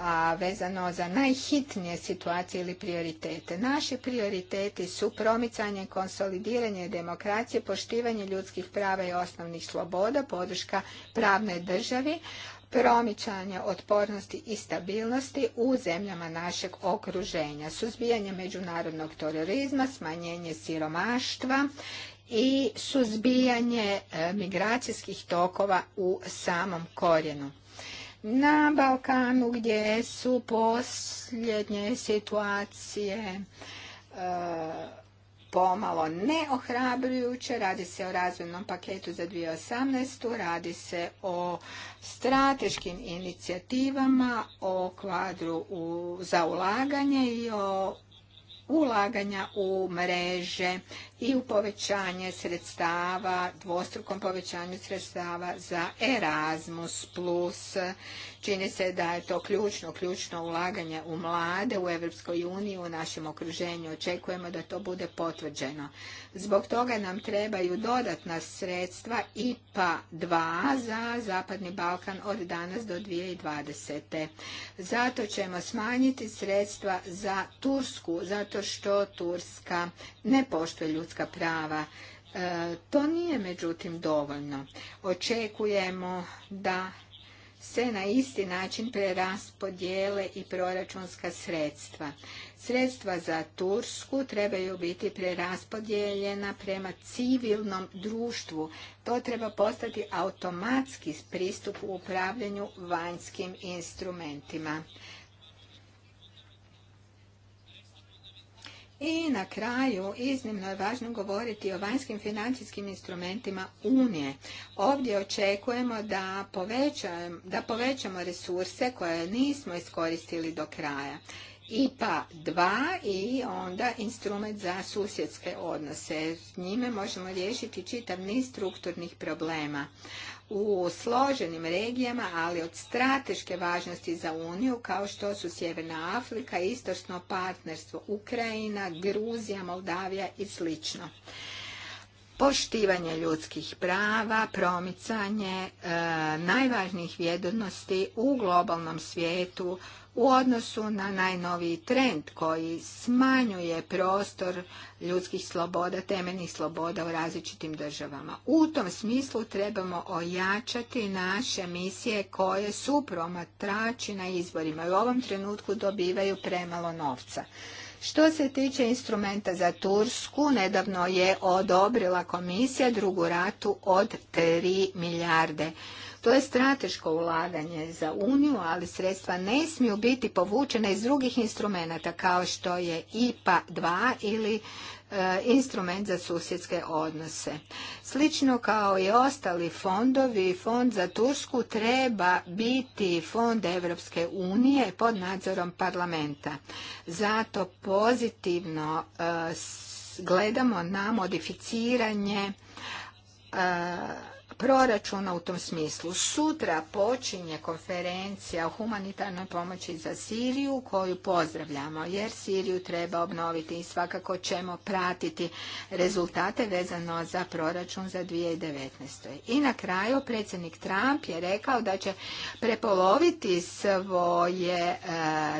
a vezano za najhitnije situacije ili prioritete. Naši prioriteti su promicanje, konsolidiranje demokracije, poštivanje ljudskih prava i osnovnih sloboda, podrška pravnoj državi, promičanje otpornosti i stabilnosti u zemljama našeg okruženja, suzbijanje međunarodnog terorizma, smanjenje siromaštva i suzbijanje e, migracijskih tokova u samom korijenu na Balkanu gdje su posljednje situacije e, pomalo neohrabrujuće. Radi se o razvojnom paketu za 2018. Radi se o strateškim inicijativama, o kvadru za ulaganje i o ulaganja u mreže i u povećanje sredstava, dvostrukom povećanju sredstava za Erasmus+. plus Čini se da je to ključno, ključno ulaganje u mlade u Europskoj uniji, u našem okruženju. Očekujemo da to bude potvrđeno. Zbog toga nam trebaju dodatna sredstva IPA 2 za Zapadni Balkan od danas do 2020. Zato ćemo smanjiti sredstva za Tursku, zato što Turska ne poštuje ljudska ljudska prava. E, to nije međutim dovoljno. Očekujemo da se na isti način preraspodijele i proračunska sredstva. Sredstva za Tursku trebaju biti preraspodijeljena prema civilnom društvu. To treba postati automatski pristup u upravljanju vanjskim instrumentima. I na kraju iznimno je važno govoriti o vanjskim financijskim instrumentima Unije. Ovdje očekujemo da povećamo, da povećamo resurse koje nismo iskoristili do kraja. IPA dva i onda instrument za susjedske odnose. S njime možemo riješiti čitav niz strukturnih problema u složenim regijama, ali od strateške važnosti za Uniju, kao što su Sjeverna Afrika, istočno partnerstvo Ukrajina, Gruzija, Moldavija i sl. Poštivanje ljudskih prava, promicanje e, najvažnijih vjedodnosti u globalnom svijetu u odnosu na najnoviji trend koji smanjuje prostor ljudskih sloboda, temeljnih sloboda u različitim državama. U tom smislu trebamo ojačati naše misije koje su promatrači na izborima i u ovom trenutku dobivaju premalo novca. Što se tiče instrumenta za Tursku, nedavno je odobrila komisija drugu ratu od 3 milijarde. To je strateško ulaganje za Uniju, ali sredstva ne smiju biti povučena iz drugih instrumenta kao što je IPA 2 ili E, instrument za susjedske odnose. Slično kao i ostali fondovi, fond za Tursku treba biti fond Evropske unije pod nadzorom parlamenta. Zato pozitivno e, gledamo na modificiranje e, proračuna u tom smislu. Sutra počinje konferencija o humanitarnoj pomoći za Siriju koju pozdravljamo jer Siriju treba obnoviti i svakako ćemo pratiti rezultate vezano za proračun za 2019. I na kraju predsjednik Trump je rekao da će prepoloviti svoje je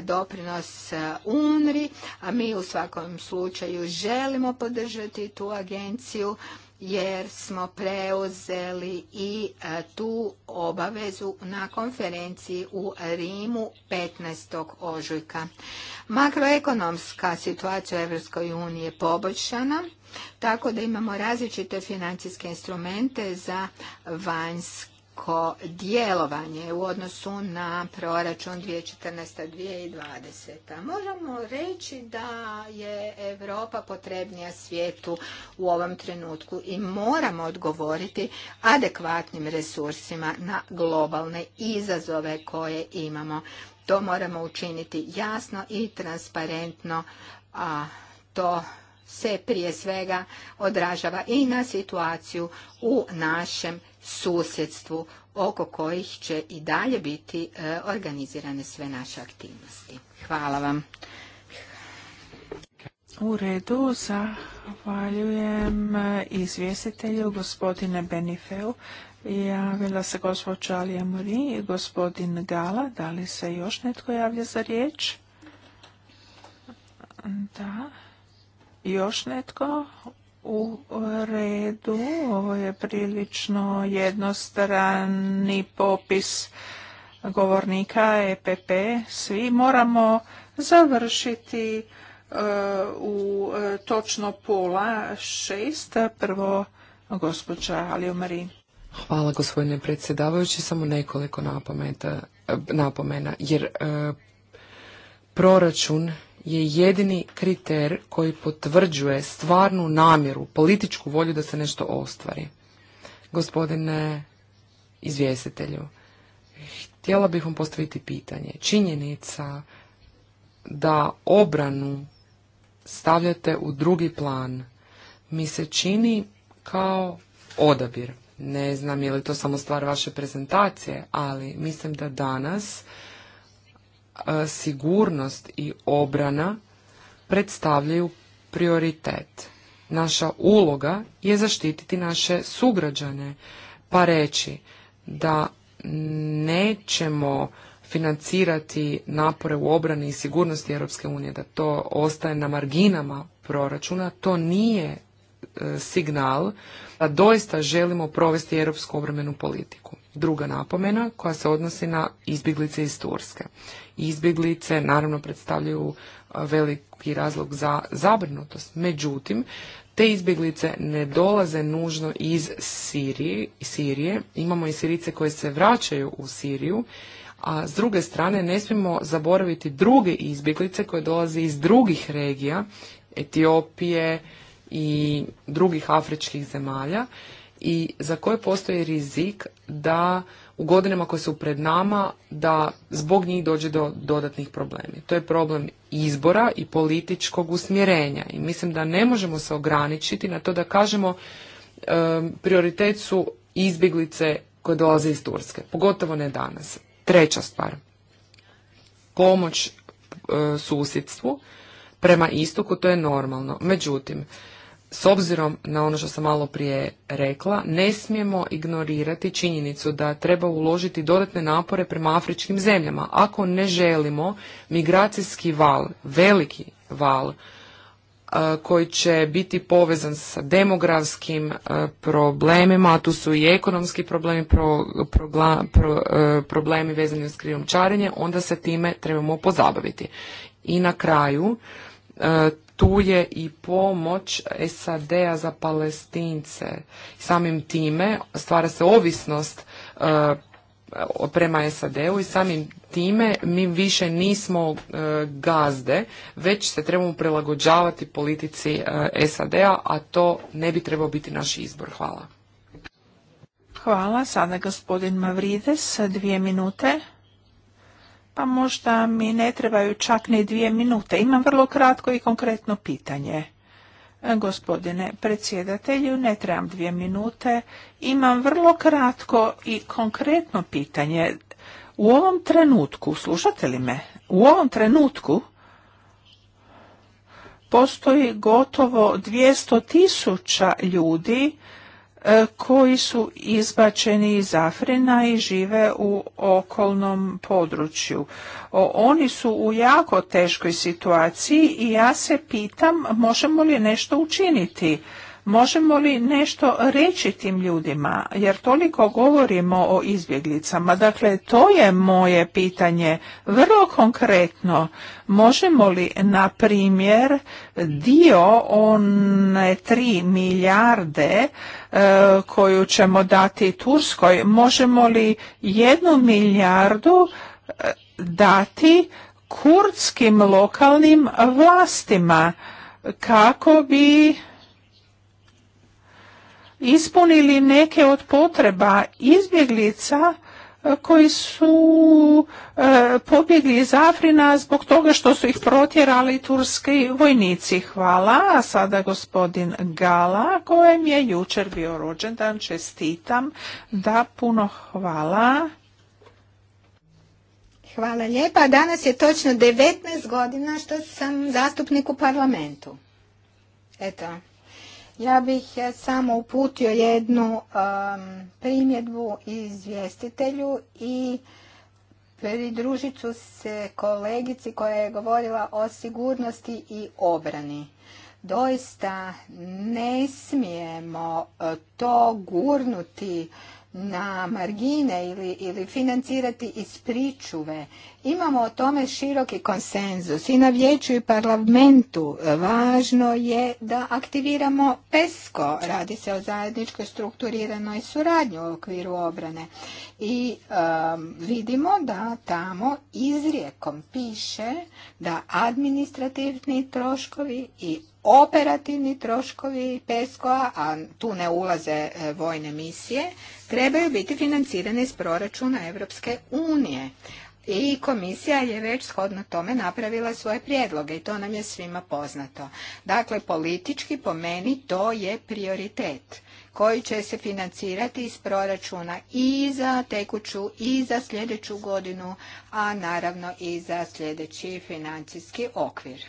doprinos UNRI, a mi u svakom slučaju želimo podržati tu agenciju jer smo preuzeli i e, tu obavezu na konferenciji u Rimu 15. ožujka. Makroekonomska situacija u EU je poboljšana, tako da imamo različite financijske instrumente za vanjske vanjsko djelovanje u odnosu na proračun 2014-2020. Možemo reći da je Europa potrebnija svijetu u ovom trenutku i moramo odgovoriti adekvatnim resursima na globalne izazove koje imamo. To moramo učiniti jasno i transparentno, a to se prije svega odražava i na situaciju u našem susjedstvu oko kojih će i dalje biti e, organizirane sve naše aktivnosti. Hvala vam. U redu, zahvaljujem e, izvjestitelju gospodine Benifeu. Javila se gospođa Alija Muri i gospodin Gala. Da li se još netko javlja za riječ? Da. Još netko? u redu. Ovo je prilično jednostrani popis govornika EPP. Svi moramo završiti e, u e, točno pola šest. Prvo gospođa Marin. Hvala gospodine predsjedavajući. Samo nekoliko e, napomena jer proračun je jedini kriter koji potvrđuje stvarnu namjeru, političku volju da se nešto ostvari. Gospodine izvjestitelju, htjela bih vam postaviti pitanje. Činjenica da obranu stavljate u drugi plan mi se čini kao odabir. Ne znam je li to samo stvar vaše prezentacije, ali mislim da danas E, sigurnost i obrana predstavljaju prioritet. Naša uloga je zaštititi naše sugrađane, pa reći da nećemo financirati napore u obrani i sigurnosti Europske unije, da to ostaje na marginama proračuna, to nije e, signal da doista želimo provesti europsku obrambenu politiku druga napomena koja se odnosi na izbjeglice iz Turske. Izbjeglice naravno predstavljaju veliki razlog za zabrinutost. Međutim, te izbjeglice ne dolaze nužno iz Sirije. Sirije. Imamo i Sirice koje se vraćaju u Siriju, a s druge strane ne smijemo zaboraviti druge izbjeglice koje dolaze iz drugih regija, Etiopije i drugih afričkih zemalja i za koje postoji rizik da u godinama koje su pred nama da zbog njih dođe do dodatnih problema. To je problem izbora i političkog usmjerenja i mislim da ne možemo se ograničiti na to da kažemo prioritet su izbjeglice koje dolaze iz Turske, pogotovo ne danas. Treća stvar, pomoć e, susjedstvu prema istoku, to je normalno. Međutim, s obzirom na ono što sam malo prije rekla, ne smijemo ignorirati činjenicu da treba uložiti dodatne napore prema afričkim zemljama. Ako ne želimo migracijski val, veliki val, e, koji će biti povezan sa demografskim e, problemima, a tu su i ekonomski problemi, e, problemi vezani uz krijumčarenje, onda se time trebamo pozabaviti. I na kraju, tu je i pomoć SAD-a za palestince. Samim time stvara se ovisnost e, prema SAD-u i samim time mi više nismo e, gazde, već se trebamo prilagođavati politici e, SAD-a, a to ne bi trebao biti naš izbor. Hvala. Hvala. Sada gospodin Mavrides, dvije minute pa možda mi ne trebaju čak ni dvije minute. Imam vrlo kratko i konkretno pitanje. E, gospodine predsjedatelju, ne trebam dvije minute. Imam vrlo kratko i konkretno pitanje. U ovom trenutku, slušate li me, u ovom trenutku postoji gotovo 200 tisuća ljudi E, koji su izbačeni iz Afrina i žive u okolnom području. Oni su u jako teškoj situaciji i ja se pitam možemo li nešto učiniti. Možemo li nešto reći tim ljudima? Jer toliko govorimo o izbjeglicama. Dakle, to je moje pitanje. Vrlo konkretno, možemo li, na primjer, dio one tri milijarde e, koju ćemo dati Turskoj, možemo li jednu milijardu e, dati kurdskim lokalnim vlastima kako bi ispunili neke od potreba izbjeglica e, koji su e, pobjegli iz Afrina zbog toga što su ih protjerali turski vojnici. Hvala. A sada gospodin Gala kojem je jučer bio rođendan. Čestitam. Da, puno hvala. Hvala lijepa. Danas je točno 19 godina što sam zastupnik u parlamentu. Eto, ja bih e, samo uputio jednu primjedbu izvjestitelju i pridružit ću se kolegici koja je govorila o sigurnosti i obrani. Doista ne smijemo e, to gurnuti na margine ili, ili financirati iz pričuve. Imamo o tome široki konsenzus i na vijeću i parlamentu. Važno je da aktiviramo PESCO, radi se o zajedničkoj strukturiranoj suradnji u okviru obrane. I um, vidimo da tamo izrijekom piše da administrativni troškovi i operativni troškovi PESCO-a, a tu ne ulaze e, vojne misije, trebaju biti financirane iz proračuna Europske unije. I komisija je već shodno tome napravila svoje prijedloge i to nam je svima poznato. Dakle, politički po meni to je prioritet koji će se financirati iz proračuna i za tekuću i za sljedeću godinu, a naravno i za sljedeći financijski okvir.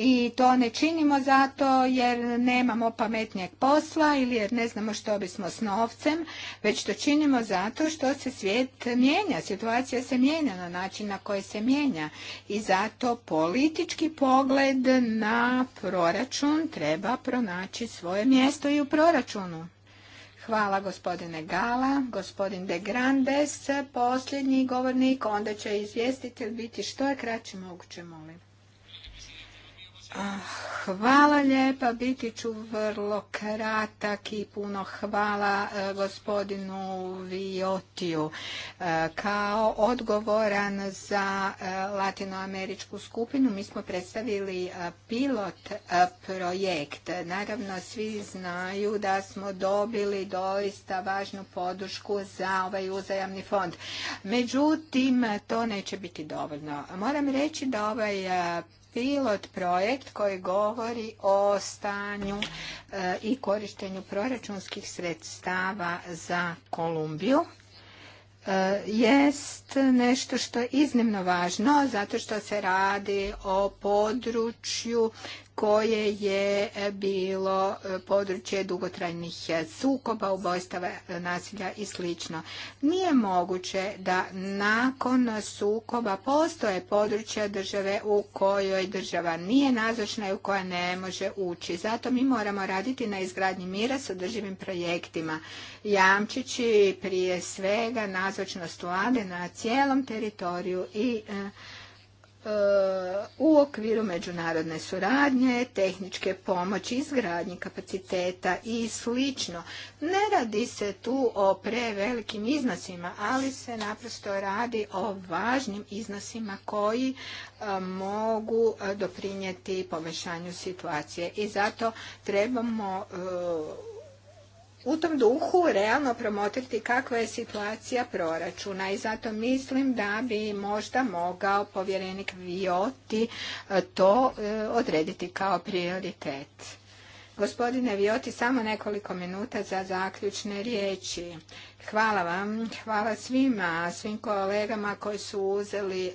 i to ne činimo zato jer nemamo pametnijeg posla ili jer ne znamo što bismo s novcem, već to činimo zato što se svijet mijenja, situacija se mijenja na način na koji se mijenja i zato politički pogled na proračun treba pronaći svoje mjesto i u proračunu. Hvala gospodine Gala, gospodin De Grandes, posljednji govornik, onda će izvjestitelj biti što je kraće moguće, molim. Hvala lijepa, biti ću vrlo kratak i puno hvala e, gospodinu Viotiju. E, kao odgovoran za e, latinoameričku skupinu mi smo predstavili pilot projekt. Naravno svi znaju da smo dobili doista važnu podušku za ovaj uzajamni fond. Međutim, to neće biti dovoljno. Moram reći da ovaj pilot projekt koji govori o stanju e, i korištenju proračunskih sredstava za Kolumbiju e, jest nešto što je iznimno važno zato što se radi o području koje je e, bilo e, područje dugotrajnih e, sukoba, ubojstava, nasilja i sl. Nije moguće da nakon sukoba postoje područja države u kojoj država nije nazočna i u koja ne može ući. Zato mi moramo raditi na izgradnji mira s održivim projektima, jamčići prije svega nazočnost vlade na cijelom teritoriju i E, u okviru međunarodne suradnje, tehničke pomoći, izgradnje kapaciteta i slično. Ne radi se tu o prevelikim iznosima, ali se naprosto radi o važnim iznosima koji e, mogu e, doprinijeti poboljšanju situacije i zato trebamo u tom duhu realno promotriti kakva je situacija proračuna i zato mislim da bi možda mogao povjerenik Vioti e, to e, odrediti kao prioritet. Gospodine Vioti, samo nekoliko minuta za zaključne riječi. Hvala vam, hvala svima, svim kolegama koji su uzeli e,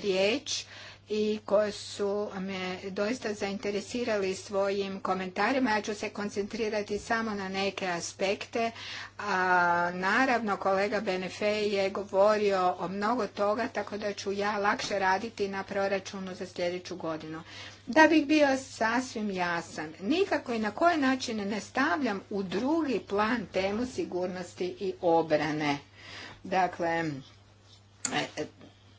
riječ i koje su me doista zainteresirali svojim komentarima. Ja ću se koncentrirati samo na neke aspekte. A, naravno, kolega Benefej je govorio o mnogo toga, tako da ću ja lakše raditi na proračunu za sljedeću godinu. Da bih bio sasvim jasan, nikako i na koji način ne stavljam u drugi plan temu sigurnosti i obrane. Dakle,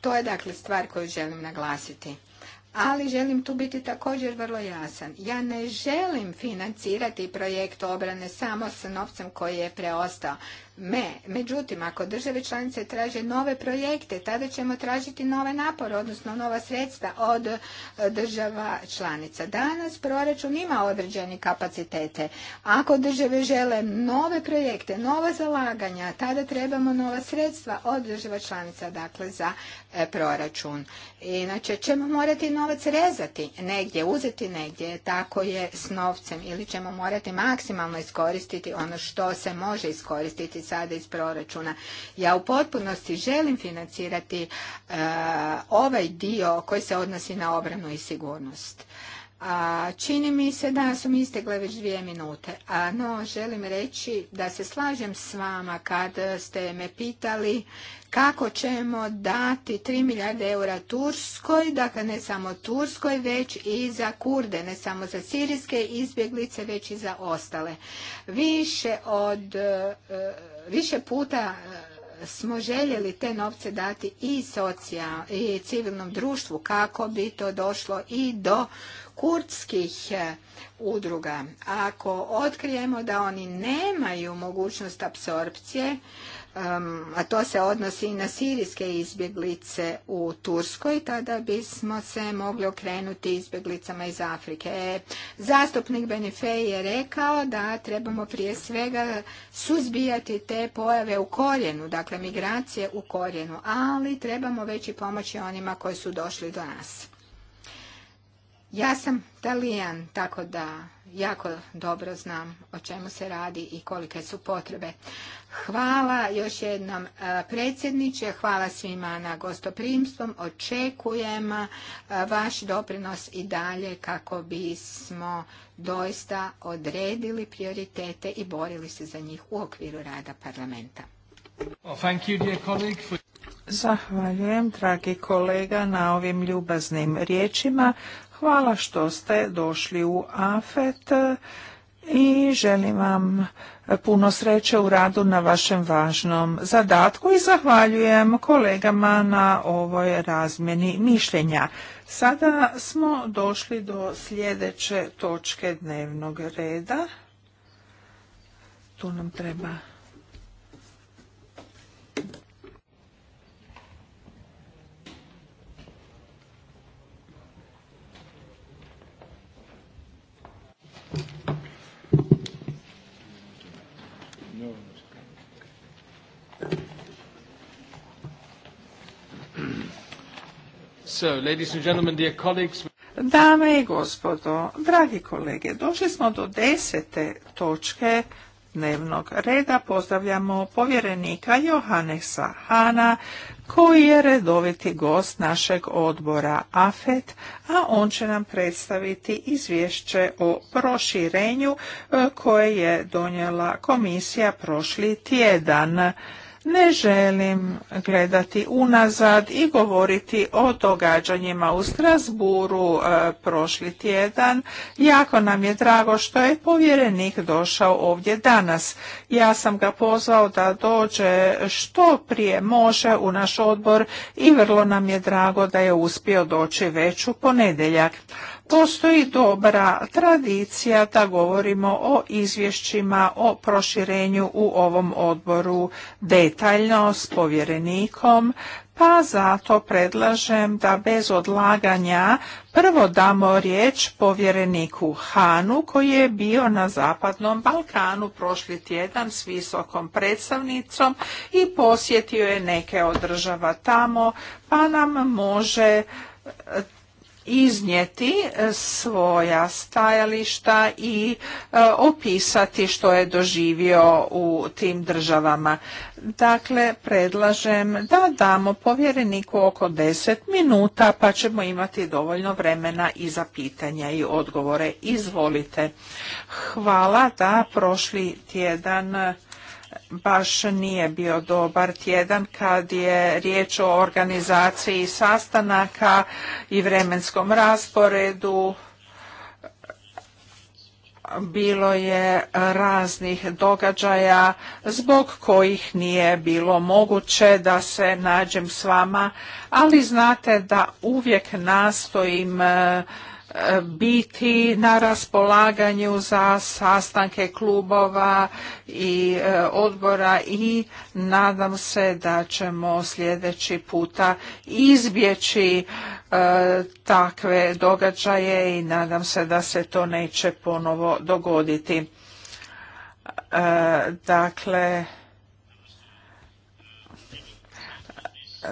to je dakle stvar koju želim naglasiti. Ali želim tu biti također vrlo jasan. Ja ne želim financirati projekt obrane samo sa novcem koji je preostao me. Međutim, ako države članice traže nove projekte, tada ćemo tražiti nove napore, odnosno nova sredstva od e, država članica. Danas proračun ima određene kapacitete. Ako države žele nove projekte, nova zalaganja, tada trebamo nova sredstva od država članica, dakle za e, proračun. Inače ćemo morati novac rezati negdje, uzeti negdje, tako je s novcem ili ćemo morati maksimalno iskoristiti ono što se može iskoristiti sada iz proračuna. Ja u potpunosti želim financirati e, ovaj dio koji se odnosi na obranu i sigurnost. A, čini mi se da su mi istegle već dvije minute, a no želim reći da se slažem s vama kad ste me pitali kako ćemo dati 3 milijarde eura Turskoj, dakle ne samo Turskoj, već i za Kurde, ne samo za sirijske izbjeglice, već i za ostale. Više od... E, više puta e, smo željeli te novce dati i socijalnom i civilnom društvu kako bi to došlo i do kurdskih e, udruga. Ako otkrijemo da oni nemaju mogućnost apsorpcije, a to se odnosi i na sirijske izbjeglice u Turskoj, tada bismo se mogli okrenuti izbjeglicama iz Afrike. E, zastupnik Benifej je rekao da trebamo prije svega suzbijati te pojave u korijenu, dakle migracije u korijenu, ali trebamo već i pomoći onima koji su došli do nas. Ja sam talijan, tako da jako dobro znam o čemu se radi i kolike su potrebe. Hvala još jednom e, predsjedniče, hvala svima na gostoprimstvom, očekujem e, vaš doprinos i dalje kako bismo doista odredili prioritete i borili se za njih u okviru rada parlamenta. Zahvaljujem, dragi kolega, na ovim ljubaznim riječima. Hvala što ste došli u AFET i želim vam puno sreće u radu na vašem važnom zadatku i zahvaljujem kolegama na ovoj razmjeni mišljenja. Sada smo došli do sljedeće točke dnevnog reda. Tu nam treba ladies Dame i gospodo, dragi kolege, došli smo do desete točke dnevnog reda. Pozdravljamo povjerenika Johanesa Hana, koji je redoviti gost našeg odbora AFET, a on će nam predstaviti izvješće o proširenju e, koje je donijela komisija prošli tjedan. Ne želim gledati unazad i govoriti o događanjima u Strasburu e, prošli tjedan. Jako nam je drago što je povjerenik došao ovdje danas. Ja sam ga pozvao da dođe što prije može u naš odbor i vrlo nam je drago da je uspio doći već u ponedjeljak. Postoji dobra tradicija da govorimo o izvješćima o proširenju u ovom odboru detaljno s povjerenikom, pa zato predlažem da bez odlaganja prvo damo riječ povjereniku Hanu koji je bio na Zapadnom Balkanu prošli tjedan s visokom predstavnicom i posjetio je neke od država tamo, pa nam može iznijeti e, svoja stajališta i e, opisati što je doživio u tim državama. Dakle, predlažem da damo povjereniku oko 10 minuta pa ćemo imati dovoljno vremena i za pitanja i odgovore. Izvolite. Hvala da prošli tjedan baš nije bio dobar tjedan kad je riječ o organizaciji sastanaka i vremenskom rasporedu. Bilo je raznih događaja zbog kojih nije bilo moguće da se nađem s vama, ali znate da uvijek nastojim biti na raspolaganju za sastanke klubova i e, odbora i nadam se da ćemo sljedeći puta izbjeći e, takve događaje i nadam se da se to neće ponovo dogoditi. E, dakle,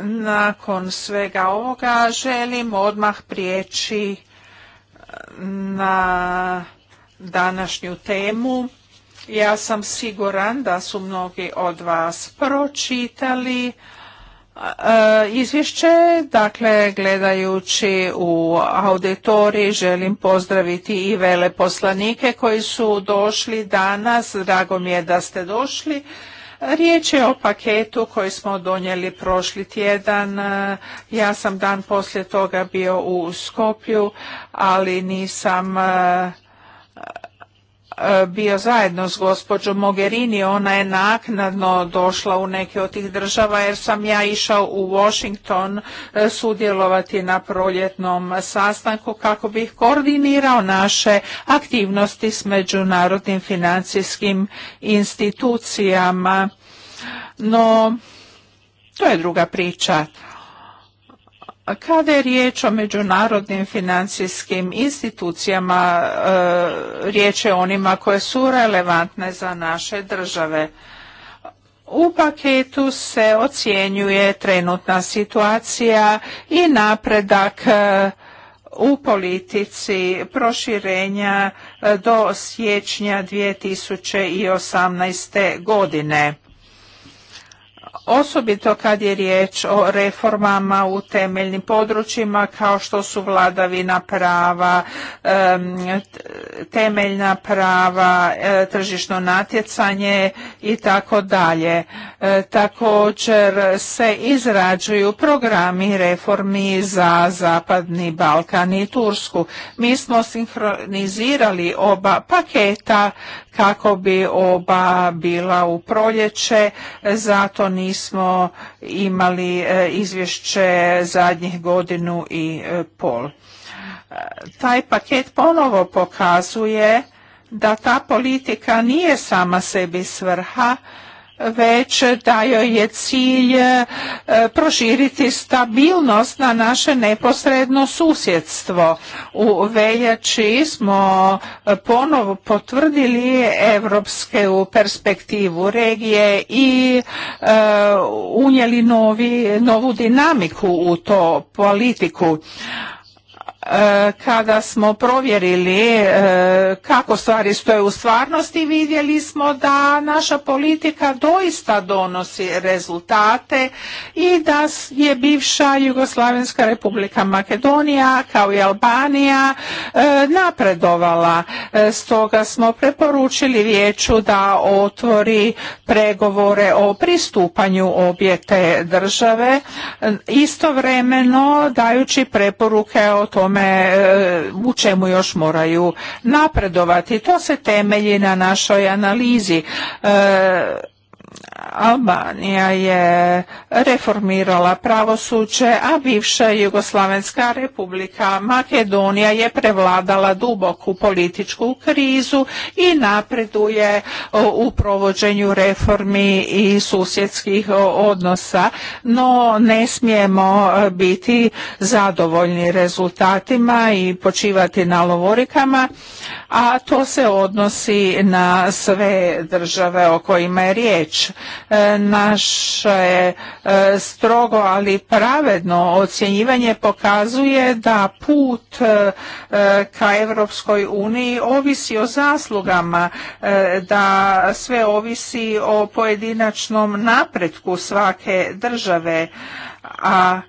nakon svega ovoga želim odmah prijeći na današnju temu. Ja sam siguran da su mnogi od vas pročitali e, izvješće, dakle gledajući u auditoriji želim pozdraviti i veleposlanike koji su došli danas, drago mi je da ste došli Riječ je o paketu koji smo donijeli prošli tjedan. Ja sam dan poslije toga bio u Skopju, ali nisam E, bio zajedno s gospođom Mogherini. Ona je naknadno došla u neke od tih država jer sam ja išao u Washington e, sudjelovati na proljetnom sastanku kako bih koordinirao naše aktivnosti s međunarodnim financijskim institucijama. No, to je druga priča. Kada je riječ o međunarodnim financijskim institucijama, e, riječ je onima koje su relevantne za naše države. U paketu se ocjenjuje trenutna situacija i napredak e, u politici proširenja e, do siječnja 2018. godine osobito kad je riječ o reformama u temeljnim područjima kao što su vladavina prava, temeljna prava, e, tržišno natjecanje i tako dalje. E, također se izrađuju programi reformi za Zapadni Balkan i Tursku. Mi smo sinhronizirali oba paketa kako bi oba bila u proljeće. Zato nismo imali e, izvješće zadnjih godinu i e, pol. E, taj paket ponovo pokazuje da ta politika nije sama sebi svrha, već da joj je cilj e, proširiti stabilnost na naše neposredno susjedstvo. U veljači smo e, ponovo potvrdili evropsku perspektivu regije i e, unijeli novu dinamiku u to politiku. E, kada smo provjerili e, kako stvari stoje u stvarnosti, vidjeli smo da naša politika doista donosi rezultate i da je bivša Jugoslavenska republika Makedonija kao i Albanija e, napredovala. Stoga smo preporučili vijeću da otvori pregovore o pristupanju obje te države, istovremeno dajući preporuke o tome tome e, u čemu još moraju napredovati. To se temelji na našoj analizi. E, Albanija je reformirala pravosuđe, a bivša Jugoslavenska republika Makedonija je prevladala duboku političku krizu i napreduje u provođenju reformi i susjedskih odnosa, no ne smijemo biti zadovoljni rezultatima i počivati na lovorikama, a to se odnosi na sve države o kojima je riječ. E, naše e, strogo, ali pravedno ocjenjivanje pokazuje da put e, ka Europskoj uniji ovisi o zaslugama, da sve ovisi o pojedinačnom napretku svake države, a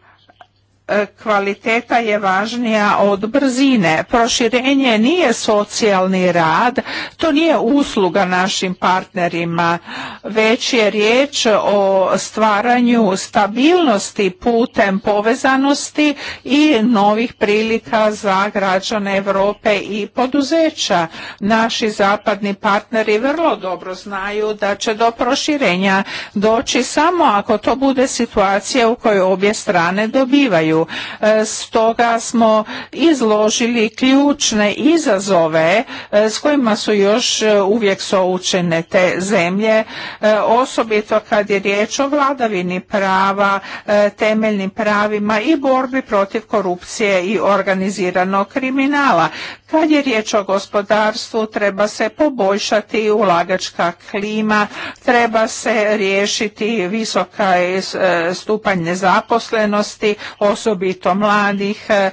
kvaliteta je važnija od brzine. Proširenje nije socijalni rad, to nije usluga našim partnerima, već je riječ o stvaranju stabilnosti putem povezanosti i novih prilika za građane Europe i poduzeća. Naši zapadni partneri vrlo dobro znaju da će do proširenja doći samo ako to bude situacija u kojoj obje strane dobivaju E, stoga smo izložili ključne izazove e, s kojima su još e, uvijek součene te zemlje, osobito kad je riječ o vladavini prava, temeljnim pravima i borbi protiv korupcije i organiziranog kriminala. Kad je riječ o gospodarstvu, treba se poboljšati ulagačka klima, treba se riješiti visoka stupanj nezaposlenosti, osobito osobito mladih, e,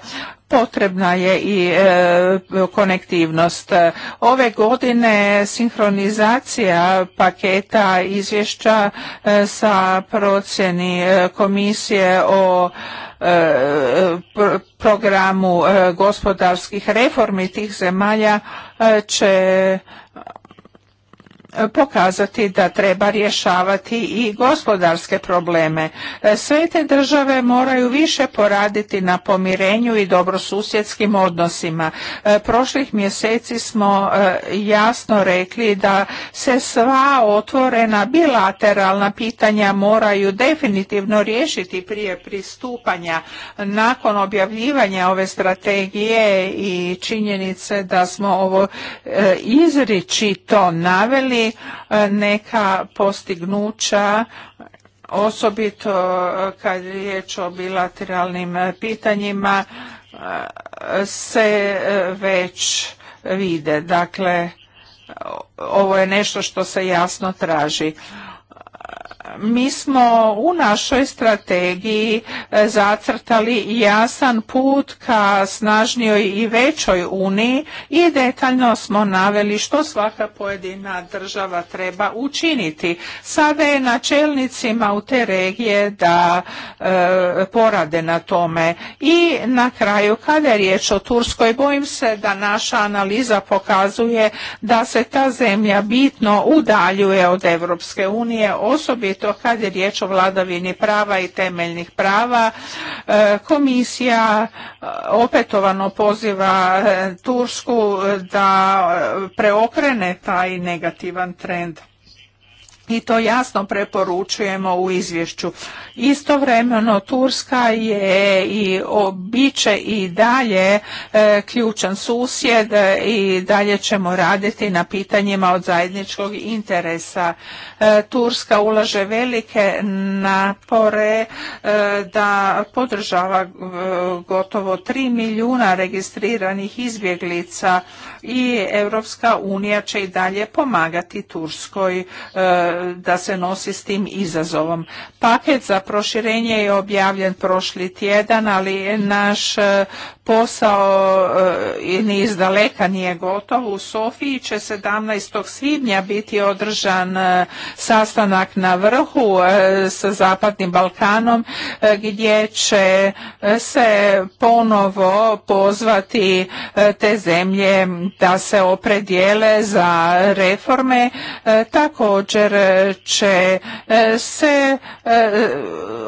potrebna je i e, konektivnost. E, ove godine sinhronizacija paketa izvješća sa procjeni komisije o programu gospodarskih reformi tih zemalja će pokazati da treba rješavati i gospodarske probleme. E, sve te države moraju više poraditi na pomirenju i dobrosusjedskim odnosima. E, prošlih mjeseci smo e, jasno rekli da se sva otvorena bilateralna pitanja moraju definitivno riješiti prije pristupanja. Nakon objavljivanja ove strategije i činjenice da smo ovo izričito naveli E, neka postignuća osobito e, kad je riječ o bilateralnim e, pitanjima se već vide. Dakle, ovo je nešto što se jasno traži mi smo u našoj strategiji e, zacrtali jasan put ka snažnijoj i većoj uniji i detaljno smo naveli što svaka pojedina država treba učiniti. Sada je na čelnicima u te regije da e, porade na tome. I na kraju, kada je riječ o Turskoj, bojim se da naša analiza pokazuje da se ta zemlja bitno udaljuje od Europske unije, osobito kad je riječ o vladavini prava i temeljnih prava. E, komisija e, opetovano poziva e, Tursku da preokrene taj negativan trend i to jasno preporučujemo u izvješću. Istovremeno Turska je i biće i dalje e, ključan susjed e, i dalje ćemo raditi na pitanjima od zajedničkog interesa. E, Turska ulaže velike napore da podržava gotovo 3 milijuna registriranih izbjeglica i Europska unija će i dalje pomagati Turskoj da se nosi s tim izazovom. Paket za proširenje je objavljen prošli tjedan, ali naš e, posao e, ni izdaleka nije gotov. U Sofiji će 17. svibnja biti održan e, sastanak na vrhu sa Zapadnim Balkanom gdje će se ponovo pozvati te zemlje da se opredijele za reforme. Također će e, se e,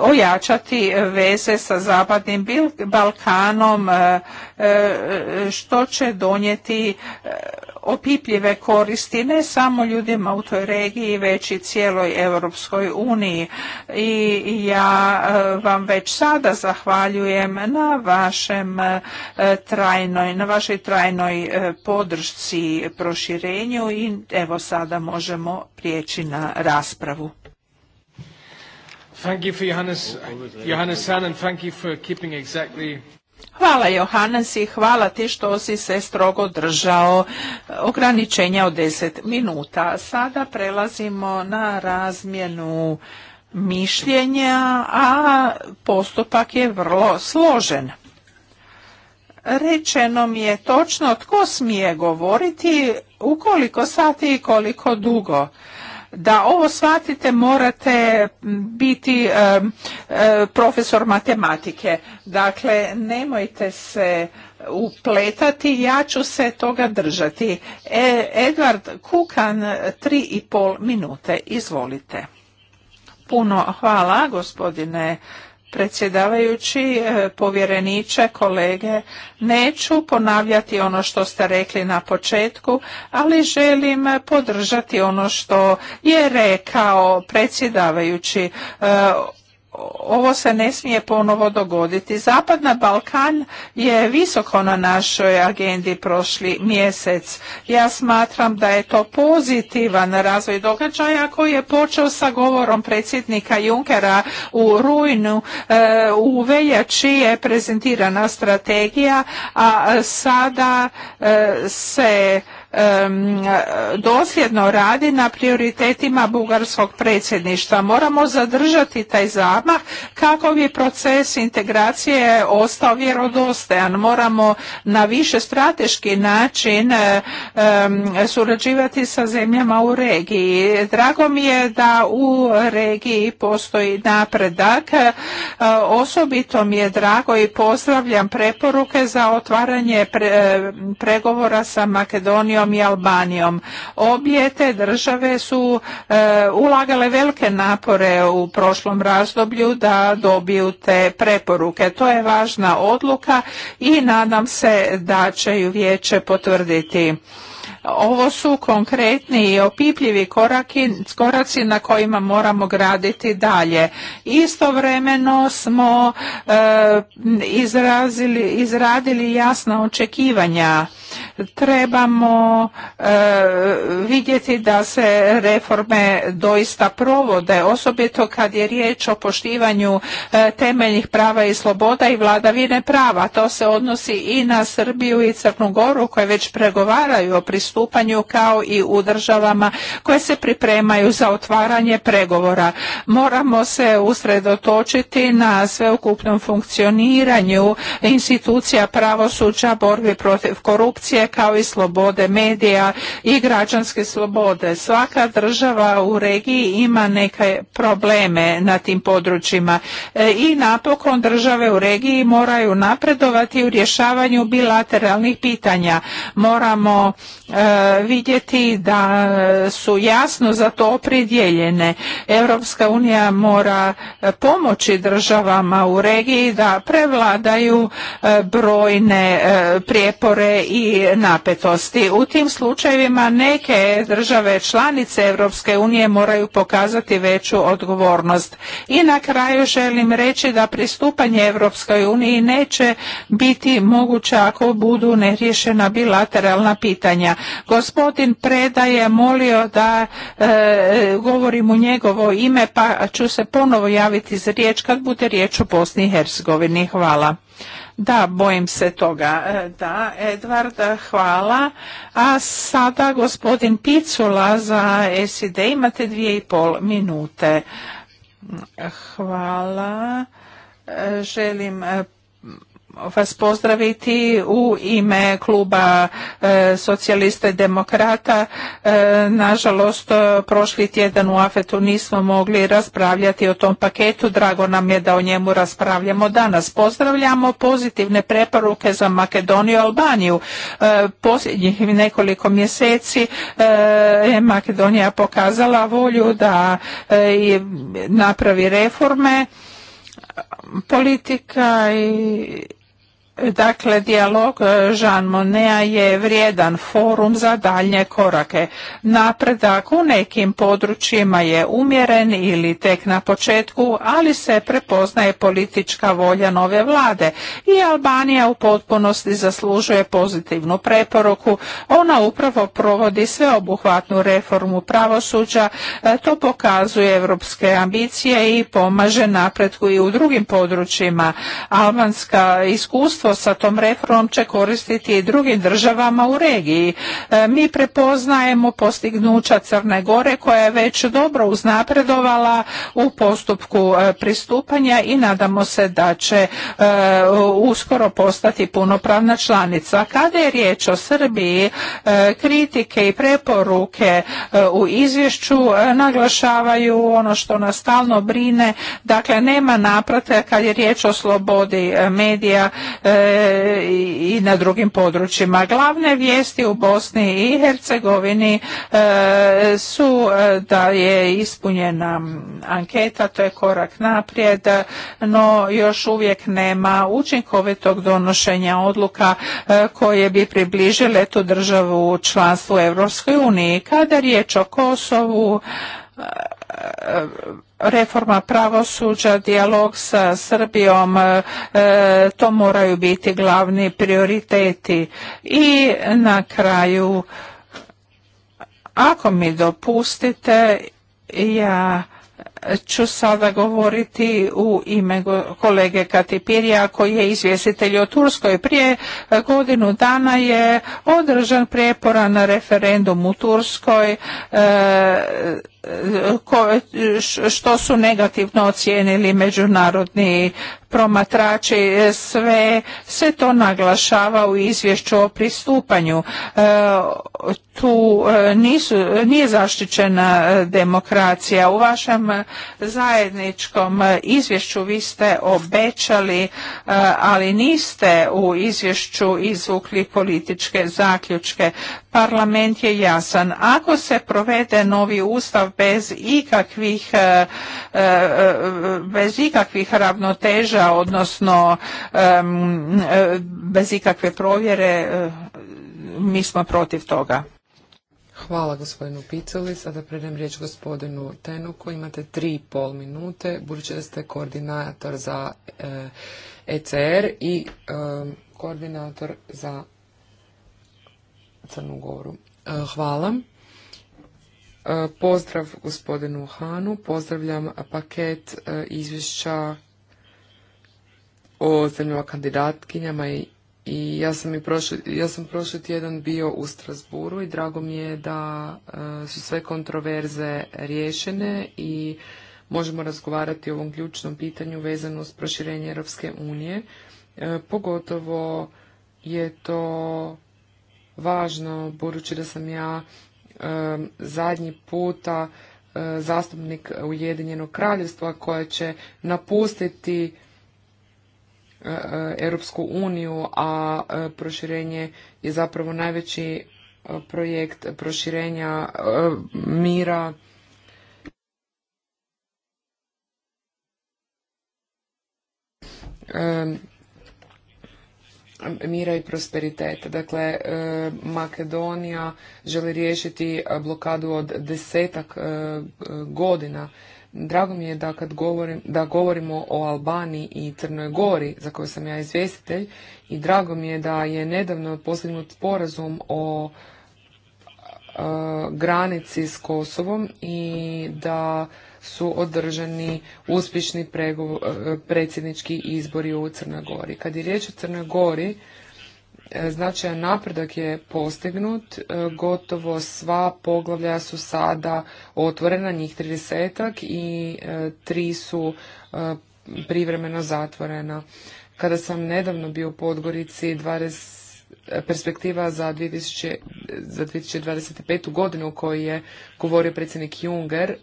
ojačati veze sa Zapadnim Balkanom, e, što će donijeti opipljive koristi ne samo ljudima u toj regiji već i cijeloj Europskoj uniji i ja e, vam već sada zahvaljujem na vašem e, trajnoj na vašoj trajnoj e, podršci proširenju i evo sada možemo prijeći na raspravu Thank Johannes, Johannes for keeping exactly Hvala Johannes i hvala ti što si se strogo držao ograničenja od 10 minuta. Sada prelazimo na razmjenu mišljenja, a postupak je vrlo složen. Rečeno mi je točno tko smije govoriti, u koliko sati i koliko dugo. Da ovo shvatite morate biti profesor matematike. Dakle, nemojte se upletati, ja ću se toga držati. E, Kukan, tri i pol minute, izvolite. Puno hvala gospodine predsjedavajući, e, povjereniče, kolege, neću ponavljati ono što ste rekli na početku, ali želim podržati ono što je rekao predsjedavajući e, ovo se ne smije ponovo dogoditi. Zapadna Balkan je visoko na našoj agendi prošli mjesec. Ja smatram da je to pozitivan razvoj događaja koji je počeo sa govorom predsjednika Junkera u rujnu. E, u veljači je prezentirana strategija, a sada e, se dosljedno radi na prioritetima bugarskog predsjedništva. Moramo zadržati taj zamah kako bi proces integracije ostao vjerodostojan. Moramo na više strateški način surađivati sa zemljama u regiji. Drago mi je da u regiji postoji napredak. Osobito mi je drago i pozdravljam preporuke za otvaranje pregovora sa Makedonijom i Albanijom. Obje te države su e, ulagale velike napore u prošlom razdoblju da dobiju te preporuke. To je važna odluka i nadam se da će ju vijeće potvrditi. Ovo su konkretni i opipljivi koraki, koraci na kojima moramo graditi dalje. Istovremeno smo e, izrazili, izradili jasna očekivanja Trebamo e, vidjeti da se reforme doista provode, osobito kad je riječ o poštivanju e, temeljnih prava i sloboda i vladavine prava. To se odnosi i na Srbiju i Crnu Goru koje već pregovaraju o pristupanju kao i u državama koje se pripremaju za otvaranje pregovora. Moramo se usredotočiti na sveukupnom funkcioniranju institucija pravosuđa, borbi protiv korupcije, kao i slobode medija i građanske slobode. Svaka država u regiji ima neke probleme na tim područjima e, i napokon države u regiji moraju napredovati u rješavanju bilateralnih pitanja. Moramo e, vidjeti da su jasno za to opredjeljene. Europska unija mora pomoći državama u regiji da prevladaju e, brojne prijepore i napetosti. U tim slučajevima neke države članice Europske unije moraju pokazati veću odgovornost. I na kraju želim reći da pristupanje Europskoj uniji neće biti moguće ako budu neriješena bilateralna pitanja. Gospodin Preda je molio da e, govorim u njegovo ime pa ću se ponovo javiti za riječ kad bude riječ o Bosni i Hercegovini. Hvala. Da, bojim se toga. E, da, Edvard, hvala. A sada gospodin Picula za SID. Imate dvije i pol minute. Hvala. E, želim vas pozdraviti u ime kluba e, socijalista i demokrata. E, nažalost, e, prošli tjedan u Afetu nismo mogli raspravljati o tom paketu. Drago nam je da o njemu raspravljamo danas. Pozdravljamo pozitivne preporuke za Makedoniju i Albaniju. Posljednjih nekoliko mjeseci je Makedonija pokazala volju da napravi reforme politika i Dakle, dijalog e, Jean Monnet je vrijedan forum za daljnje korake. Napredak u nekim područjima je umjeren ili tek na početku, ali se prepoznaje politička volja nove vlade i Albanija u potpunosti zaslužuje pozitivnu preporuku. Ona upravo provodi sveobuhvatnu reformu pravosuđa, e, to pokazuje evropske ambicije i pomaže napretku i u drugim područjima. Albanska iskustva sa tom reformom će koristiti i drugim državama u regiji. E, mi prepoznajemo postignuća Crne Gore koja je već dobro uznapredovala u postupku e, pristupanja i nadamo se da će e, uskoro postati punopravna članica. Kada je riječ o Srbiji, kritike i preporuke u izvješću naglašavaju ono što nas stalno brine, dakle nema naprate kad je riječ o slobodi medija E, i na drugim područjima. Glavne vijesti u Bosni i Hercegovini e, su e, da je ispunjena anketa, to je korak naprijed, no još uvijek nema učinkovitog donošenja odluka koje bi približile tu državu članstvu Europskoj uniji. Kada riječ o Kosovu, reforma pravosuđa, dijalog sa Srbijom, e, to moraju biti glavni prioriteti. I na kraju, ako mi dopustite, ja ću sada govoriti u ime kolege Katipirija koji je izvjestitelj o Turskoj. Prije e, godinu dana je održan na referendum u Turskoj e, što su negativno ocijenili međunarodni promatrači. Sve se to naglašava u izvješću o pristupanju. E, tu nije zaštićena demokracija. U vašem zajedničkom izvješću vi ste obećali, e, ali niste u izvješću izvukli političke zaključke. Parlament je jasan. Ako se provede novi ustav bez ikakvih, e, e, bez ikakvih ravnoteža, odnosno bez ikakve provjere, mi smo protiv toga. Hvala gospodinu Picoli. Sada predajem riječ gospodinu Tenuku. Imate tri i pol minute, budući da ste koordinator za ECR eh, e i eh, koordinator za Crnu Goru. Eh, hvala. Pozdrav gospodinu Hanu, pozdravljam paket izvješća o zemljama kandidatkinjama i i ja sam, i prošli, ja sam tjedan bio u Strasburu i drago mi je da e, su sve kontroverze riješene i možemo razgovarati o ovom ključnom pitanju vezano uz proširenje Europske unije. E, pogotovo je to važno, budući da sam ja e, zadnji puta zastupnik Ujedinjenog kraljevstva koja će napustiti E, Europsku uniju, a e, proširenje je zapravo najveći e, projekt proširenja mira mira i prosperiteta. Dakle, Makedonija želi riješiti blokadu od desetak godina Drago mi je da kad govorim, da govorimo o Albaniji i Crnoj Gori, za koju sam ja izvjestitelj, i drago mi je da je nedavno postignut sporazum o e, granici s Kosovom i da su održani uspješni e, predsjednički izbori u Crnoj Gori. Kad je riječ o Crnoj Gori, E, značajan napredak je postignut, e, gotovo sva poglavlja su sada otvorena, njih 30 i e, tri su privremeno zatvorena. Kada sam nedavno bio u Podgorici, 20 perspektiva za, 2000, za 2025. godinu koju je govorio predsjednik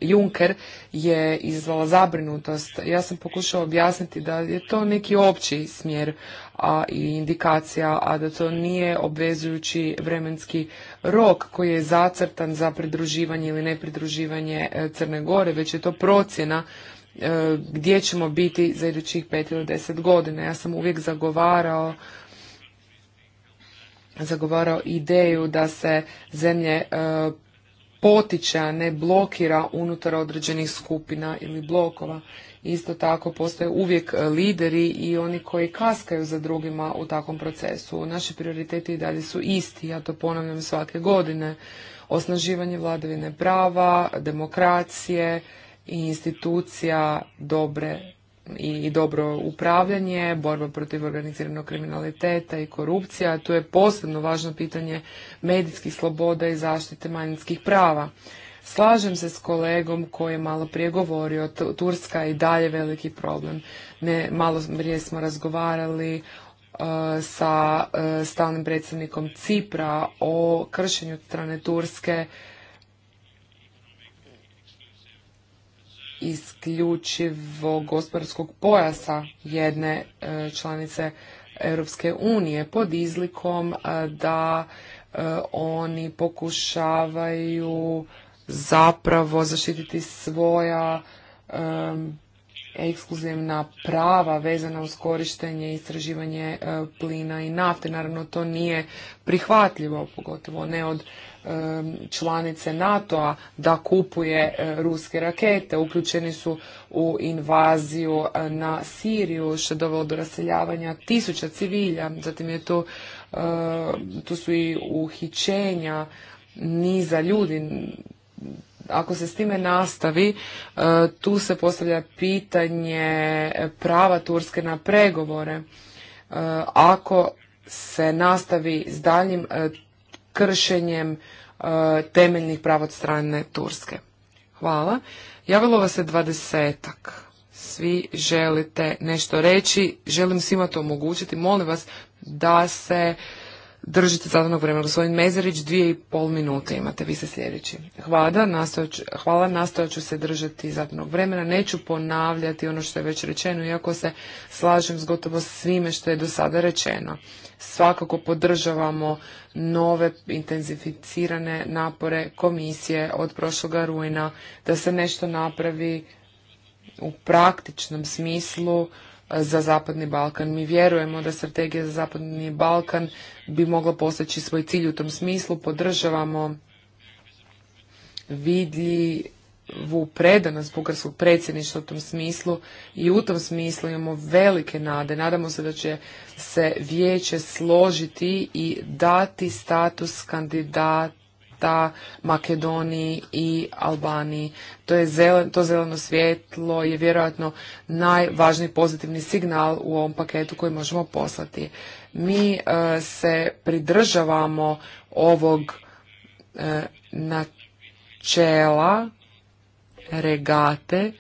Juncker je izazvala zabrinutost. Ja sam pokušao objasniti da je to neki opći smjer a, i indikacija, a da to nije obvezujući vremenski rok koji je zacrtan za pridruživanje ili nepridruživanje e, Crne Gore, već je to procjena e, gdje ćemo biti za idućih pet ili deset godina. Ja sam uvijek zagovarao zagovarao ideju da se zemlje e, potiče, a ne blokira unutar određenih skupina ili blokova. Isto tako postoje uvijek lideri i oni koji kaskaju za drugima u takvom procesu. Naši prioriteti i dalje su isti, ja to ponavljam svake godine. Osnaživanje vladavine prava, demokracije i institucija dobre i dobro upravljanje, borba protiv organiziranog kriminaliteta i korupcija. Tu je posebno važno pitanje medijskih sloboda i zaštite manjinskih prava. Slažem se s kolegom koji je malo prije govorio, Turska je i dalje veliki problem. Ne, malo prije smo razgovarali uh, sa uh, stalnim predsjednikom Cipra o kršenju strane Turske isključivo gospodarskog pojasa jedne e, članice Europske unije pod izlikom e, da e, oni pokušavaju zapravo zaštititi svoja ekskluzivna prava vezana uz korištenje i istraživanje e, plina i nafte. Naravno, to nije prihvatljivo, pogotovo ne od e, članice NATO-a da kupuje e, ruske rakete. Uključeni su u invaziju na Siriju, što je dovelo do raseljavanja tisuća civilja. Zatim je to, tu su i uhićenja niza ljudi ako se s time nastavi, e, tu se postavlja pitanje prava Turske na pregovore. E, ako se nastavi s daljim e, kršenjem temeljnih prava od strane Turske. Hvala. Javilo vas je dvadesetak. Svi želite nešto reći. Želim svima to omogućiti. Molim vas da se držite zadanog vremena. Gospodin Mezerić, dvije i pol minute imate, vi se sljedeći. Hvala, nastojat ću, hvala, se držati zadanog vremena, neću ponavljati ono što je već rečeno, iako se slažem s gotovo svime što je do sada rečeno. Svakako podržavamo nove intenzificirane napore komisije od prošloga rujna da se nešto napravi u praktičnom smislu za Zapadni Balkan. Mi vjerujemo da strategija za Zapadni Balkan bi mogla postići svoj cilj u tom smislu. Podržavamo vidljivu predanost bugarskog predsjedništva u tom smislu i u tom smislu imamo velike nade. Nadamo se da će se vijeće složiti i dati status kandidata. Egipta, Makedoniji i Albaniji. To, je zelen, to zeleno svjetlo je vjerojatno najvažniji pozitivni signal u ovom paketu koji možemo poslati. Mi e, se pridržavamo ovog e, načela regate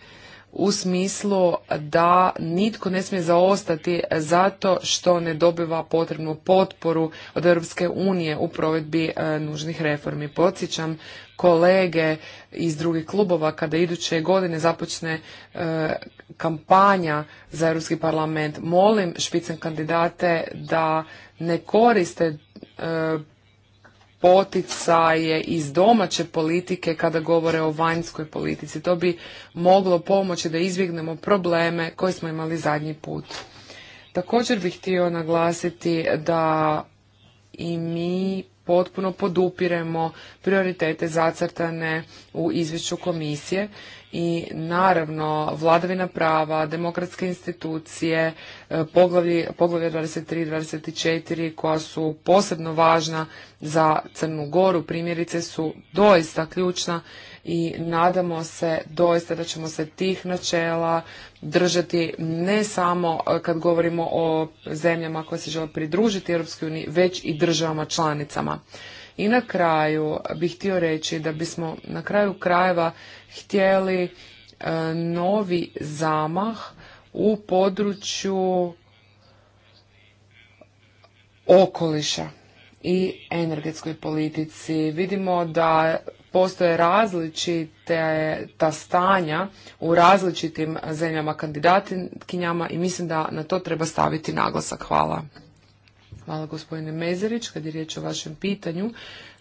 u smislu da nitko ne smije zaostati zato što ne dobiva potrebnu potporu od Europske unije u provedbi e, nužnih reformi. Podsjećam kolege iz drugih klubova kada iduće godine započne e, kampanja za Europski parlament. Molim špicen kandidate da ne koriste e, poticaje iz domaće politike kada govore o vanjskoj politici. To bi moglo pomoći da izbjegnemo probleme koje smo imali zadnji put. Također bih htio naglasiti da i mi potpuno podupiremo prioritete zacrtane u izvješću komisije i naravno vladavina prava, demokratske institucije, e, poglavlje 23 i 24 koja su posebno važna za Crnu Goru, primjerice su doista ključna i nadamo se doista da ćemo se tih načela držati ne samo e, kad govorimo o zemljama koje se žele pridružiti Europskoj uniji, već i državama članicama. I na kraju bih htio reći da bismo na kraju krajeva htjeli e, novi zamah u području okoliša i energetskoj politici. Vidimo da postoje različite ta stanja u različitim zemljama kandidatkinjama i mislim da na to treba staviti naglasak. Hvala. Hvala gospodine Mezerić, kad je riječ o vašem pitanju.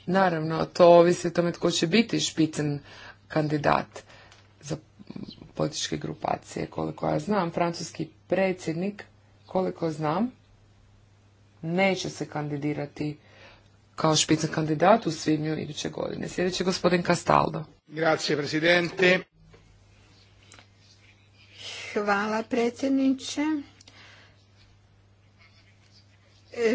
Naravno, to ovisi o tome tko će biti špicen kandidat za političke grupacije. Koliko ja znam, francuski predsjednik, koliko znam, neće se kandidirati kao špicen kandidat u svibnju iduće godine. Sljedeći gospodin Castaldo. Grazie, presidente. Hvala predsjedniče.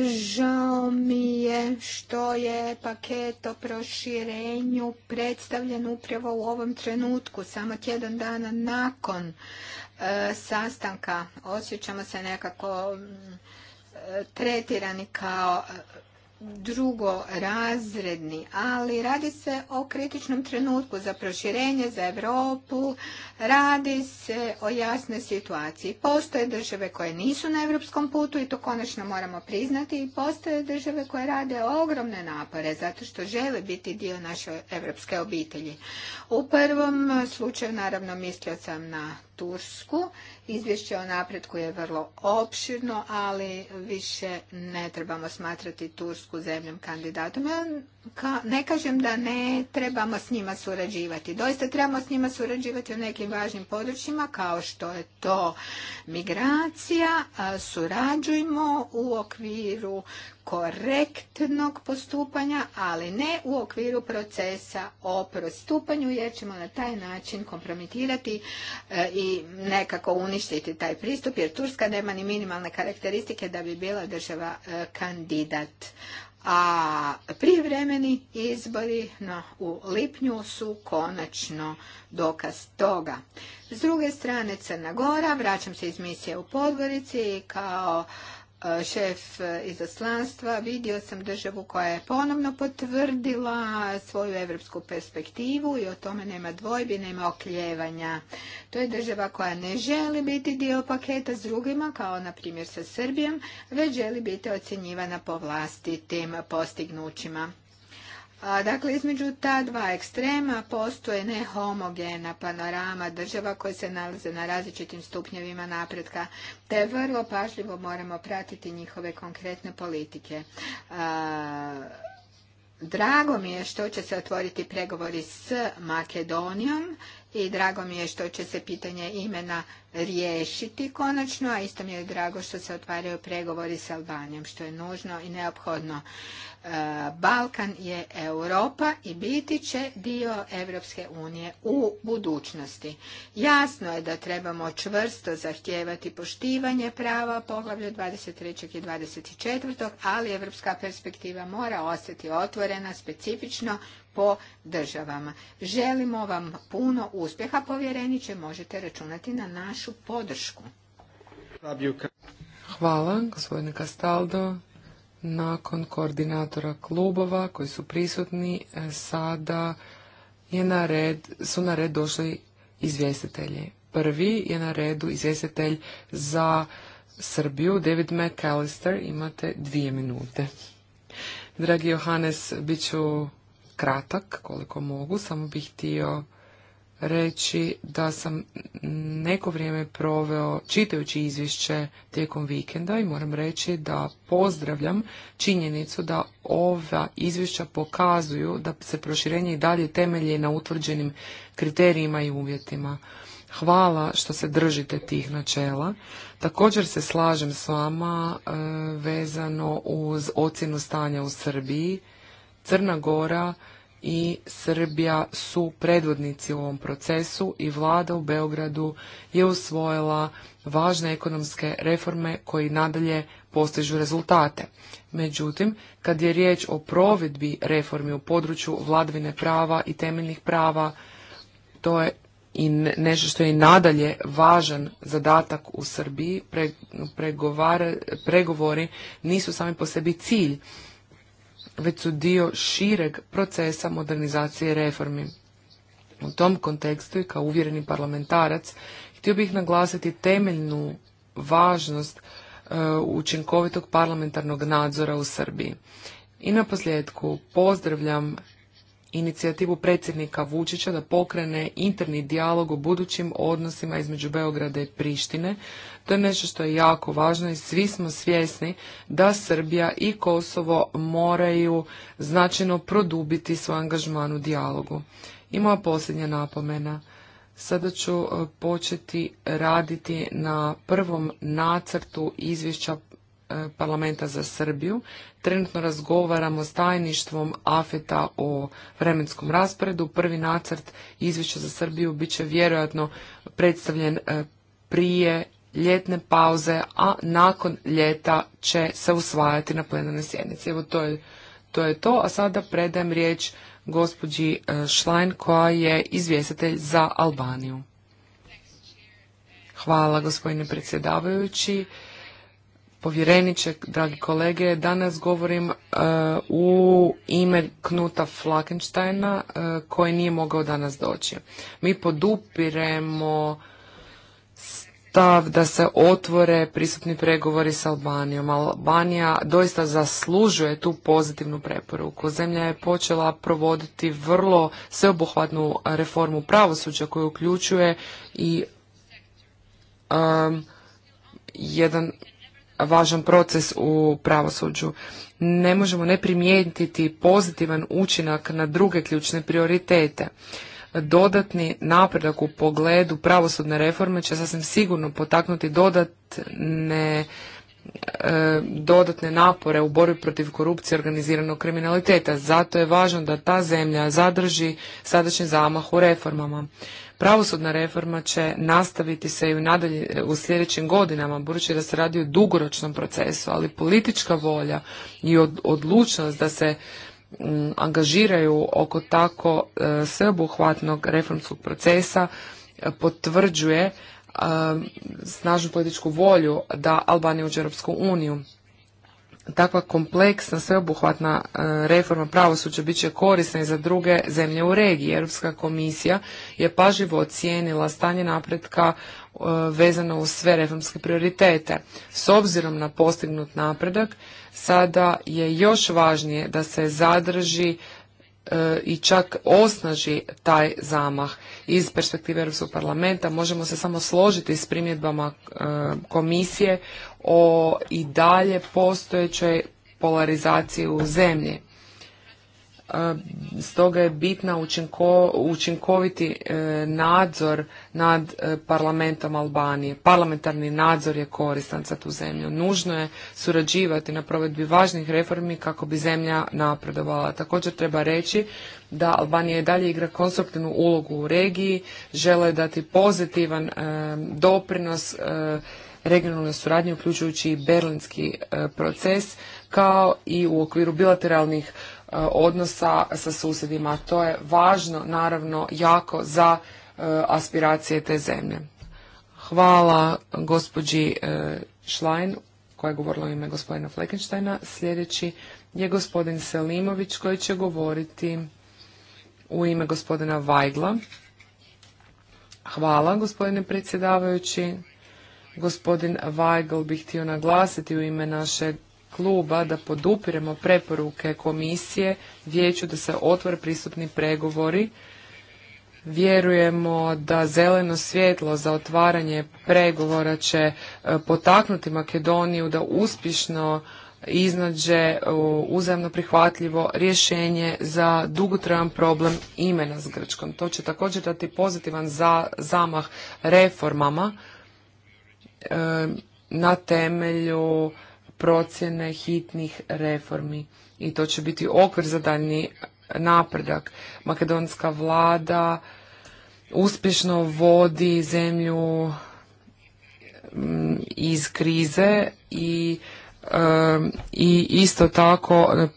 Žao mi je što je paket o proširenju predstavljen upravo u ovom trenutku, samo tjedan dana nakon e, sastanka. Osjećamo se nekako e, tretirani kao drugo razredni, ali radi se o kritičnom trenutku za proširenje za Europu, radi se o jasnoj situaciji. Postoje države koje nisu na europskom putu i to konačno moramo priznati i postoje države koje rade ogromne napore zato što žele biti dio naše europske obitelji. U prvom slučaju naravno mislio sam na Tursku Izvješće o napretku je vrlo opširno, ali više ne trebamo smatrati Tursku zemljom kandidatom. Ja ne kažem da ne trebamo s njima surađivati. Doista trebamo s njima surađivati u nekim važnim područjima kao što je to migracija. Surađujmo u okviru korektnog postupanja, ali ne u okviru procesa o prostupanju, jer ćemo na taj način kompromitirati e, i nekako uništiti taj pristup, jer Turska nema ni minimalne karakteristike da bi bila država e, kandidat. A prijevremeni izbori no, u lipnju su konačno dokaz toga. S druge strane Crna Gora, vraćam se iz misije u Podgorici i kao E, šef e, izaslanstva, vidio sam državu koja je ponovno potvrdila svoju evropsku perspektivu i o tome nema dvojbi, nema okljevanja. To je država koja ne želi biti dio paketa s drugima, kao na primjer sa Srbijom, već želi biti ocjenjivana po vlastitim postignućima. Dakle, između ta dva ekstrema postoje nehomogena panorama država koje se nalaze na različitim stupnjevima napretka, te vrlo pažljivo moramo pratiti njihove konkretne politike. Drago mi je što će se otvoriti pregovori s Makedonijom i drago mi je što će se pitanje imena riješiti konačno, a isto mi je drago što se otvaraju pregovori s Albanijom, što je nužno i neophodno. E, Balkan je Europa i biti će dio Evropske unije u budućnosti. Jasno je da trebamo čvrsto zahtijevati poštivanje prava poglavlja 23. i 24. ali evropska perspektiva mora ostati otvorena specifično po državama. Želimo vam puno uspjeha, povjereniće, možete računati na našu podršku. Hvala, gospodine Castaldo. Nakon koordinatora klubova koji su prisutni, e, sada je na red, su na red došli izvjestitelji. Prvi je na redu izvjestitelj za Srbiju, David McAllister, imate dvije minute. Dragi Johannes, bit ću kratak koliko mogu, samo bih htio reći da sam neko vrijeme proveo čitajući izvješće tijekom vikenda i moram reći da pozdravljam činjenicu da ova izvješća pokazuju da se proširenje i dalje temelji na utvrđenim kriterijima i uvjetima. Hvala što se držite tih načela. Također se slažem s vama e, vezano uz ocjenu stanja u Srbiji Crna Gora i Srbija su predvodnici u ovom procesu i vlada u Beogradu je usvojila važne ekonomske reforme koji nadalje postižu rezultate. Međutim, kad je riječ o provedbi reformi u području vladavine prava i temeljnih prava, to je i nešto što je i nadalje važan zadatak u Srbiji. pregovori nisu sami po sebi cilj, već su dio šireg procesa modernizacije reformi. U tom kontekstu i kao uvjereni parlamentarac htio bih naglasiti temeljnu važnost e, učinkovitog parlamentarnog nadzora u Srbiji. I na posljedku pozdravljam inicijativu predsjednika Vučića da pokrene interni dijalog o budućim odnosima između Beograda i Prištine. To je nešto što je jako važno i svi smo svjesni da Srbija i Kosovo moraju značajno produbiti svoj angažman u dijalogu. I moja posljednja napomena. Sada ću e, početi raditi na prvom nacrtu izvješća parlamenta za Srbiju. Trenutno razgovaramo s tajništvom AFETA o vremenskom rasporedu. Prvi nacrt izvješća za Srbiju bit će vjerojatno predstavljen e, prije ljetne pauze, a nakon ljeta će se usvajati na plenarnoj sjednici. Evo to je, to je to, a sada predajem riječ gospođi Šlajn e, koja je izvjestitelj za Albaniju. Hvala gospodine predsjedavajući povjereniče, dragi kolege, danas govorim e, u ime Knuta Flakensteina e, koji nije mogao danas doći. Mi podupiremo stav da se otvore prisutni pregovori s Albanijom. Albanija doista zaslužuje tu pozitivnu preporuku. Zemlja je počela provoditi vrlo sveobuhvatnu reformu pravosuđa koju uključuje i e, jedan važan proces u pravosuđu. Ne možemo ne primijetiti pozitivan učinak na druge ključne prioritete. Dodatni napredak u pogledu pravosudne reforme će sasvim sigurno potaknuti dodatne e, dodatne napore u borbi protiv korupcije i organiziranog kriminaliteta. Zato je važno da ta zemlja zadrži sadašnji zamah u reformama. Pravosudna reforma će nastaviti se i u, nadalje, u sljedećim godinama, budući da se radi o dugoročnom procesu, ali politička volja i odlučnost da se mm, angažiraju oko tako e, sveobuhvatnog reformskog procesa e, potvrđuje e, snažnu političku volju da Albanija uđe Europsku uniju takva kompleksna, sveobuhvatna e, reforma pravosuđa bit će korisna i za druge zemlje u regiji. Europska komisija je paživo ocijenila stanje napretka e, vezano uz sve reformske prioritete. S obzirom na postignut napredak, sada je još važnije da se zadrži e, i čak osnaži taj zamah. Iz perspektive Europskog parlamenta možemo se samo složiti s primjedbama komisije o i dalje postojećoj polarizaciji u zemlji. E, stoga je bitna učinkoviti e, nadzor nad e, parlamentom Albanije. Parlamentarni nadzor je koristan za tu zemlju. Nužno je surađivati na provedbi važnih reformi kako bi zemlja napredovala. Također treba reći da Albanija i dalje igra konstruktivnu ulogu u regiji, žele dati pozitivan doprinos regionalne suradnje, uključujući i berlinski e, proces, kao i u okviru bilateralnih e, odnosa sa susjedima. To je važno, naravno, jako za e, aspiracije te zemlje. Hvala gospođi Šlajn, koja je govorila u ime gospodina Fleckensteina. Sljedeći je gospodin Selimović, koji će govoriti u ime gospodina Vajgla. Hvala, gospodine predsjedavajući. Gospodin Weigl bi htio naglasiti u ime našeg kluba da podupiremo preporuke komisije vijeću da se otvore pristupni pregovori. Vjerujemo da zeleno svjetlo za otvaranje pregovora će e, potaknuti Makedoniju da uspješno iznađe e, uzajamno prihvatljivo rješenje za dugotrajan problem imena s Grčkom. To će također dati pozitivan zamah reformama E, na temelju procjene hitnih reformi i to će biti okvir za napredak. Makedonska vlada uspješno vodi zemlju mm, iz krize i i isto tako e,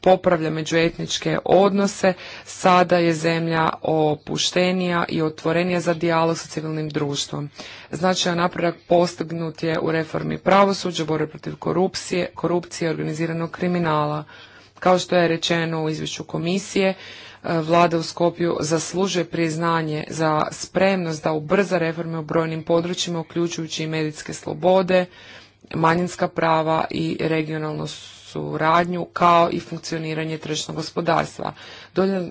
popravlja međuetničke odnose. Sada je zemlja opuštenija i otvorenija za dijalog sa civilnim društvom. Značajan napredak postignut je u reformi pravosuđa, borbe protiv korupcije, korupcije i organiziranog kriminala. Kao što je rečeno u izvješću komisije, e, vlada u Skopju zaslužuje priznanje za spremnost da ubrza reforme u brojnim područjima, uključujući i medijske slobode, manjinska prava i regionalnu suradnju kao i funkcioniranje tržišnog gospodarstva.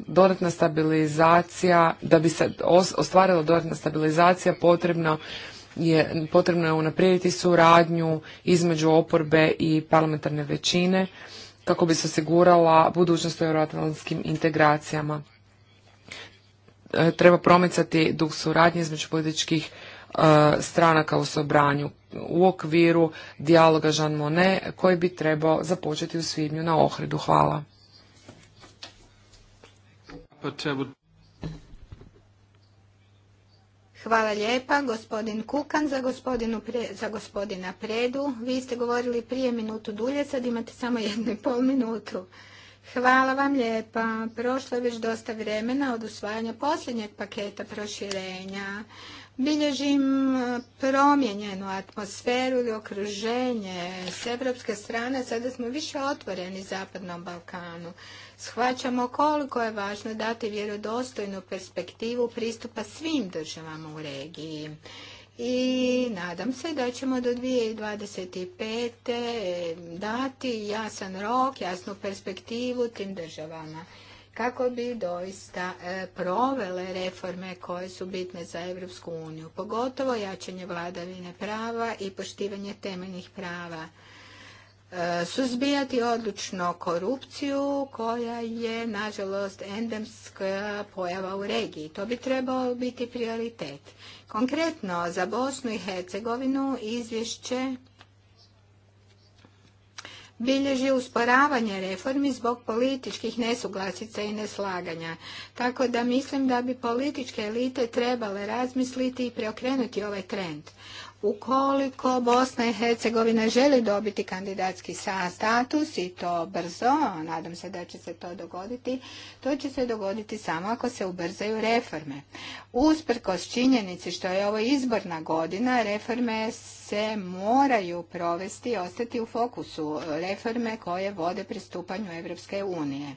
Dodatna stabilizacija, da bi se ostvarila dodatna stabilizacija potrebno je, potrebno je unaprijediti suradnju između oporbe i parlamentarne većine kako bi se osigurala budućnost u euroatlantskim integracijama. E, treba promicati dug suradnje između političkih E, stranaka u sobranju u okviru dijaloga Jean Monnet koji bi trebao započeti u svibnju na Ohridu. Hvala. Hvala lijepa, gospodin Kukan za, za gospodina Predu. Vi ste govorili prije minutu dulje, sad imate samo jednu i pol minutu. Hvala vam lijepa. Prošlo je već dosta vremena od usvajanja posljednjeg paketa proširenja bilježim eh, promjenjenu atmosferu i okruženje. S evropske strane sada smo više otvoreni Zapadnom Balkanu. Shvaćamo koliko je važno dati vjerodostojnu perspektivu pristupa svim državama u regiji. I nadam se da ćemo do 2025. dati jasan rok, jasnu perspektivu tim državama kako bi doista e, provele reforme koje su bitne za Europsku uniju, pogotovo jačanje vladavine prava i poštivanje temeljnih prava. E, suzbijati odlučno korupciju koja je, nažalost, endemska pojava u regiji. To bi trebao biti prioritet. Konkretno za Bosnu i Hercegovinu izvješće bilježi usporavanje reformi zbog političkih nesuglasica i neslaganja. Tako da mislim da bi političke elite trebale razmisliti i preokrenuti ovaj trend. Ukoliko Bosna i Hercegovina želi dobiti kandidatski status i to brzo, nadam se da će se to dogoditi, to će se dogoditi samo ako se ubrzaju reforme. Usprkos činjenici što je ovo izborna godina, reforme se moraju provesti i ostati u fokusu reforme koje vode pristupanju EU. unije.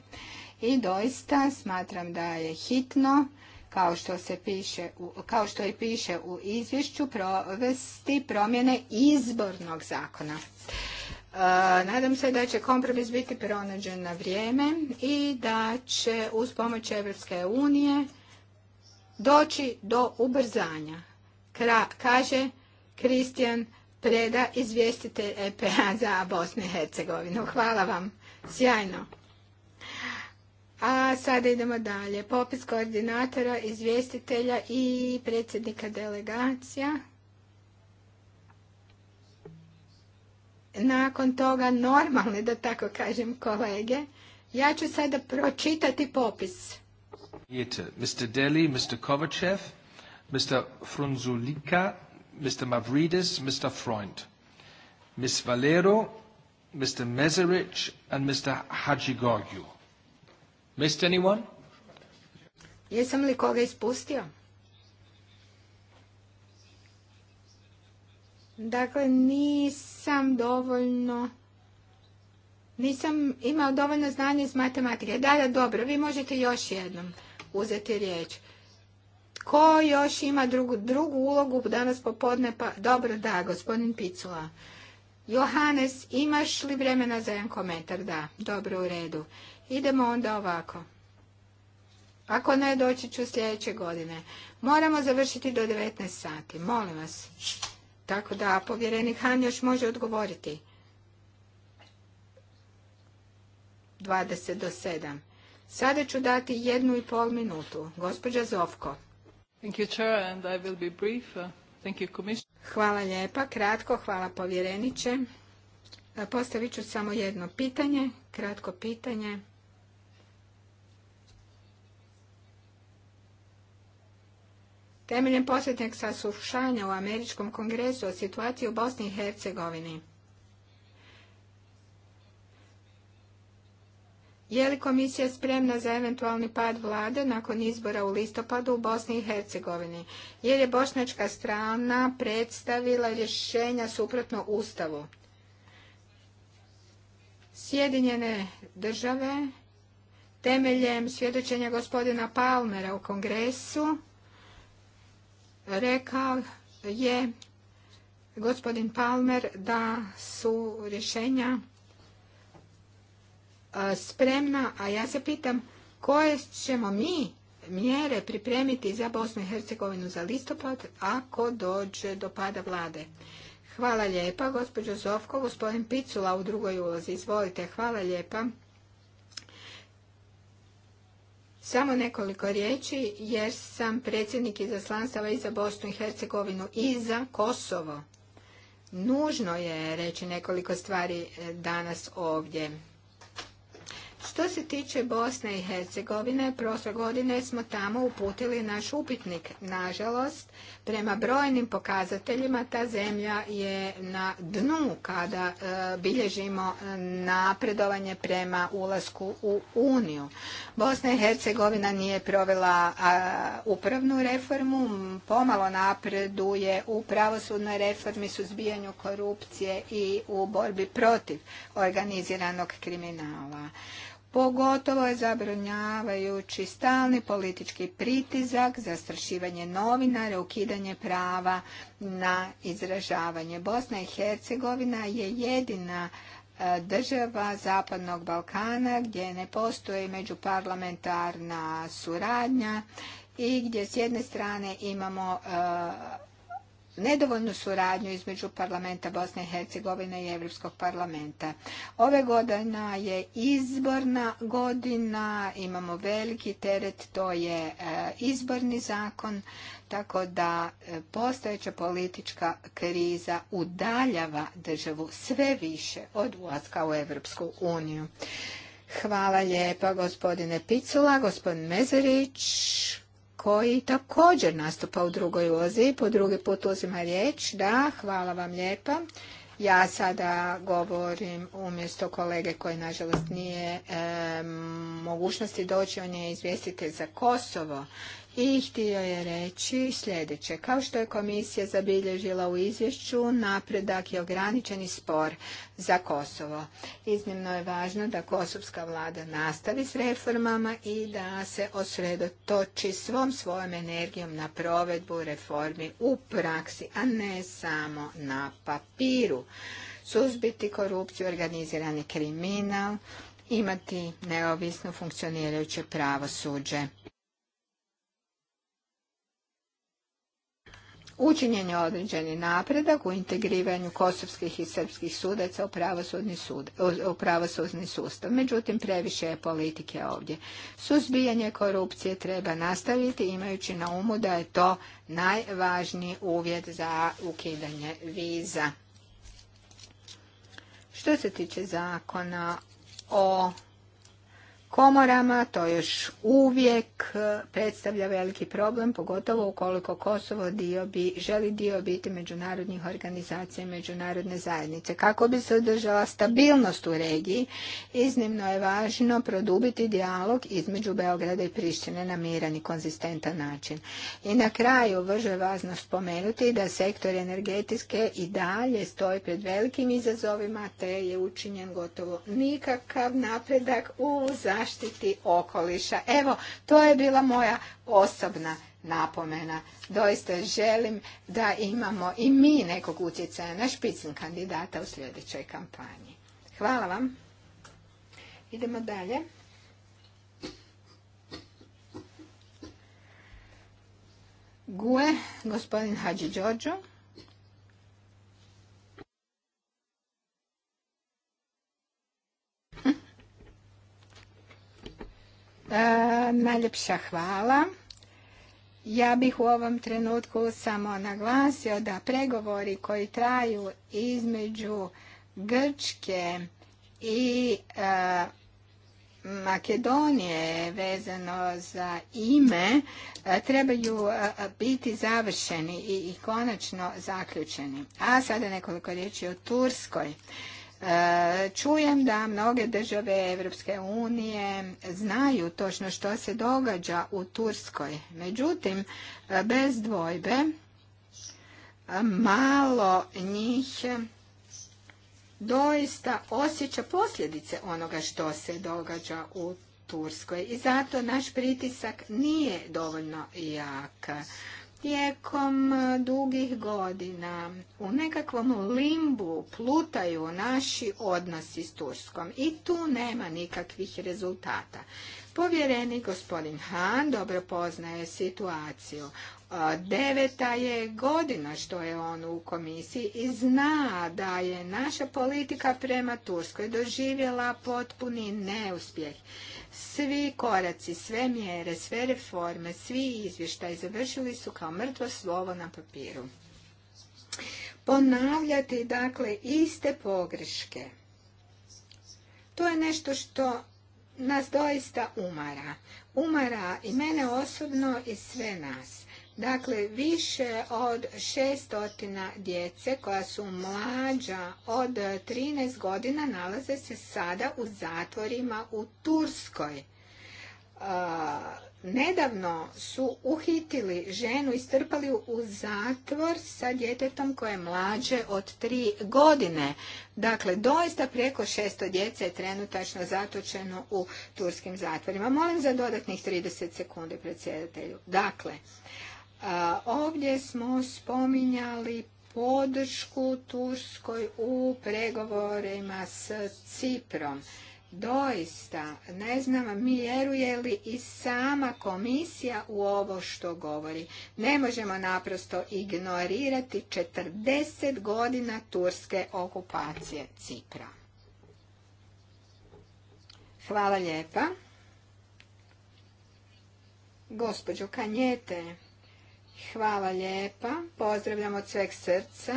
I doista smatram da je hitno kao što, se piše, kao što i piše u izvješću, provesti promjene izbornog zakona. E, nadam se da će kompromis biti pronađen na vrijeme i da će uz pomoć Evropske unije doći do ubrzanja. kaže Kristijan Preda, izvjestitelj EPA za Bosnu i Hercegovinu. Hvala vam. Sjajno. A sada idemo dalje. Popis koordinatora, izvjestitelja i predsjednika delegacija. Nakon toga normalne, da tako kažem, kolege. Ja ću sada pročitati popis. Mr. Deli, Mr. Kovacev, Mr. Frunzulika, Mr. Mavridis, Mr. Freund, Ms. Valero, Mr. Mezeric and Mr. Hadjigorgiou. Missed anyone? Jesam li koga ispustio? Dakle, nisam dovoljno... Nisam imao dovoljno znanja iz matematike. Da, da, dobro, vi možete još jednom uzeti riječ. Ko još ima drugu, ulogu danas popodne? Pa, dobro, da, gospodin Picula. Johannes, imaš li vremena za jedan komentar? Da, dobro, u redu. Idemo onda ovako. Ako ne, doći ću sljedeće godine. Moramo završiti do 19 sati, molim vas. Tako da povjerenik Han još može odgovoriti. 20 do 7. Sada ću dati jednu i pol minutu. Gospođa Zovko. hvala lijepa, kratko, hvala povjereniče. Postavit ću samo jedno pitanje, kratko pitanje. Temeljem posljednjeg saslušanja u Američkom kongresu o situaciji u Bosni i Hercegovini, Je li komisija spremna za eventualni pad vlade nakon izbora u listopadu u Bosni i Hercegovini? Jer je bošnjačka strana predstavila rješenja suprotno ustavu. Sjedinjene države temeljem svjedočenja gospodina Palmera u kongresu Rekao je gospodin Palmer da su rješenja e, spremna, a ja se pitam koje ćemo mi mjere pripremiti za Bosnu i Hercegovinu za listopad ako dođe do pada vlade. Hvala lijepa, gospođo Zovko, gospodin Picula u drugoj ulozi. Izvolite, hvala lijepa. Samo nekoliko riječi jer sam predsjednik izaslanstava i za Bosnu i Hercegovinu i za Kosovo. Nužno je reći nekoliko stvari e, danas ovdje. Što se tiče Bosne i Hercegovine, prošle godine smo tamo uputili naš upitnik. Nažalost, Prema brojnim pokazateljima ta zemlja je na dnu kada e, bilježimo napredovanje prema ulasku u Uniju. Bosna i Hercegovina nije provela upravnu reformu, pomalo napreduje u pravosudnoj reformi, suzbijanju korupcije i u borbi protiv organiziranog kriminala. Pogotovo je zabronjavajući stalni politički pritizak, zastrašivanje novinara, ukidanje prava na izražavanje. Bosna i Hercegovina je jedina e, država Zapadnog Balkana gdje ne postoji međuparlamentarna suradnja i gdje s jedne strane imamo e, nedovoljnu suradnju između parlamenta Bosne i Hercegovine i Europskog parlamenta. Ove godina je izborna godina, imamo veliki teret, to je e, izborni zakon, tako da e, postojeća politička kriza udaljava državu sve više od ulaska u Evropsku uniju. Hvala lijepa gospodine Picula, gospodin Mezerić, koji također nastupa u drugoj ulozi. Po drugi put uzima riječ. Da, hvala vam lijepa. Ja sada govorim umjesto kolege koji nažalost nije e, mogućnosti doći, on je izvjestitelj za Kosovo i htio je reći sljedeće. Kao što je komisija zabilježila u izvješću, napredak je ograničeni spor za Kosovo. Iznimno je važno da kosovska vlada nastavi s reformama i da se osredotoči svom svojom energijom na provedbu reformi u praksi, a ne samo na papiru. Suzbiti korupciju, organizirani kriminal, imati neovisno funkcionirajuće suđe. Učinjen je određeni napredak u integriranju kosovskih i srpskih sudaca u pravosudni, sud, u pravosudni sustav. Međutim, previše je politike ovdje. Suzbijanje korupcije treba nastaviti imajući na umu da je to najvažniji uvjet za ukidanje viza. Što se tiče zakona o komorama, to još uvijek e, predstavlja veliki problem, pogotovo ukoliko Kosovo dio bi, želi dio biti međunarodnih organizacija i međunarodne zajednice. Kako bi se održala stabilnost u regiji, iznimno je važno produbiti dijalog između Beograda i Prištine na miran i konzistentan način. I na kraju, vrlo je važno spomenuti da sektor energetiske i dalje stoji pred velikim izazovima, te je učinjen gotovo nikakav napredak u zajednici zaštiti okoliša. Evo, to je bila moja osobna napomena. Doista želim da imamo i mi nekog utjecaja na špicen kandidata u sljedećoj kampanji. Hvala vam. Idemo dalje. Gue, gospodin Hadži Đođo. E, najljepša hvala. Ja bih u ovom trenutku samo naglasio da pregovori koji traju između Grčke i e, Makedonije vezano za ime e, trebaju biti završeni i, i konačno zaključeni. A sada nekoliko riječi o Turskoj. E, čujem da mnoge države Evropske unije znaju točno što se događa u Turskoj. Međutim, e, bez dvojbe, malo njih doista osjeća posljedice onoga što se događa u Turskoj. I zato naš pritisak nije dovoljno jak tijekom e, dugih godina u nekakvom limbu plutaju naši odnosi s Turskom i tu nema nikakvih rezultata. Povjereni gospodin Han dobro poznaje situaciju. E, deveta je godina što je on u komisiji i zna da je naša politika prema Turskoj doživjela potpuni neuspjeh. Svi koraci, sve mjere, sve reforme, svi izvještaji završili su kao mrtvo slovo na papiru. Ponavljati, dakle, iste pogreške. To je nešto što nas doista umara. Umara i mene osobno i sve nas. Dakle, više od 600 djece koja su mlađa od 13 godina nalaze se sada u zatvorima u Turskoj. nedavno su uhitili ženu i strpali u zatvor sa djetetom koje je mlađe od tri godine. Dakle, doista preko šesto djece je trenutačno zatočeno u turskim zatvorima. Molim za dodatnih 30 sekundi predsjedatelju. Dakle, Ovdje smo spominjali podršku Turskoj u pregovorima s Ciprom. Doista, ne znam, mi vjeruje li i sama komisija u ovo što govori. Ne možemo naprosto ignorirati 40 godina turske okupacije Cipra. Hvala lijepa. Gospođo Kanjete, Hvala lijepa. Pozdravljam od sveg srca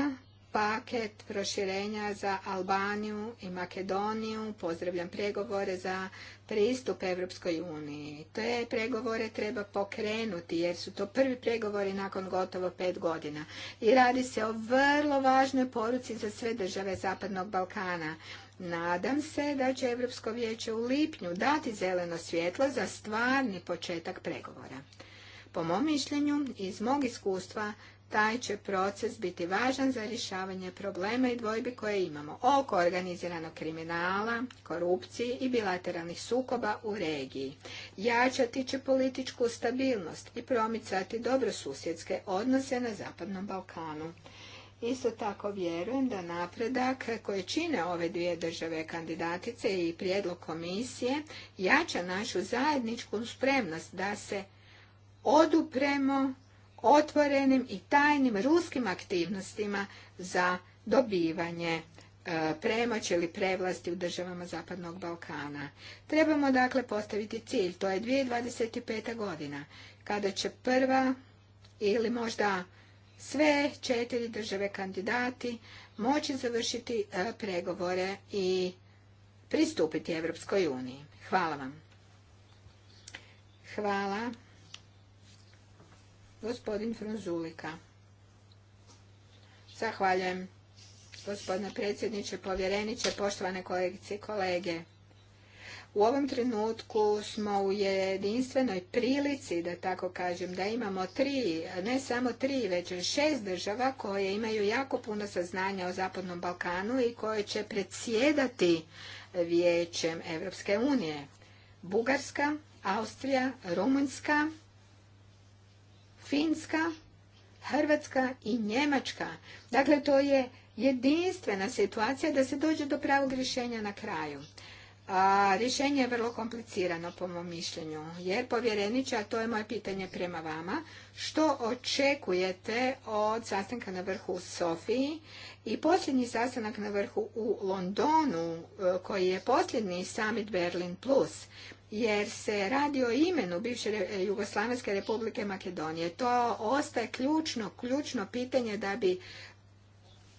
paket proširenja za Albaniju i Makedoniju. Pozdravljam pregovore za pristup Evropskoj uniji. Te pregovore treba pokrenuti jer su to prvi pregovori nakon gotovo pet godina. I radi se o vrlo važnoj poruci za sve države Zapadnog Balkana. Nadam se da će Europsko vijeće u lipnju dati zeleno svjetlo za stvarni početak pregovora. Po mom mišljenju, iz mog iskustva, taj će proces biti važan za rješavanje problema i dvojbi koje imamo oko organiziranog kriminala, korupciji i bilateralnih sukoba u regiji. Jačati će političku stabilnost i promicati dobrosusjedske odnose na Zapadnom Balkanu. Isto tako vjerujem da napredak koje čine ove dvije države kandidatice i prijedlog komisije jača našu zajedničku spremnost da se odupremo otvorenim i tajnim ruskim aktivnostima za dobivanje e, premoć ili prevlasti u državama Zapadnog Balkana. Trebamo dakle postaviti cilj, to je 2025. godina, kada će prva ili možda sve četiri države kandidati moći završiti e, pregovore i pristupiti Europskoj uniji. Hvala vam. Hvala. Gospodin Frunzulika. Zahvaljujem, gospodine predsjedniče, povjereniče, poštovane kolegice i kolege. U ovom trenutku smo u jedinstvenoj prilici, da tako kažem, da imamo tri, ne samo tri, već šest država koje imaju jako puno saznanja o Zapadnom Balkanu i koje će predsjedati vijećem Evropske unije. Bugarska, Austrija, Rumunjska Finska, Hrvatska i Njemačka. Dakle, to je jedinstvena situacija da se dođe do pravog rješenja na kraju. A, rješenje je vrlo komplicirano po mom mišljenju, jer povjereniče, a to je moje pitanje prema vama, što očekujete od sastanka na vrhu u Sofiji i posljednji sastanak na vrhu u Londonu, e, koji je posljednji summit Berlin Plus jer se radi o imenu bivše Jugoslavenske republike Makedonije. To ostaje ključno, ključno pitanje da bi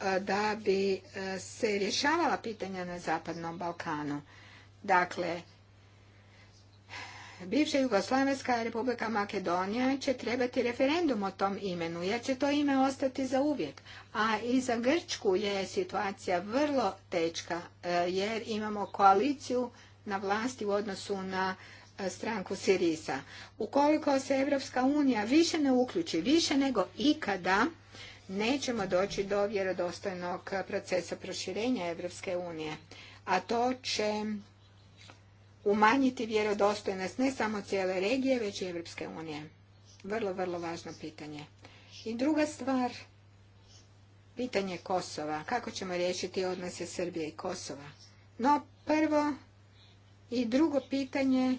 e, da bi e, se rješavala pitanja na Zapadnom Balkanu. Dakle, bivša Jugoslavenska republika Makedonija će trebati referendum o tom imenu, jer će to ime ostati za uvijek. A i za Grčku je situacija vrlo tečka, e, jer imamo koaliciju na vlasti u odnosu na e, stranku Sirisa. Ukoliko se Evropska unija više ne uključi, više nego ikada, nećemo doći do vjerodostojnog procesa proširenja Evropske unije. A to će umanjiti vjerodostojnost ne samo cijele regije, već i Evropske unije. Vrlo, vrlo važno pitanje. I druga stvar, pitanje Kosova. Kako ćemo riješiti odnose Srbije i Kosova? No, prvo i drugo pitanje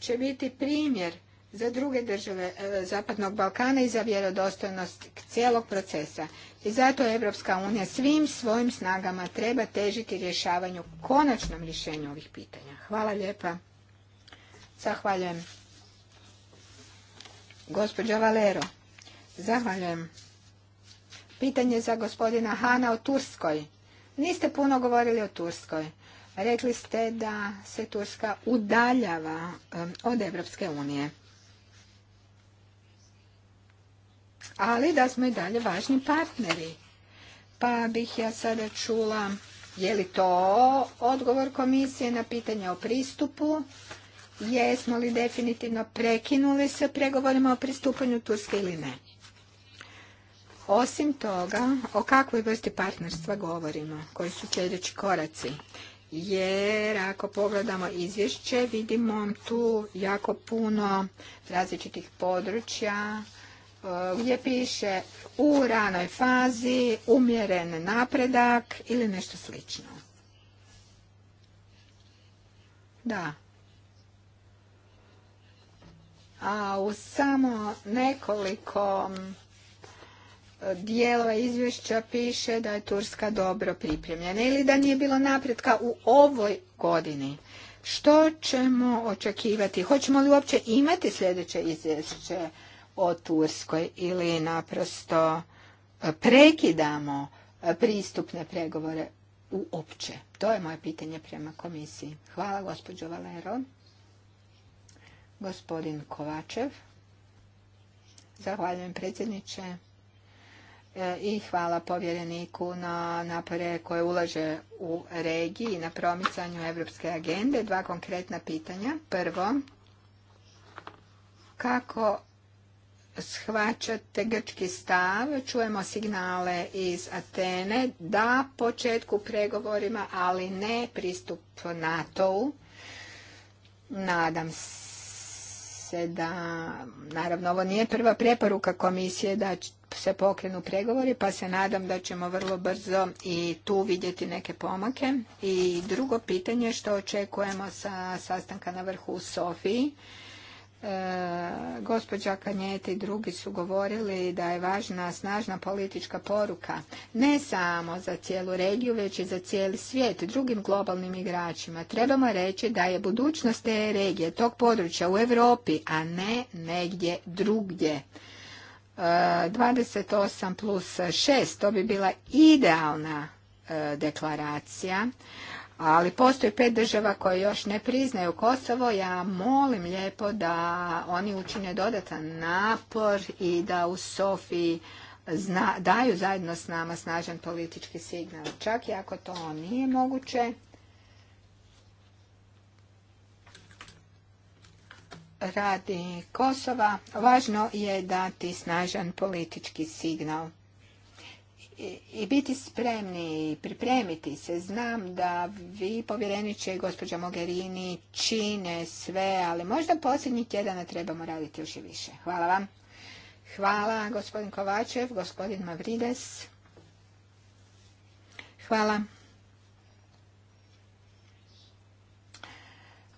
će biti primjer za druge države e, Zapadnog Balkana i za vjerodostojnost cijelog procesa. I zato Evropska unija svim svojim snagama treba težiti rješavanju, konačnom rješenju ovih pitanja. Hvala lijepa. Zahvaljujem. Gospođa Valero. Zahvaljujem. Pitanje za gospodina Hana o Turskoj. Niste puno govorili o Turskoj. Rekli ste da se Turska udaljava od Europske unije. Ali da smo i dalje važni partneri. Pa bih ja sada čula je li to odgovor komisije na pitanje o pristupu. Jesmo li definitivno prekinuli sa pregovorima o pristupanju Turske ili ne? Osim toga, o kakvoj vrsti partnerstva govorimo? Koji su sljedeći koraci? jer ako pogledamo izvješće vidimo tu jako puno različitih područja e, gdje piše u ranoj fazi umjeren napredak ili nešto slično. Da. A u samo nekoliko dijelova izvješća piše da je Turska dobro pripremljena ili da nije bilo napretka u ovoj godini. Što ćemo očekivati? Hoćemo li uopće imati sljedeće izvješće o Turskoj ili naprosto e, prekidamo e, pristupne pregovore uopće? To je moje pitanje prema komisiji. Hvala gospođo Valero. Gospodin Kovačev. Zahvaljujem predsjedniče. E, i hvala povjereniku na napore koje ulaže u regiji i na promicanju Europske agende. Dva konkretna pitanja. Prvo, kako shvaćate grčki stav, čujemo signale iz Atene da početku pregovorima, ali ne pristup NATO-u. Nadam se da, naravno, ovo nije prva preporuka komisije da se pokrenu pregovori, pa se nadam da ćemo vrlo brzo i tu vidjeti neke pomake. I drugo pitanje što očekujemo sa sastanka na vrhu u Sofiji. E, gospođa Kanjete i drugi su govorili da je važna snažna politička poruka ne samo za cijelu regiju već i za cijeli svijet drugim globalnim igračima. Trebamo reći da je budućnost te regije, tog područja u Europi, a ne negdje drugdje. 28 plus 6, to bi bila idealna e, deklaracija, ali postoji pet država koje još ne priznaju Kosovo. Ja molim lijepo da oni učine dodatan napor i da u Sofiji daju zajedno s nama snažan politički signal. Čak i ako to nije moguće, radi Kosova, važno je dati snažan politički signal i biti spremni i pripremiti se. Znam da vi, povjereniče i gospođa Mogherini, čine sve, ali možda posljednjih tjedana trebamo raditi još i više. Hvala vam. Hvala, gospodin Kovačev, gospodin Mavrides. Hvala.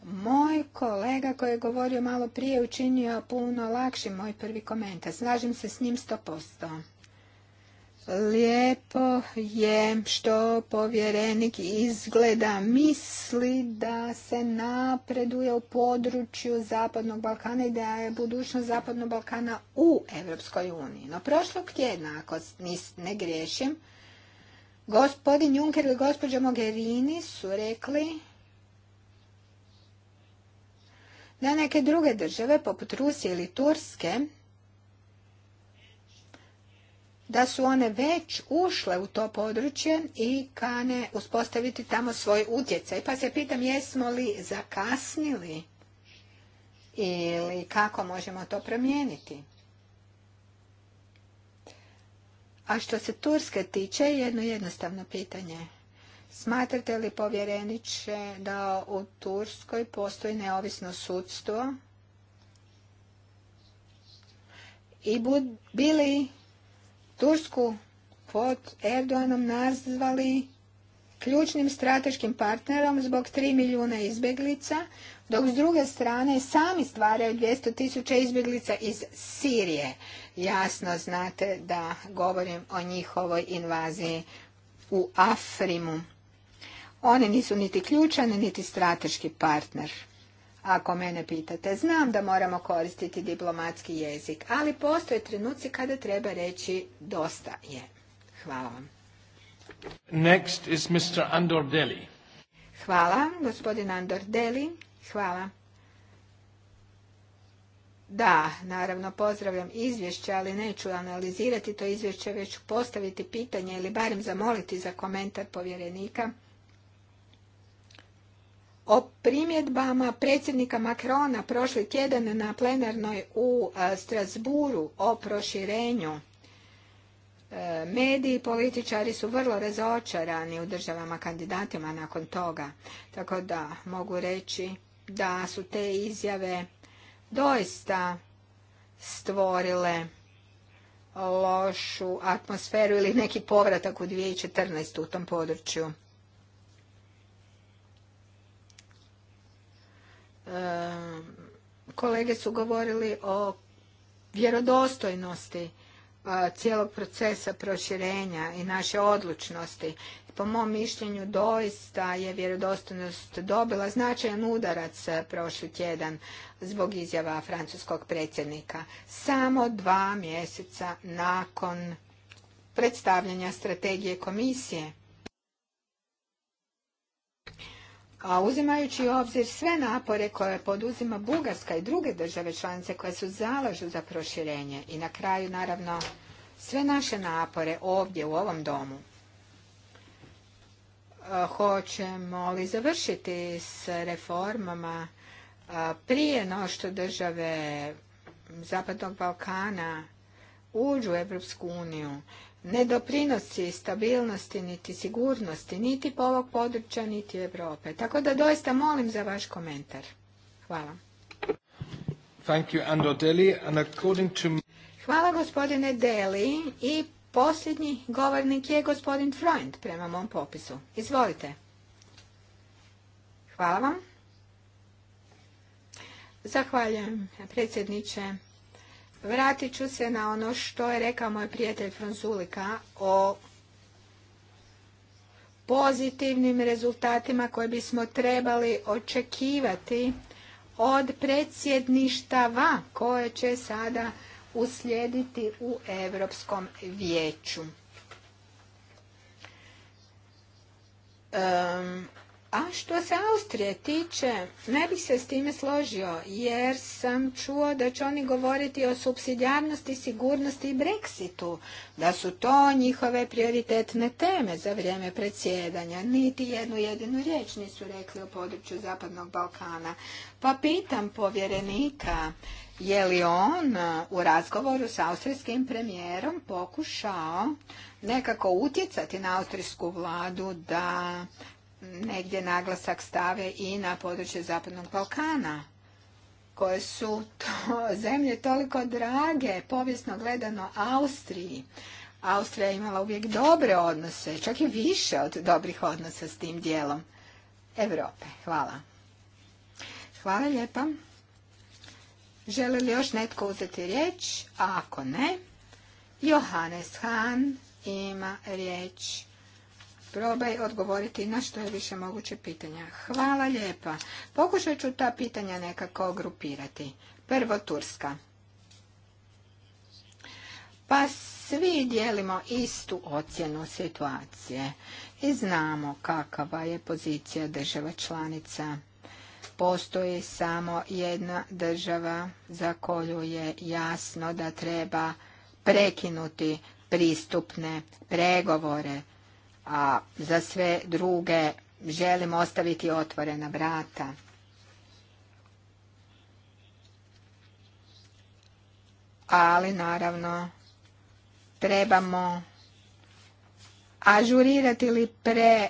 moj kolega koji je govorio malo prije učinio puno lakši moj prvi komentar. Slažem se s njim posto. Lijepo je što povjerenik izgleda misli da se napreduje u području Zapadnog Balkana i da je budućnost Zapadnog Balkana u Europskoj uniji. No prošlog tjedna, ako ne griješim, gospodin Juncker i gospođa Mogherini su rekli da neke druge države, poput Rusije ili Turske, da su one već ušle u to područje i kane uspostaviti tamo svoj utjecaj. Pa se pitam jesmo li zakasnili ili kako možemo to promijeniti. A što se Turske tiče, jedno jednostavno pitanje. Smatrate li povjereniče da u Turskoj postoji neovisno sudstvo? I bili Tursku pod Erdoganom nazvali ključnim strateškim partnerom zbog 3 milijuna izbjeglica, dok s druge strane sami stvaraju 200 tisuća izbjeglica iz Sirije. Jasno znate da govorim o njihovoj invaziji u Afrimu. Oni nisu niti ključan, niti strateški partner. Ako mene pitate, znam da moramo koristiti diplomatski jezik, ali postoje trenuci kada treba reći dosta je. Hvala vam. Next is Mr. Andor Deli. Hvala, gospodin Andor Deli. Hvala. Da, naravno pozdravljam izvješće, ali neću analizirati to izvješće, već postaviti pitanje ili barem zamoliti za komentar povjerenika o primjedbama predsjednika Makrona prošli tjedan na plenarnoj u e, Strasburu o proširenju. E, mediji i političari su vrlo razočarani u državama kandidatima nakon toga, tako da mogu reći da su te izjave doista stvorile lošu atmosferu ili neki povratak u 2014. u tom području. kolege su govorili o vjerodostojnosti cijelog procesa proširenja i naše odlučnosti. Po mom mišljenju doista je vjerodostojnost dobila značajan udarac e, prošli tjedan zbog izjava francuskog predsjednika. Samo dva mjeseca nakon predstavljanja strategije komisije a uzimajući u obzir sve napore koje poduzima Bugarska i druge države članice koje su zalažu za proširenje i na kraju naravno sve naše napore ovdje u ovom domu. E, hoćemo li završiti s reformama e, prije no što države Zapadnog Balkana uđu u Europsku uniju, ne doprinosi stabilnosti niti sigurnosti niti po ovog područja niti Europe. Tako da doista molim za vaš komentar. Hvala. Hvala gospodine Deli i posljednji govornik je gospodin Freund prema mom popisu. Izvolite. Hvala vam. Zahvaljujem predsjedniče Vratit ću se na ono što je rekao moj prijatelj Franzulika o pozitivnim rezultatima koje bismo trebali očekivati od predsjedništava koje će sada uslijediti u Europskom vijeću. A što se Austrije tiče, ne bih se s time složio, jer sam čuo da će oni govoriti o subsidijarnosti, sigurnosti i Brexitu, da su to njihove prioritetne teme za vrijeme predsjedanja. Niti jednu jedinu riječ nisu rekli o području Zapadnog Balkana. Pa pitam povjerenika, je li on e, u razgovoru s austrijskim premijerom pokušao nekako utjecati na austrijsku vladu da negdje naglasak stave i na područje Zapadnog Balkana, koje su to zemlje toliko drage, povijesno gledano Austriji. Austrija je imala uvijek dobre odnose, čak i više od dobrih odnosa s tim dijelom Europe. Hvala. Hvala lijepa. Želi li još netko uzeti riječ? A ako ne, Johannes Hahn ima riječ probaj odgovoriti na što je više moguće pitanja. Hvala lijepa. Pokušat ću ta pitanja nekako grupirati. Prvo Turska. Pa svi dijelimo istu ocjenu situacije i znamo kakava je pozicija država članica. Postoji samo jedna država za koju je jasno da treba prekinuti pristupne pregovore a za sve druge želim ostaviti otvorena vrata. Ali naravno trebamo ažurirati ili pre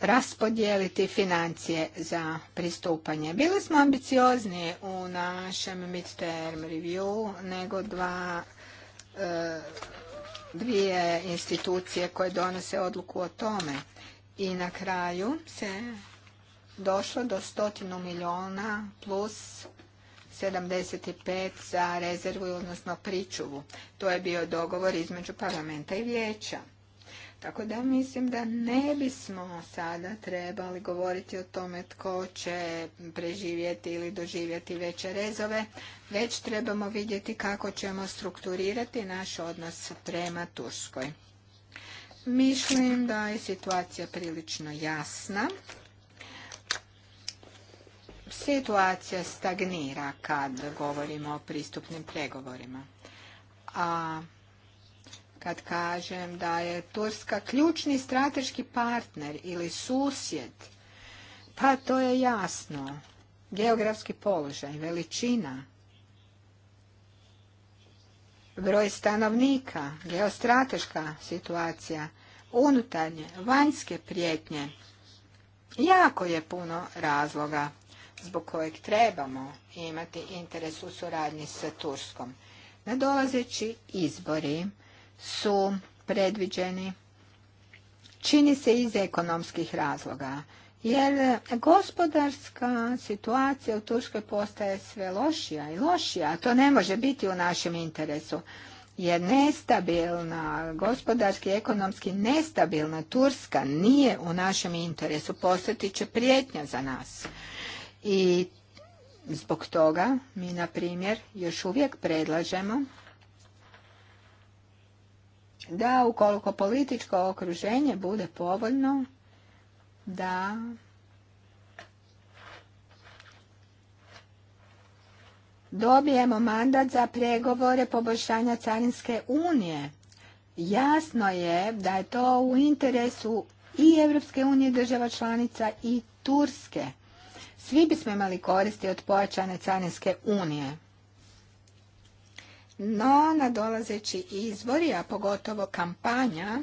raspodijeliti financije za pristupanje. Bili smo ambiciozni u našem midterm review nego dva e, dvije institucije koje donose odluku o tome. I na kraju se došlo do stotinu milijuna plus 75 za rezervu, odnosno pričuvu. To je bio dogovor između parlamenta i vijeća. Tako da mislim da ne bismo sada trebali govoriti o tome tko će preživjeti ili doživjeti veće rezove, već trebamo vidjeti kako ćemo strukturirati naš odnos prema Turskoj. Mislim da je situacija prilično jasna. Situacija stagnira kad govorimo o pristupnim pregovorima. A kad kažem da je Turska ključni strateški partner ili susjed. Pa to je jasno. Geografski položaj, veličina, broj stanovnika, geostrateška situacija, unutarnje, vanjske prijetnje. Jako je puno razloga zbog kojeg trebamo imati interes u suradnji sa Turskom. Nadolazeći izbori su predviđeni čini se iz ekonomskih razloga. Jer gospodarska situacija u Turskoj postaje sve lošija i lošija. To ne može biti u našem interesu. Jer nestabilna, gospodarski ekonomski nestabilna Turska nije u našem interesu. Postati će prijetnja za nas. I zbog toga mi, na primjer, još uvijek predlažemo da ukoliko političko okruženje bude povoljno, da dobijemo mandat za pregovore poboljšanja Carinske unije. Jasno je da je to u interesu i Evropske unije država članica i Turske. Svi bismo imali koristi od pojačane Carinske unije. No, nadolazeći izvori, a pogotovo kampanja,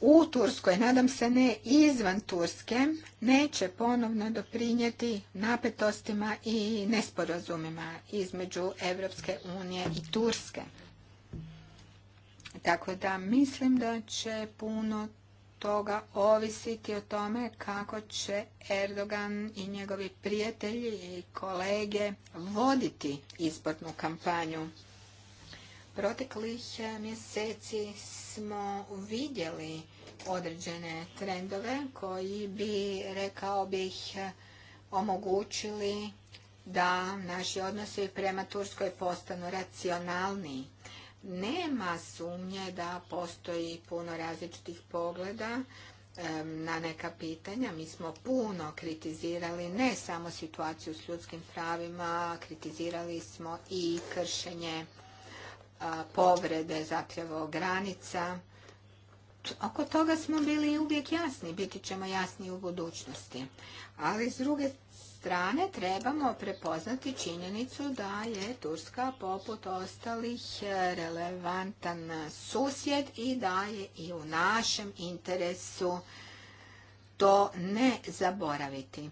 u Turskoj, nadam se ne izvan Turske, neće ponovno doprinijeti napetostima i nesporazumima između Evropske unije i Turske. Tako da mislim da će puno toga ovisiti o tome kako će Erdogan i njegovi prijatelji i kolege voditi izbornu kampanju. Proteklih eh, mjeseci smo vidjeli određene trendove koji bi, rekao bih, eh, omogućili da naši odnosi prema Turskoj postanu racionalniji. Nema sumnje da postoji puno različitih pogleda na neka pitanja. Mi smo puno kritizirali ne samo situaciju s ljudskim pravima, kritizirali smo i kršenje povrede zapravo granica. Oko toga smo bili uvijek jasni, biti ćemo jasni u budućnosti. Ali s druge strane trebamo prepoznati činjenicu da je Turska poput ostalih e, relevantan susjed i da je i u našem interesu to ne zaboraviti.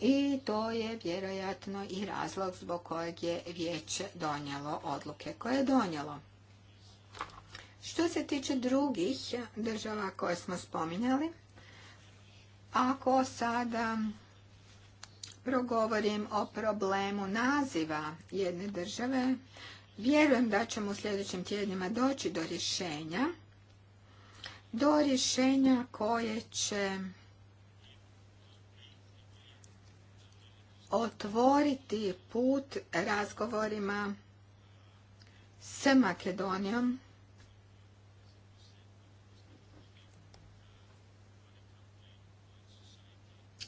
I to je vjerojatno i razlog zbog kojeg je vijeće donijelo odluke koje je donijelo. Što se tiče drugih država koje smo spominjali, ako sada progovorim o problemu naziva jedne države. Vjerujem da ćemo u sljedećim tjednima doći do rješenja, do rješenja koje će otvoriti put razgovorima s Makedonijom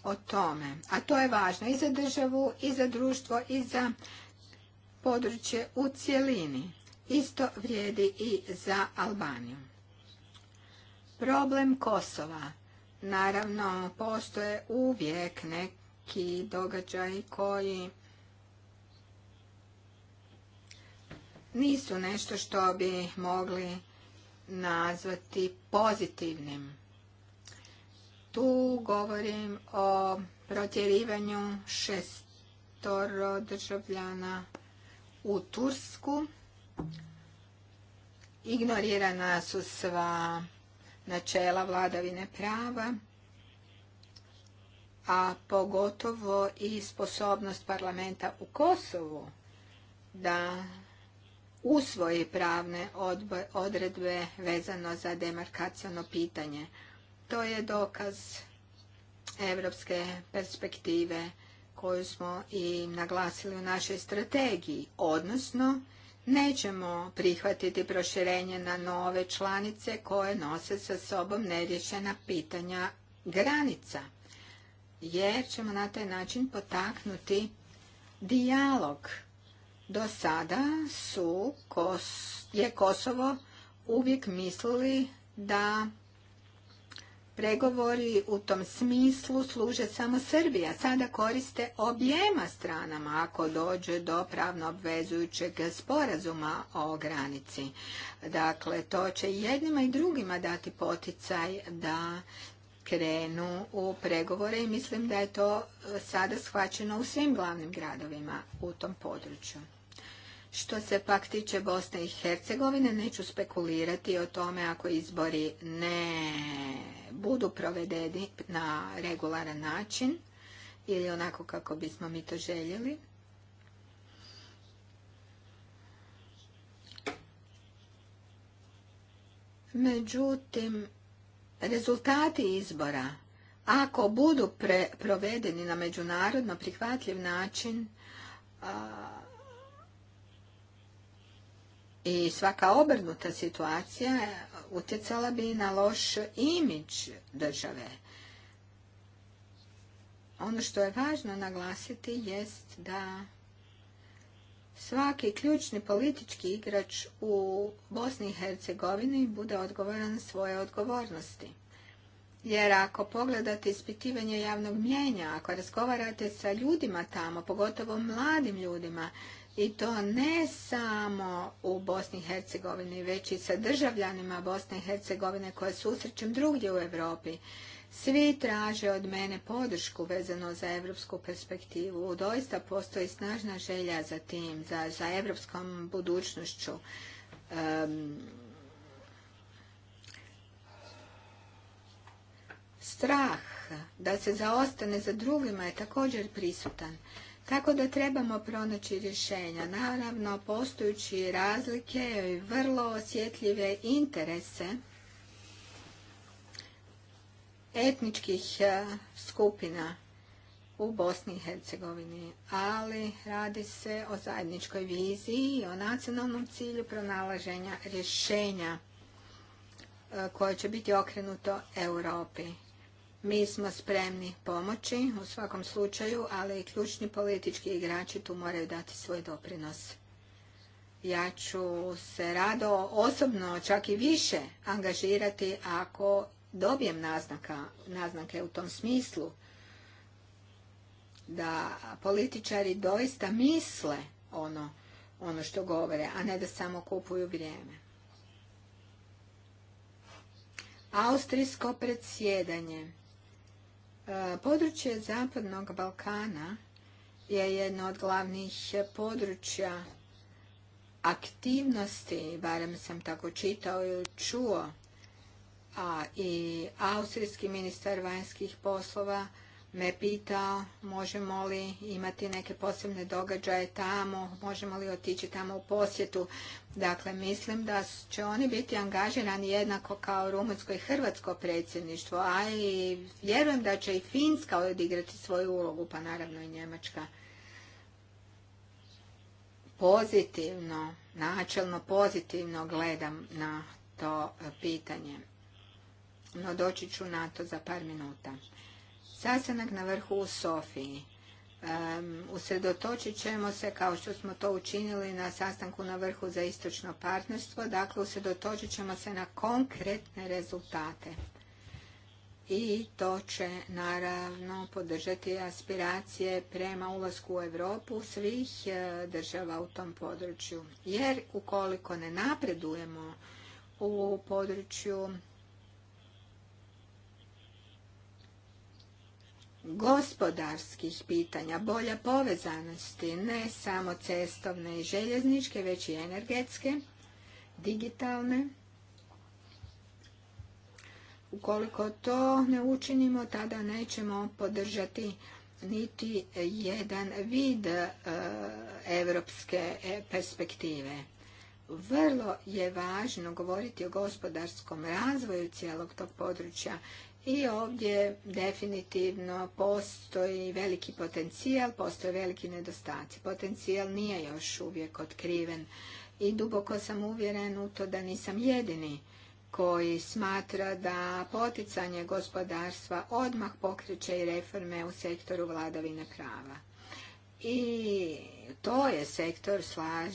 o tome. A to je važno i za državu, i za društvo, i za područje u cjelini. Isto vrijedi i za Albaniju. Problem Kosova. Naravno, postoje uvijek neki događaj koji nisu nešto što bi mogli nazvati pozitivnim. Tu govorim o protjerivanju šestoro državljana u Tursku. Ignorirana su sva načela vladavine prava, a pogotovo i sposobnost parlamenta u Kosovu da usvoji pravne odredbe vezano za demarkacijono pitanje. To je dokaz evropske perspektive koju smo i naglasili u našoj strategiji, odnosno nećemo prihvatiti proširenje na nove članice koje nose sa sobom nerješena pitanja granica, jer ćemo na taj način potaknuti dijalog. Do sada su, je Kosovo uvijek mislili da pregovori u tom smislu služe samo Srbija. Sada koriste objema stranama ako dođe do pravno obvezujućeg sporazuma o granici. Dakle, to će jednima i drugima dati poticaj da krenu u pregovore i mislim da je to sada shvaćeno u svim glavnim gradovima u tom području. Što se pak tiče Bosne i Hercegovine, neću spekulirati o tome ako izbori ne budu provedeni na regularan način ili onako kako bismo mi to željeli. Međutim, rezultati izbora, ako budu provedeni na međunarodno prihvatljiv način, a, i svaka obrnuta situacija utjecala bi na loš imidž države. Ono što je važno naglasiti jest da svaki ključni politički igrač u Bosni i Hercegovini bude odgovoran svoje odgovornosti. Jer ako pogledate ispitivanje javnog mjenja, ako razgovarate sa ljudima tamo, pogotovo mladim ljudima, i to ne samo u Bosni i Hercegovini, već i sa državljanima Bosne i Hercegovine koje susrećem drugdje u Europi. Svi traže od mene podršku vezano za evropsku perspektivu. Doista postoji snažna želja za tim, za, za evropskom budućnošću. strah da se zaostane za drugima je također prisutan. Tako da trebamo pronaći rješenja. Naravno, postojući razlike i vrlo osjetljive interese etničkih e, skupina u Bosni i Hercegovini, ali radi se o zajedničkoj viziji i o nacionalnom cilju pronalaženja rješenja e, koje će biti okrenuto Europi. Mi smo spremni pomoći u svakom slučaju, ali i ključni politički igrači tu moraju dati svoj doprinos. Ja ću se rado osobno čak i više angažirati ako dobijem naznaka, naznake u tom smislu da političari doista misle ono, ono što govore, a ne da samo kupuju vrijeme. Austrijsko predsjedanje Područje Zapadnog Balkana je jedno od glavnih područja aktivnosti, barem sam tako čitao i čuo, a i austrijski ministar vanjskih poslova me pitao možemo li imati neke posebne događaje tamo, možemo li otići tamo u posjetu. Dakle, mislim da će oni biti angažirani jednako kao rumunsko i hrvatsko predsjedništvo, a i vjerujem da će i Finska odigrati svoju ulogu, pa naravno i Njemačka. Pozitivno, načelno pozitivno gledam na to pitanje. No doći ću na to za par minuta. Sastanak na vrhu u Sofiji. Um, usredotočit ćemo se kao što smo to učinili na sastanku na vrhu za istočno partnerstvo, dakle usredotočit ćemo se na konkretne rezultate. I to će naravno podržati aspiracije prema ulasku u Europu svih e, država u tom području. Jer ukoliko ne napredujemo u području gospodarskih pitanja, bolja povezanosti, ne samo cestovne i željezničke, već i energetske, digitalne. Ukoliko to ne učinimo, tada nećemo podržati niti jedan vid e, evropske e, perspektive. Vrlo je važno govoriti o gospodarskom razvoju cijelog tog područja i ovdje definitivno postoji veliki potencijal, postoje veliki nedostaci. Potencijal nije još uvijek otkriven i duboko sam uvjeren u to da nisam jedini koji smatra da poticanje gospodarstva odmah pokreće i reforme u sektoru vladavine prava. I to je sektor,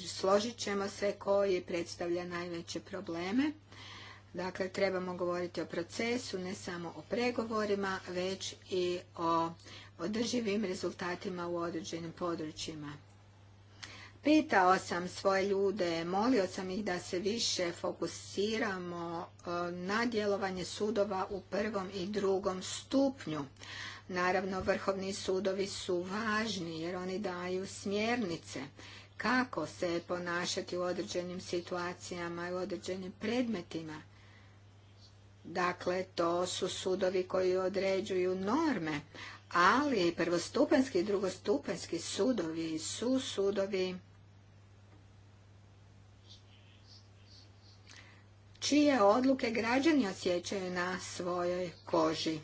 složit ćemo se, koji predstavlja najveće probleme Dakle, trebamo govoriti o procesu, ne samo o pregovorima, već i o održivim rezultatima u određenim područjima. Pitao sam svoje ljude, molio sam ih da se više fokusiramo e, na djelovanje sudova u prvom i drugom stupnju. Naravno, vrhovni sudovi su važni jer oni daju smjernice kako se ponašati u određenim situacijama i u određenim predmetima. Dakle, to su sudovi koji određuju norme, ali prvostupanski i drugostupanski sudovi su sudovi čije odluke građani osjećaju na svojoj koži.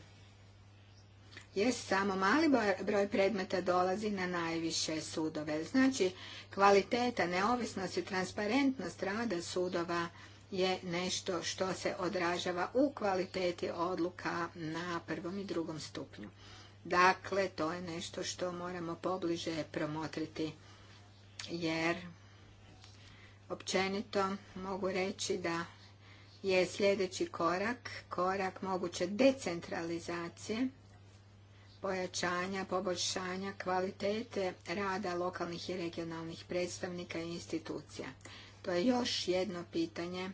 Jer samo mali broj predmeta dolazi na najviše sudove. Znači, kvaliteta, neovisnost i transparentnost rada sudova je nešto što se odražava u kvaliteti odluka na prvom i drugom stupnju. Dakle, to je nešto što moramo pobliže promotriti jer općenito mogu reći da je sljedeći korak, korak moguće decentralizacije, pojačanja, poboljšanja kvalitete rada lokalnih i regionalnih predstavnika i institucija. To je još jedno pitanje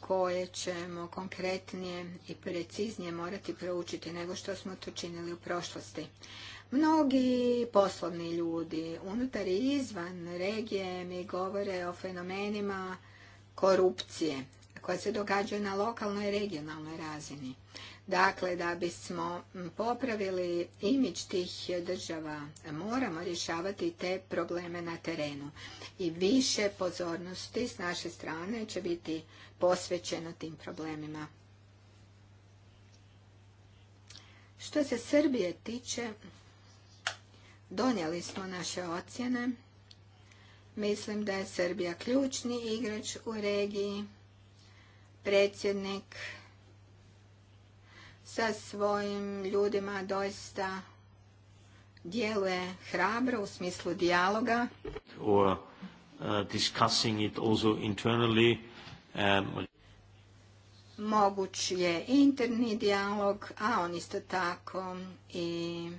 koje ćemo konkretnije i preciznije morati proučiti nego što smo to činili u prošlosti. Mnogi poslovni ljudi unutar i izvan regije mi govore o fenomenima korupcije koja se događa na lokalnoj i regionalnoj razini. Dakle, da bismo popravili imidž tih država, moramo rješavati te probleme na terenu. I više pozornosti s naše strane će biti posvećeno tim problemima. Što se Srbije tiče, donijeli smo naše ocjene. Mislim da je Srbija ključni igrač u regiji. Predsjednik sa svojim ljudima doista djeluje hrabro u smislu dijaloga. Uh, um, or Moguć je interni dijalog, a on isto tako i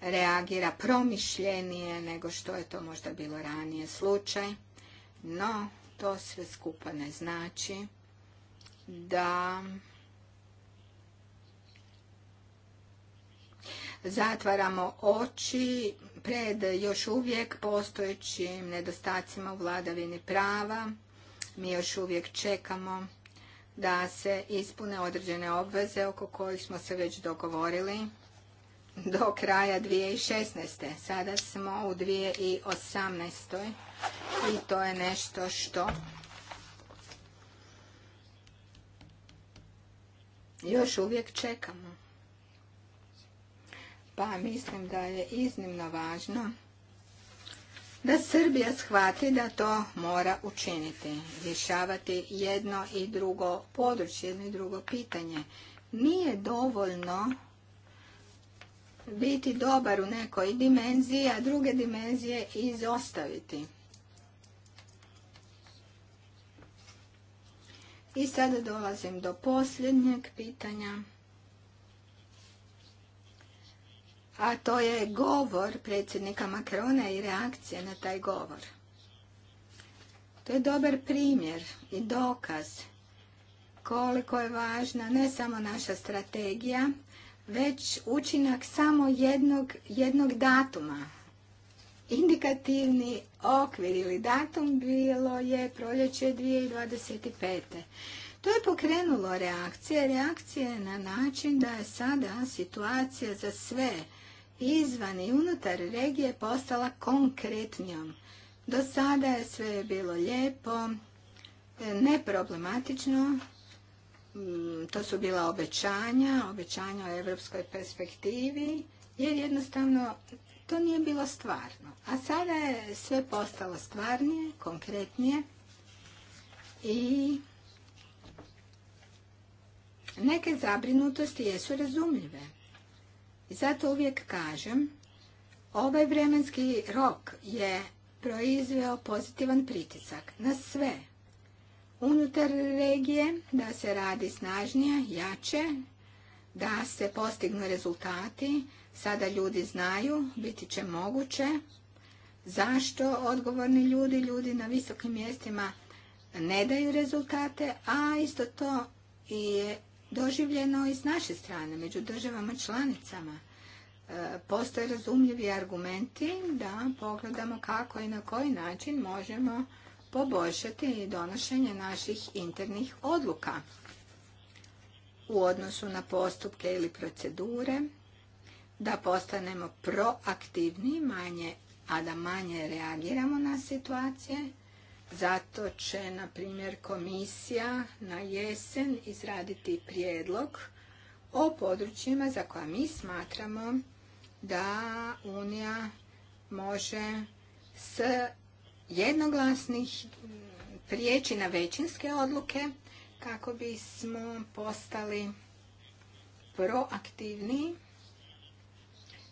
reagira promišljenije nego što je to možda bilo ranije slučaj. No, to sve skupa ne znači da zatvaramo oči pred još uvijek postojećim nedostacima u vladavini prava. Mi još uvijek čekamo da se ispune određene obveze oko kojih smo se već dogovorili do kraja 2016. Sada smo u 2018. i to je nešto što još uvijek čekamo pa mislim da je iznimno važno da Srbija shvati da to mora učiniti, rješavati jedno i drugo područje, jedno i drugo pitanje. Nije dovoljno biti dobar u nekoj dimenziji, a druge dimenzije izostaviti. I sada dolazim do posljednjeg pitanja. a to je govor predsjednika Makrona i reakcija na taj govor. To je dobar primjer i dokaz koliko je važna ne samo naša strategija, već učinak samo jednog, jednog datuma. Indikativni okvir ili datum bilo je proljeće 2025. To je pokrenulo reakcije, reakcije na način da je sada situacija za sve izvan i unutar regije postala konkretnijom. Do sada je sve bilo lijepo, e, neproblematično, mm, to su bila obećanja, obećanja o evropskoj perspektivi, jer jednostavno to nije bilo stvarno. A sada je sve postalo stvarnije, konkretnije i neke zabrinutosti jesu razumljive zato uvijek kažem, ovaj vremenski rok je proizveo pozitivan pritisak na sve unutar regije, da se radi snažnije, jače, da se postignu rezultati, sada ljudi znaju, biti će moguće, zašto odgovorni ljudi, ljudi na visokim mjestima ne daju rezultate, a isto to je doživljeno i s naše strane, među državama članicama. E, postoje razumljivi argumenti da pogledamo kako i na koji način možemo poboljšati donošenje naših internih odluka u odnosu na postupke ili procedure, da postanemo proaktivni, manje, a da manje reagiramo na situacije zato će, na primjer, komisija na jesen izraditi prijedlog o područjima za koja mi smatramo da Unija može s jednoglasnih prijeći na većinske odluke kako bismo postali proaktivni,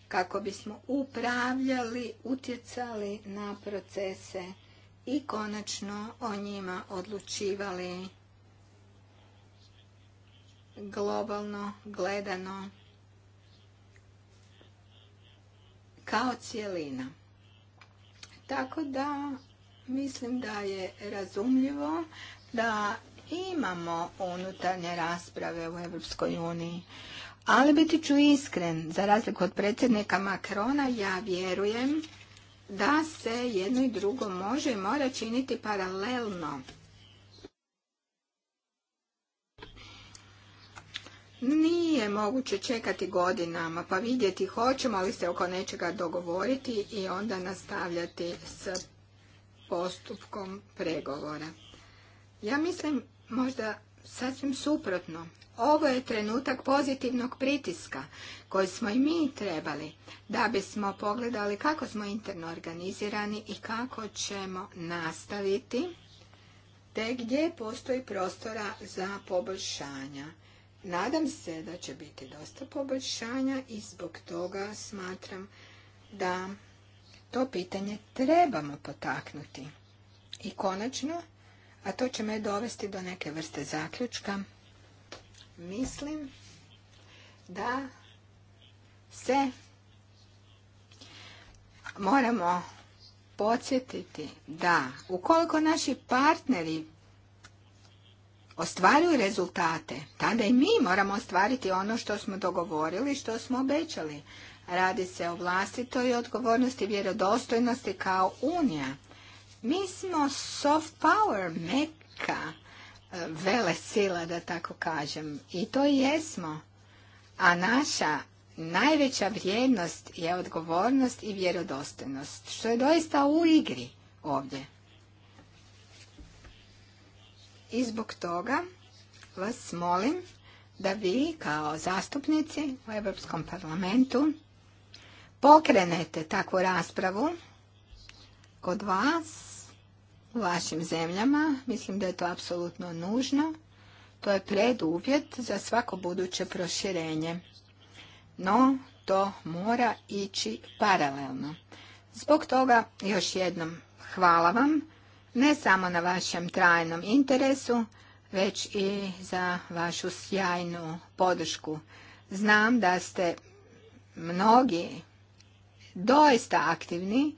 kako bismo upravljali, utjecali na procese i konačno o njima odlučivali globalno gledano kao cijelina. Tako da mislim da je razumljivo da imamo unutarnje rasprave u Europskoj uniji. Ali biti ću iskren, za razliku od predsjednika Makrona, ja vjerujem da se jedno i drugo može i mora činiti paralelno. Nije moguće čekati godinama pa vidjeti hoćemo li se oko nečega dogovoriti i onda nastavljati s postupkom pregovora. Ja mislim možda Sasvim suprotno. Ovo je trenutak pozitivnog pritiska koji smo i mi trebali da bismo pogledali kako smo interno organizirani i kako ćemo nastaviti te gdje postoji prostora za poboljšanja. Nadam se da će biti dosta poboljšanja i zbog toga smatram da to pitanje trebamo potaknuti. I konačno, a to će me dovesti do neke vrste zaključka. Mislim da se moramo podsjetiti da ukoliko naši partneri ostvaruju rezultate, tada i mi moramo ostvariti ono što smo dogovorili, što smo obećali. Radi se o vlastitoj odgovornosti, vjerodostojnosti kao unija. Mi smo soft power, meka e, vele sila, da tako kažem. I to jesmo. A naša najveća vrijednost je odgovornost i vjerodostojnost, što je doista u igri ovdje. I zbog toga vas molim da vi kao zastupnici u Europskom parlamentu pokrenete takvu raspravu kod vas vašim zemljama. Mislim da je to apsolutno nužno. To je preduvjet za svako buduće proširenje. No, to mora ići paralelno. Zbog toga još jednom hvala vam, ne samo na vašem trajnom interesu, već i za vašu sjajnu podršku. Znam da ste mnogi doista aktivni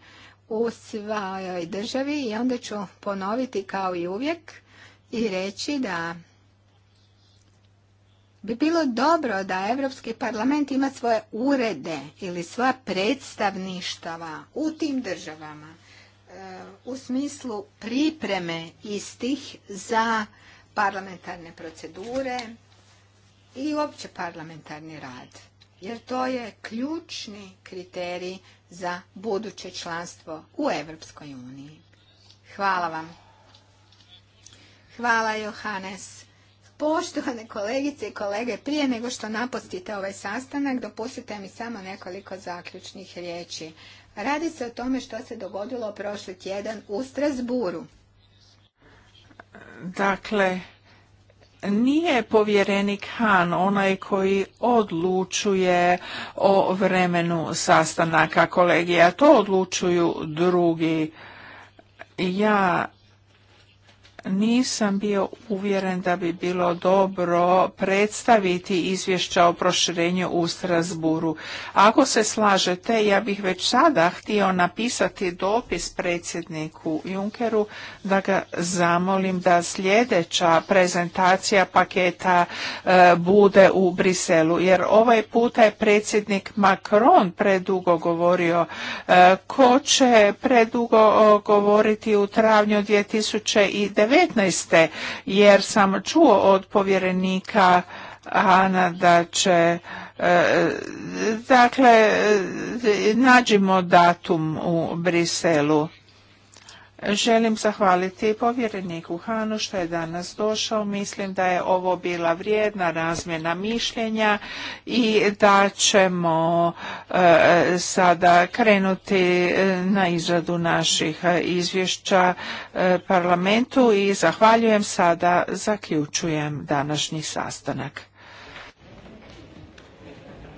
u svojoj državi i onda ću ponoviti kao i uvijek i reći da bi bilo dobro da Europski parlament ima svoje urede ili svoja predstavništava u tim državama e, u smislu pripreme istih za parlamentarne procedure i uopće parlamentarni rad. Jer to je ključni kriterij za buduće članstvo u Europskoj uniji. Hvala vam. Hvala Johannes. Poštovane kolegice i kolege, prije nego što napustite ovaj sastanak, dopustite mi samo nekoliko zaključnih riječi. Radi se o tome što se dogodilo prošli tjedan u Strasburu. Dakle, nije povjerenik Han onaj koji odlučuje o vremenu sastanaka kolegija. To odlučuju drugi. Ja nisam bio uvjeren da bi bilo dobro predstaviti izvješća o proširenju u Strasburu. Ako se slažete, ja bih već sada htio napisati dopis predsjedniku Junkeru da ga zamolim da sljedeća prezentacija paketa e, bude u Briselu, jer ovaj puta je predsjednik Macron predugo govorio. E, ko će predugo govoriti u travnju 2019 2019. jer sam čuo od povjerenika Ana da će e, dakle e, nađimo datum u Briselu. Želim zahvaliti povjereniku Hanu što je danas došao. Mislim da je ovo bila vrijedna razmjena mišljenja i da ćemo e, sada krenuti e, na izradu naših e, izvješća parlamentu i zahvaljujem sada zaključujem današnji sastanak.